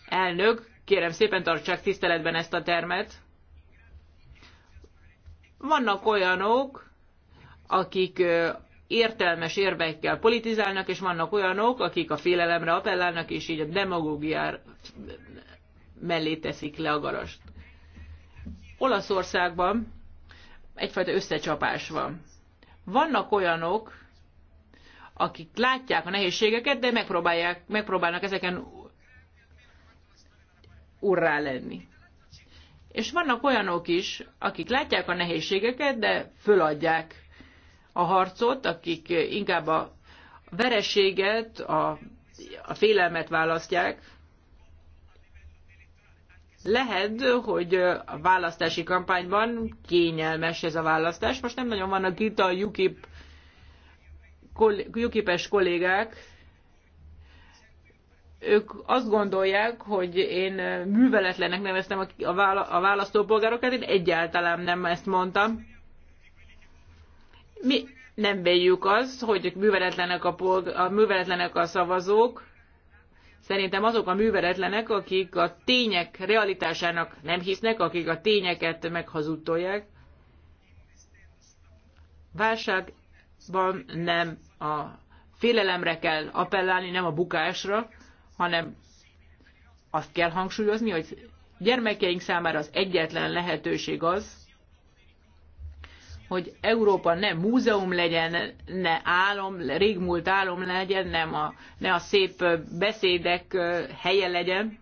elnök, Kérem szépen tartsák tiszteletben ezt a termet. Vannak olyanok, akik értelmes érvekkel politizálnak, és vannak olyanok, akik a félelemre appellálnak, és így a demagógiár mellé teszik le a garast. Olaszországban egyfajta összecsapás van. Vannak olyanok, akik látják a nehézségeket, de megpróbálják, megpróbálnak ezeken urrá lenni. És vannak olyanok is, akik látják a nehézségeket, de föladják a harcot, akik inkább a vereséget, a, a félelmet választják. Lehet, hogy a választási kampányban kényelmes ez a választás. Most nem nagyon vannak itt a UKIP, ukip kollégák, ők azt gondolják, hogy én műveletlenek neveztem a, a választópolgárokat, én egyáltalán nem ezt mondtam. Mi nem véljük azt, hogy műveletlenek a, polg- a műveletlenek a szavazók. Szerintem azok a műveletlenek, akik a tények realitásának nem hisznek, akik a tényeket meghazudtolják. Válságban nem a félelemre kell appellálni, nem a bukásra hanem azt kell hangsúlyozni, hogy gyermekeink számára az egyetlen lehetőség az, hogy Európa ne múzeum legyen, ne álom, régmúlt álom legyen, nem a, ne a szép beszédek helye legyen.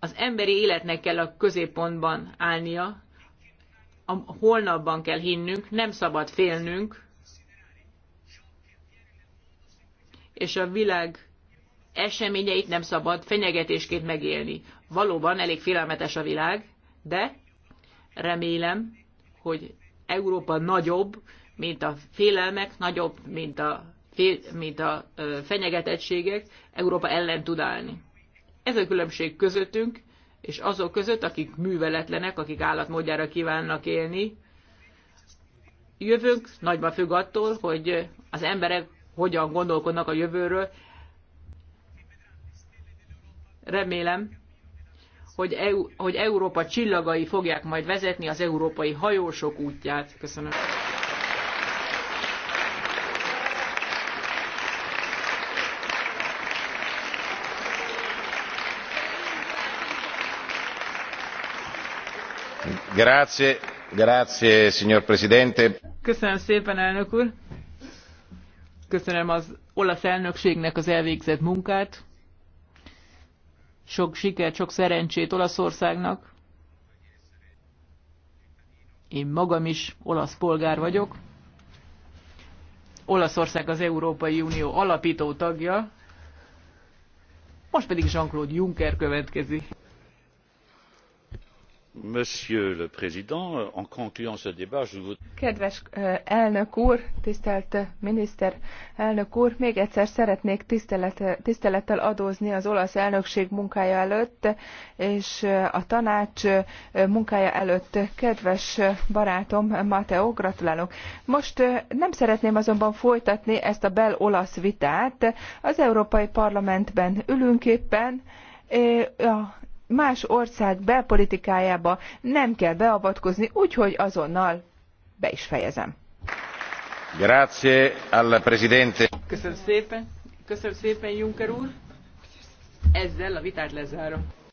Az emberi életnek kell a középpontban állnia, a holnapban kell hinnünk, nem szabad félnünk, és a világ eseményeit nem szabad fenyegetésként megélni. Valóban elég félelmetes a világ, de remélem, hogy Európa nagyobb, mint a félelmek, nagyobb, mint a, fél, mint a fenyegetettségek, Európa ellen tud állni. Ez a különbség közöttünk, és azok között, akik műveletlenek, akik állatmódjára kívánnak élni. Jövünk nagyban függ attól, hogy az emberek hogyan gondolkodnak a jövőről. Remélem, hogy, EU, hogy Európa csillagai fogják majd vezetni az európai hajósok útját. Köszönöm. Grazie, grazie, signor Presidente. Köszönöm szépen, elnök úr. Köszönöm az olasz elnökségnek az elvégzett munkát. Sok sikert, sok szerencsét Olaszországnak. Én magam is olasz polgár vagyok. Olaszország az Európai Unió alapító tagja. Most pedig Jean-Claude Juncker következik. Monsieur le Président, en concluant ce débat, je Kedves elnök úr, tisztelt miniszter elnök úr, még egyszer szeretnék tisztelettel adózni az olasz elnökség munkája előtt, és a tanács munkája előtt. Kedves barátom, Matteo gratulálok. Most nem szeretném azonban folytatni ezt a bel-olasz vitát. Az Európai Parlamentben ülünk éppen, a más ország belpolitikájába nem kell beavatkozni, úgyhogy azonnal be is fejezem. Grazie alla Presidente. Köszönöm szépen, köszönöm szépen Juncker úr. Ezzel a vitát lezárom.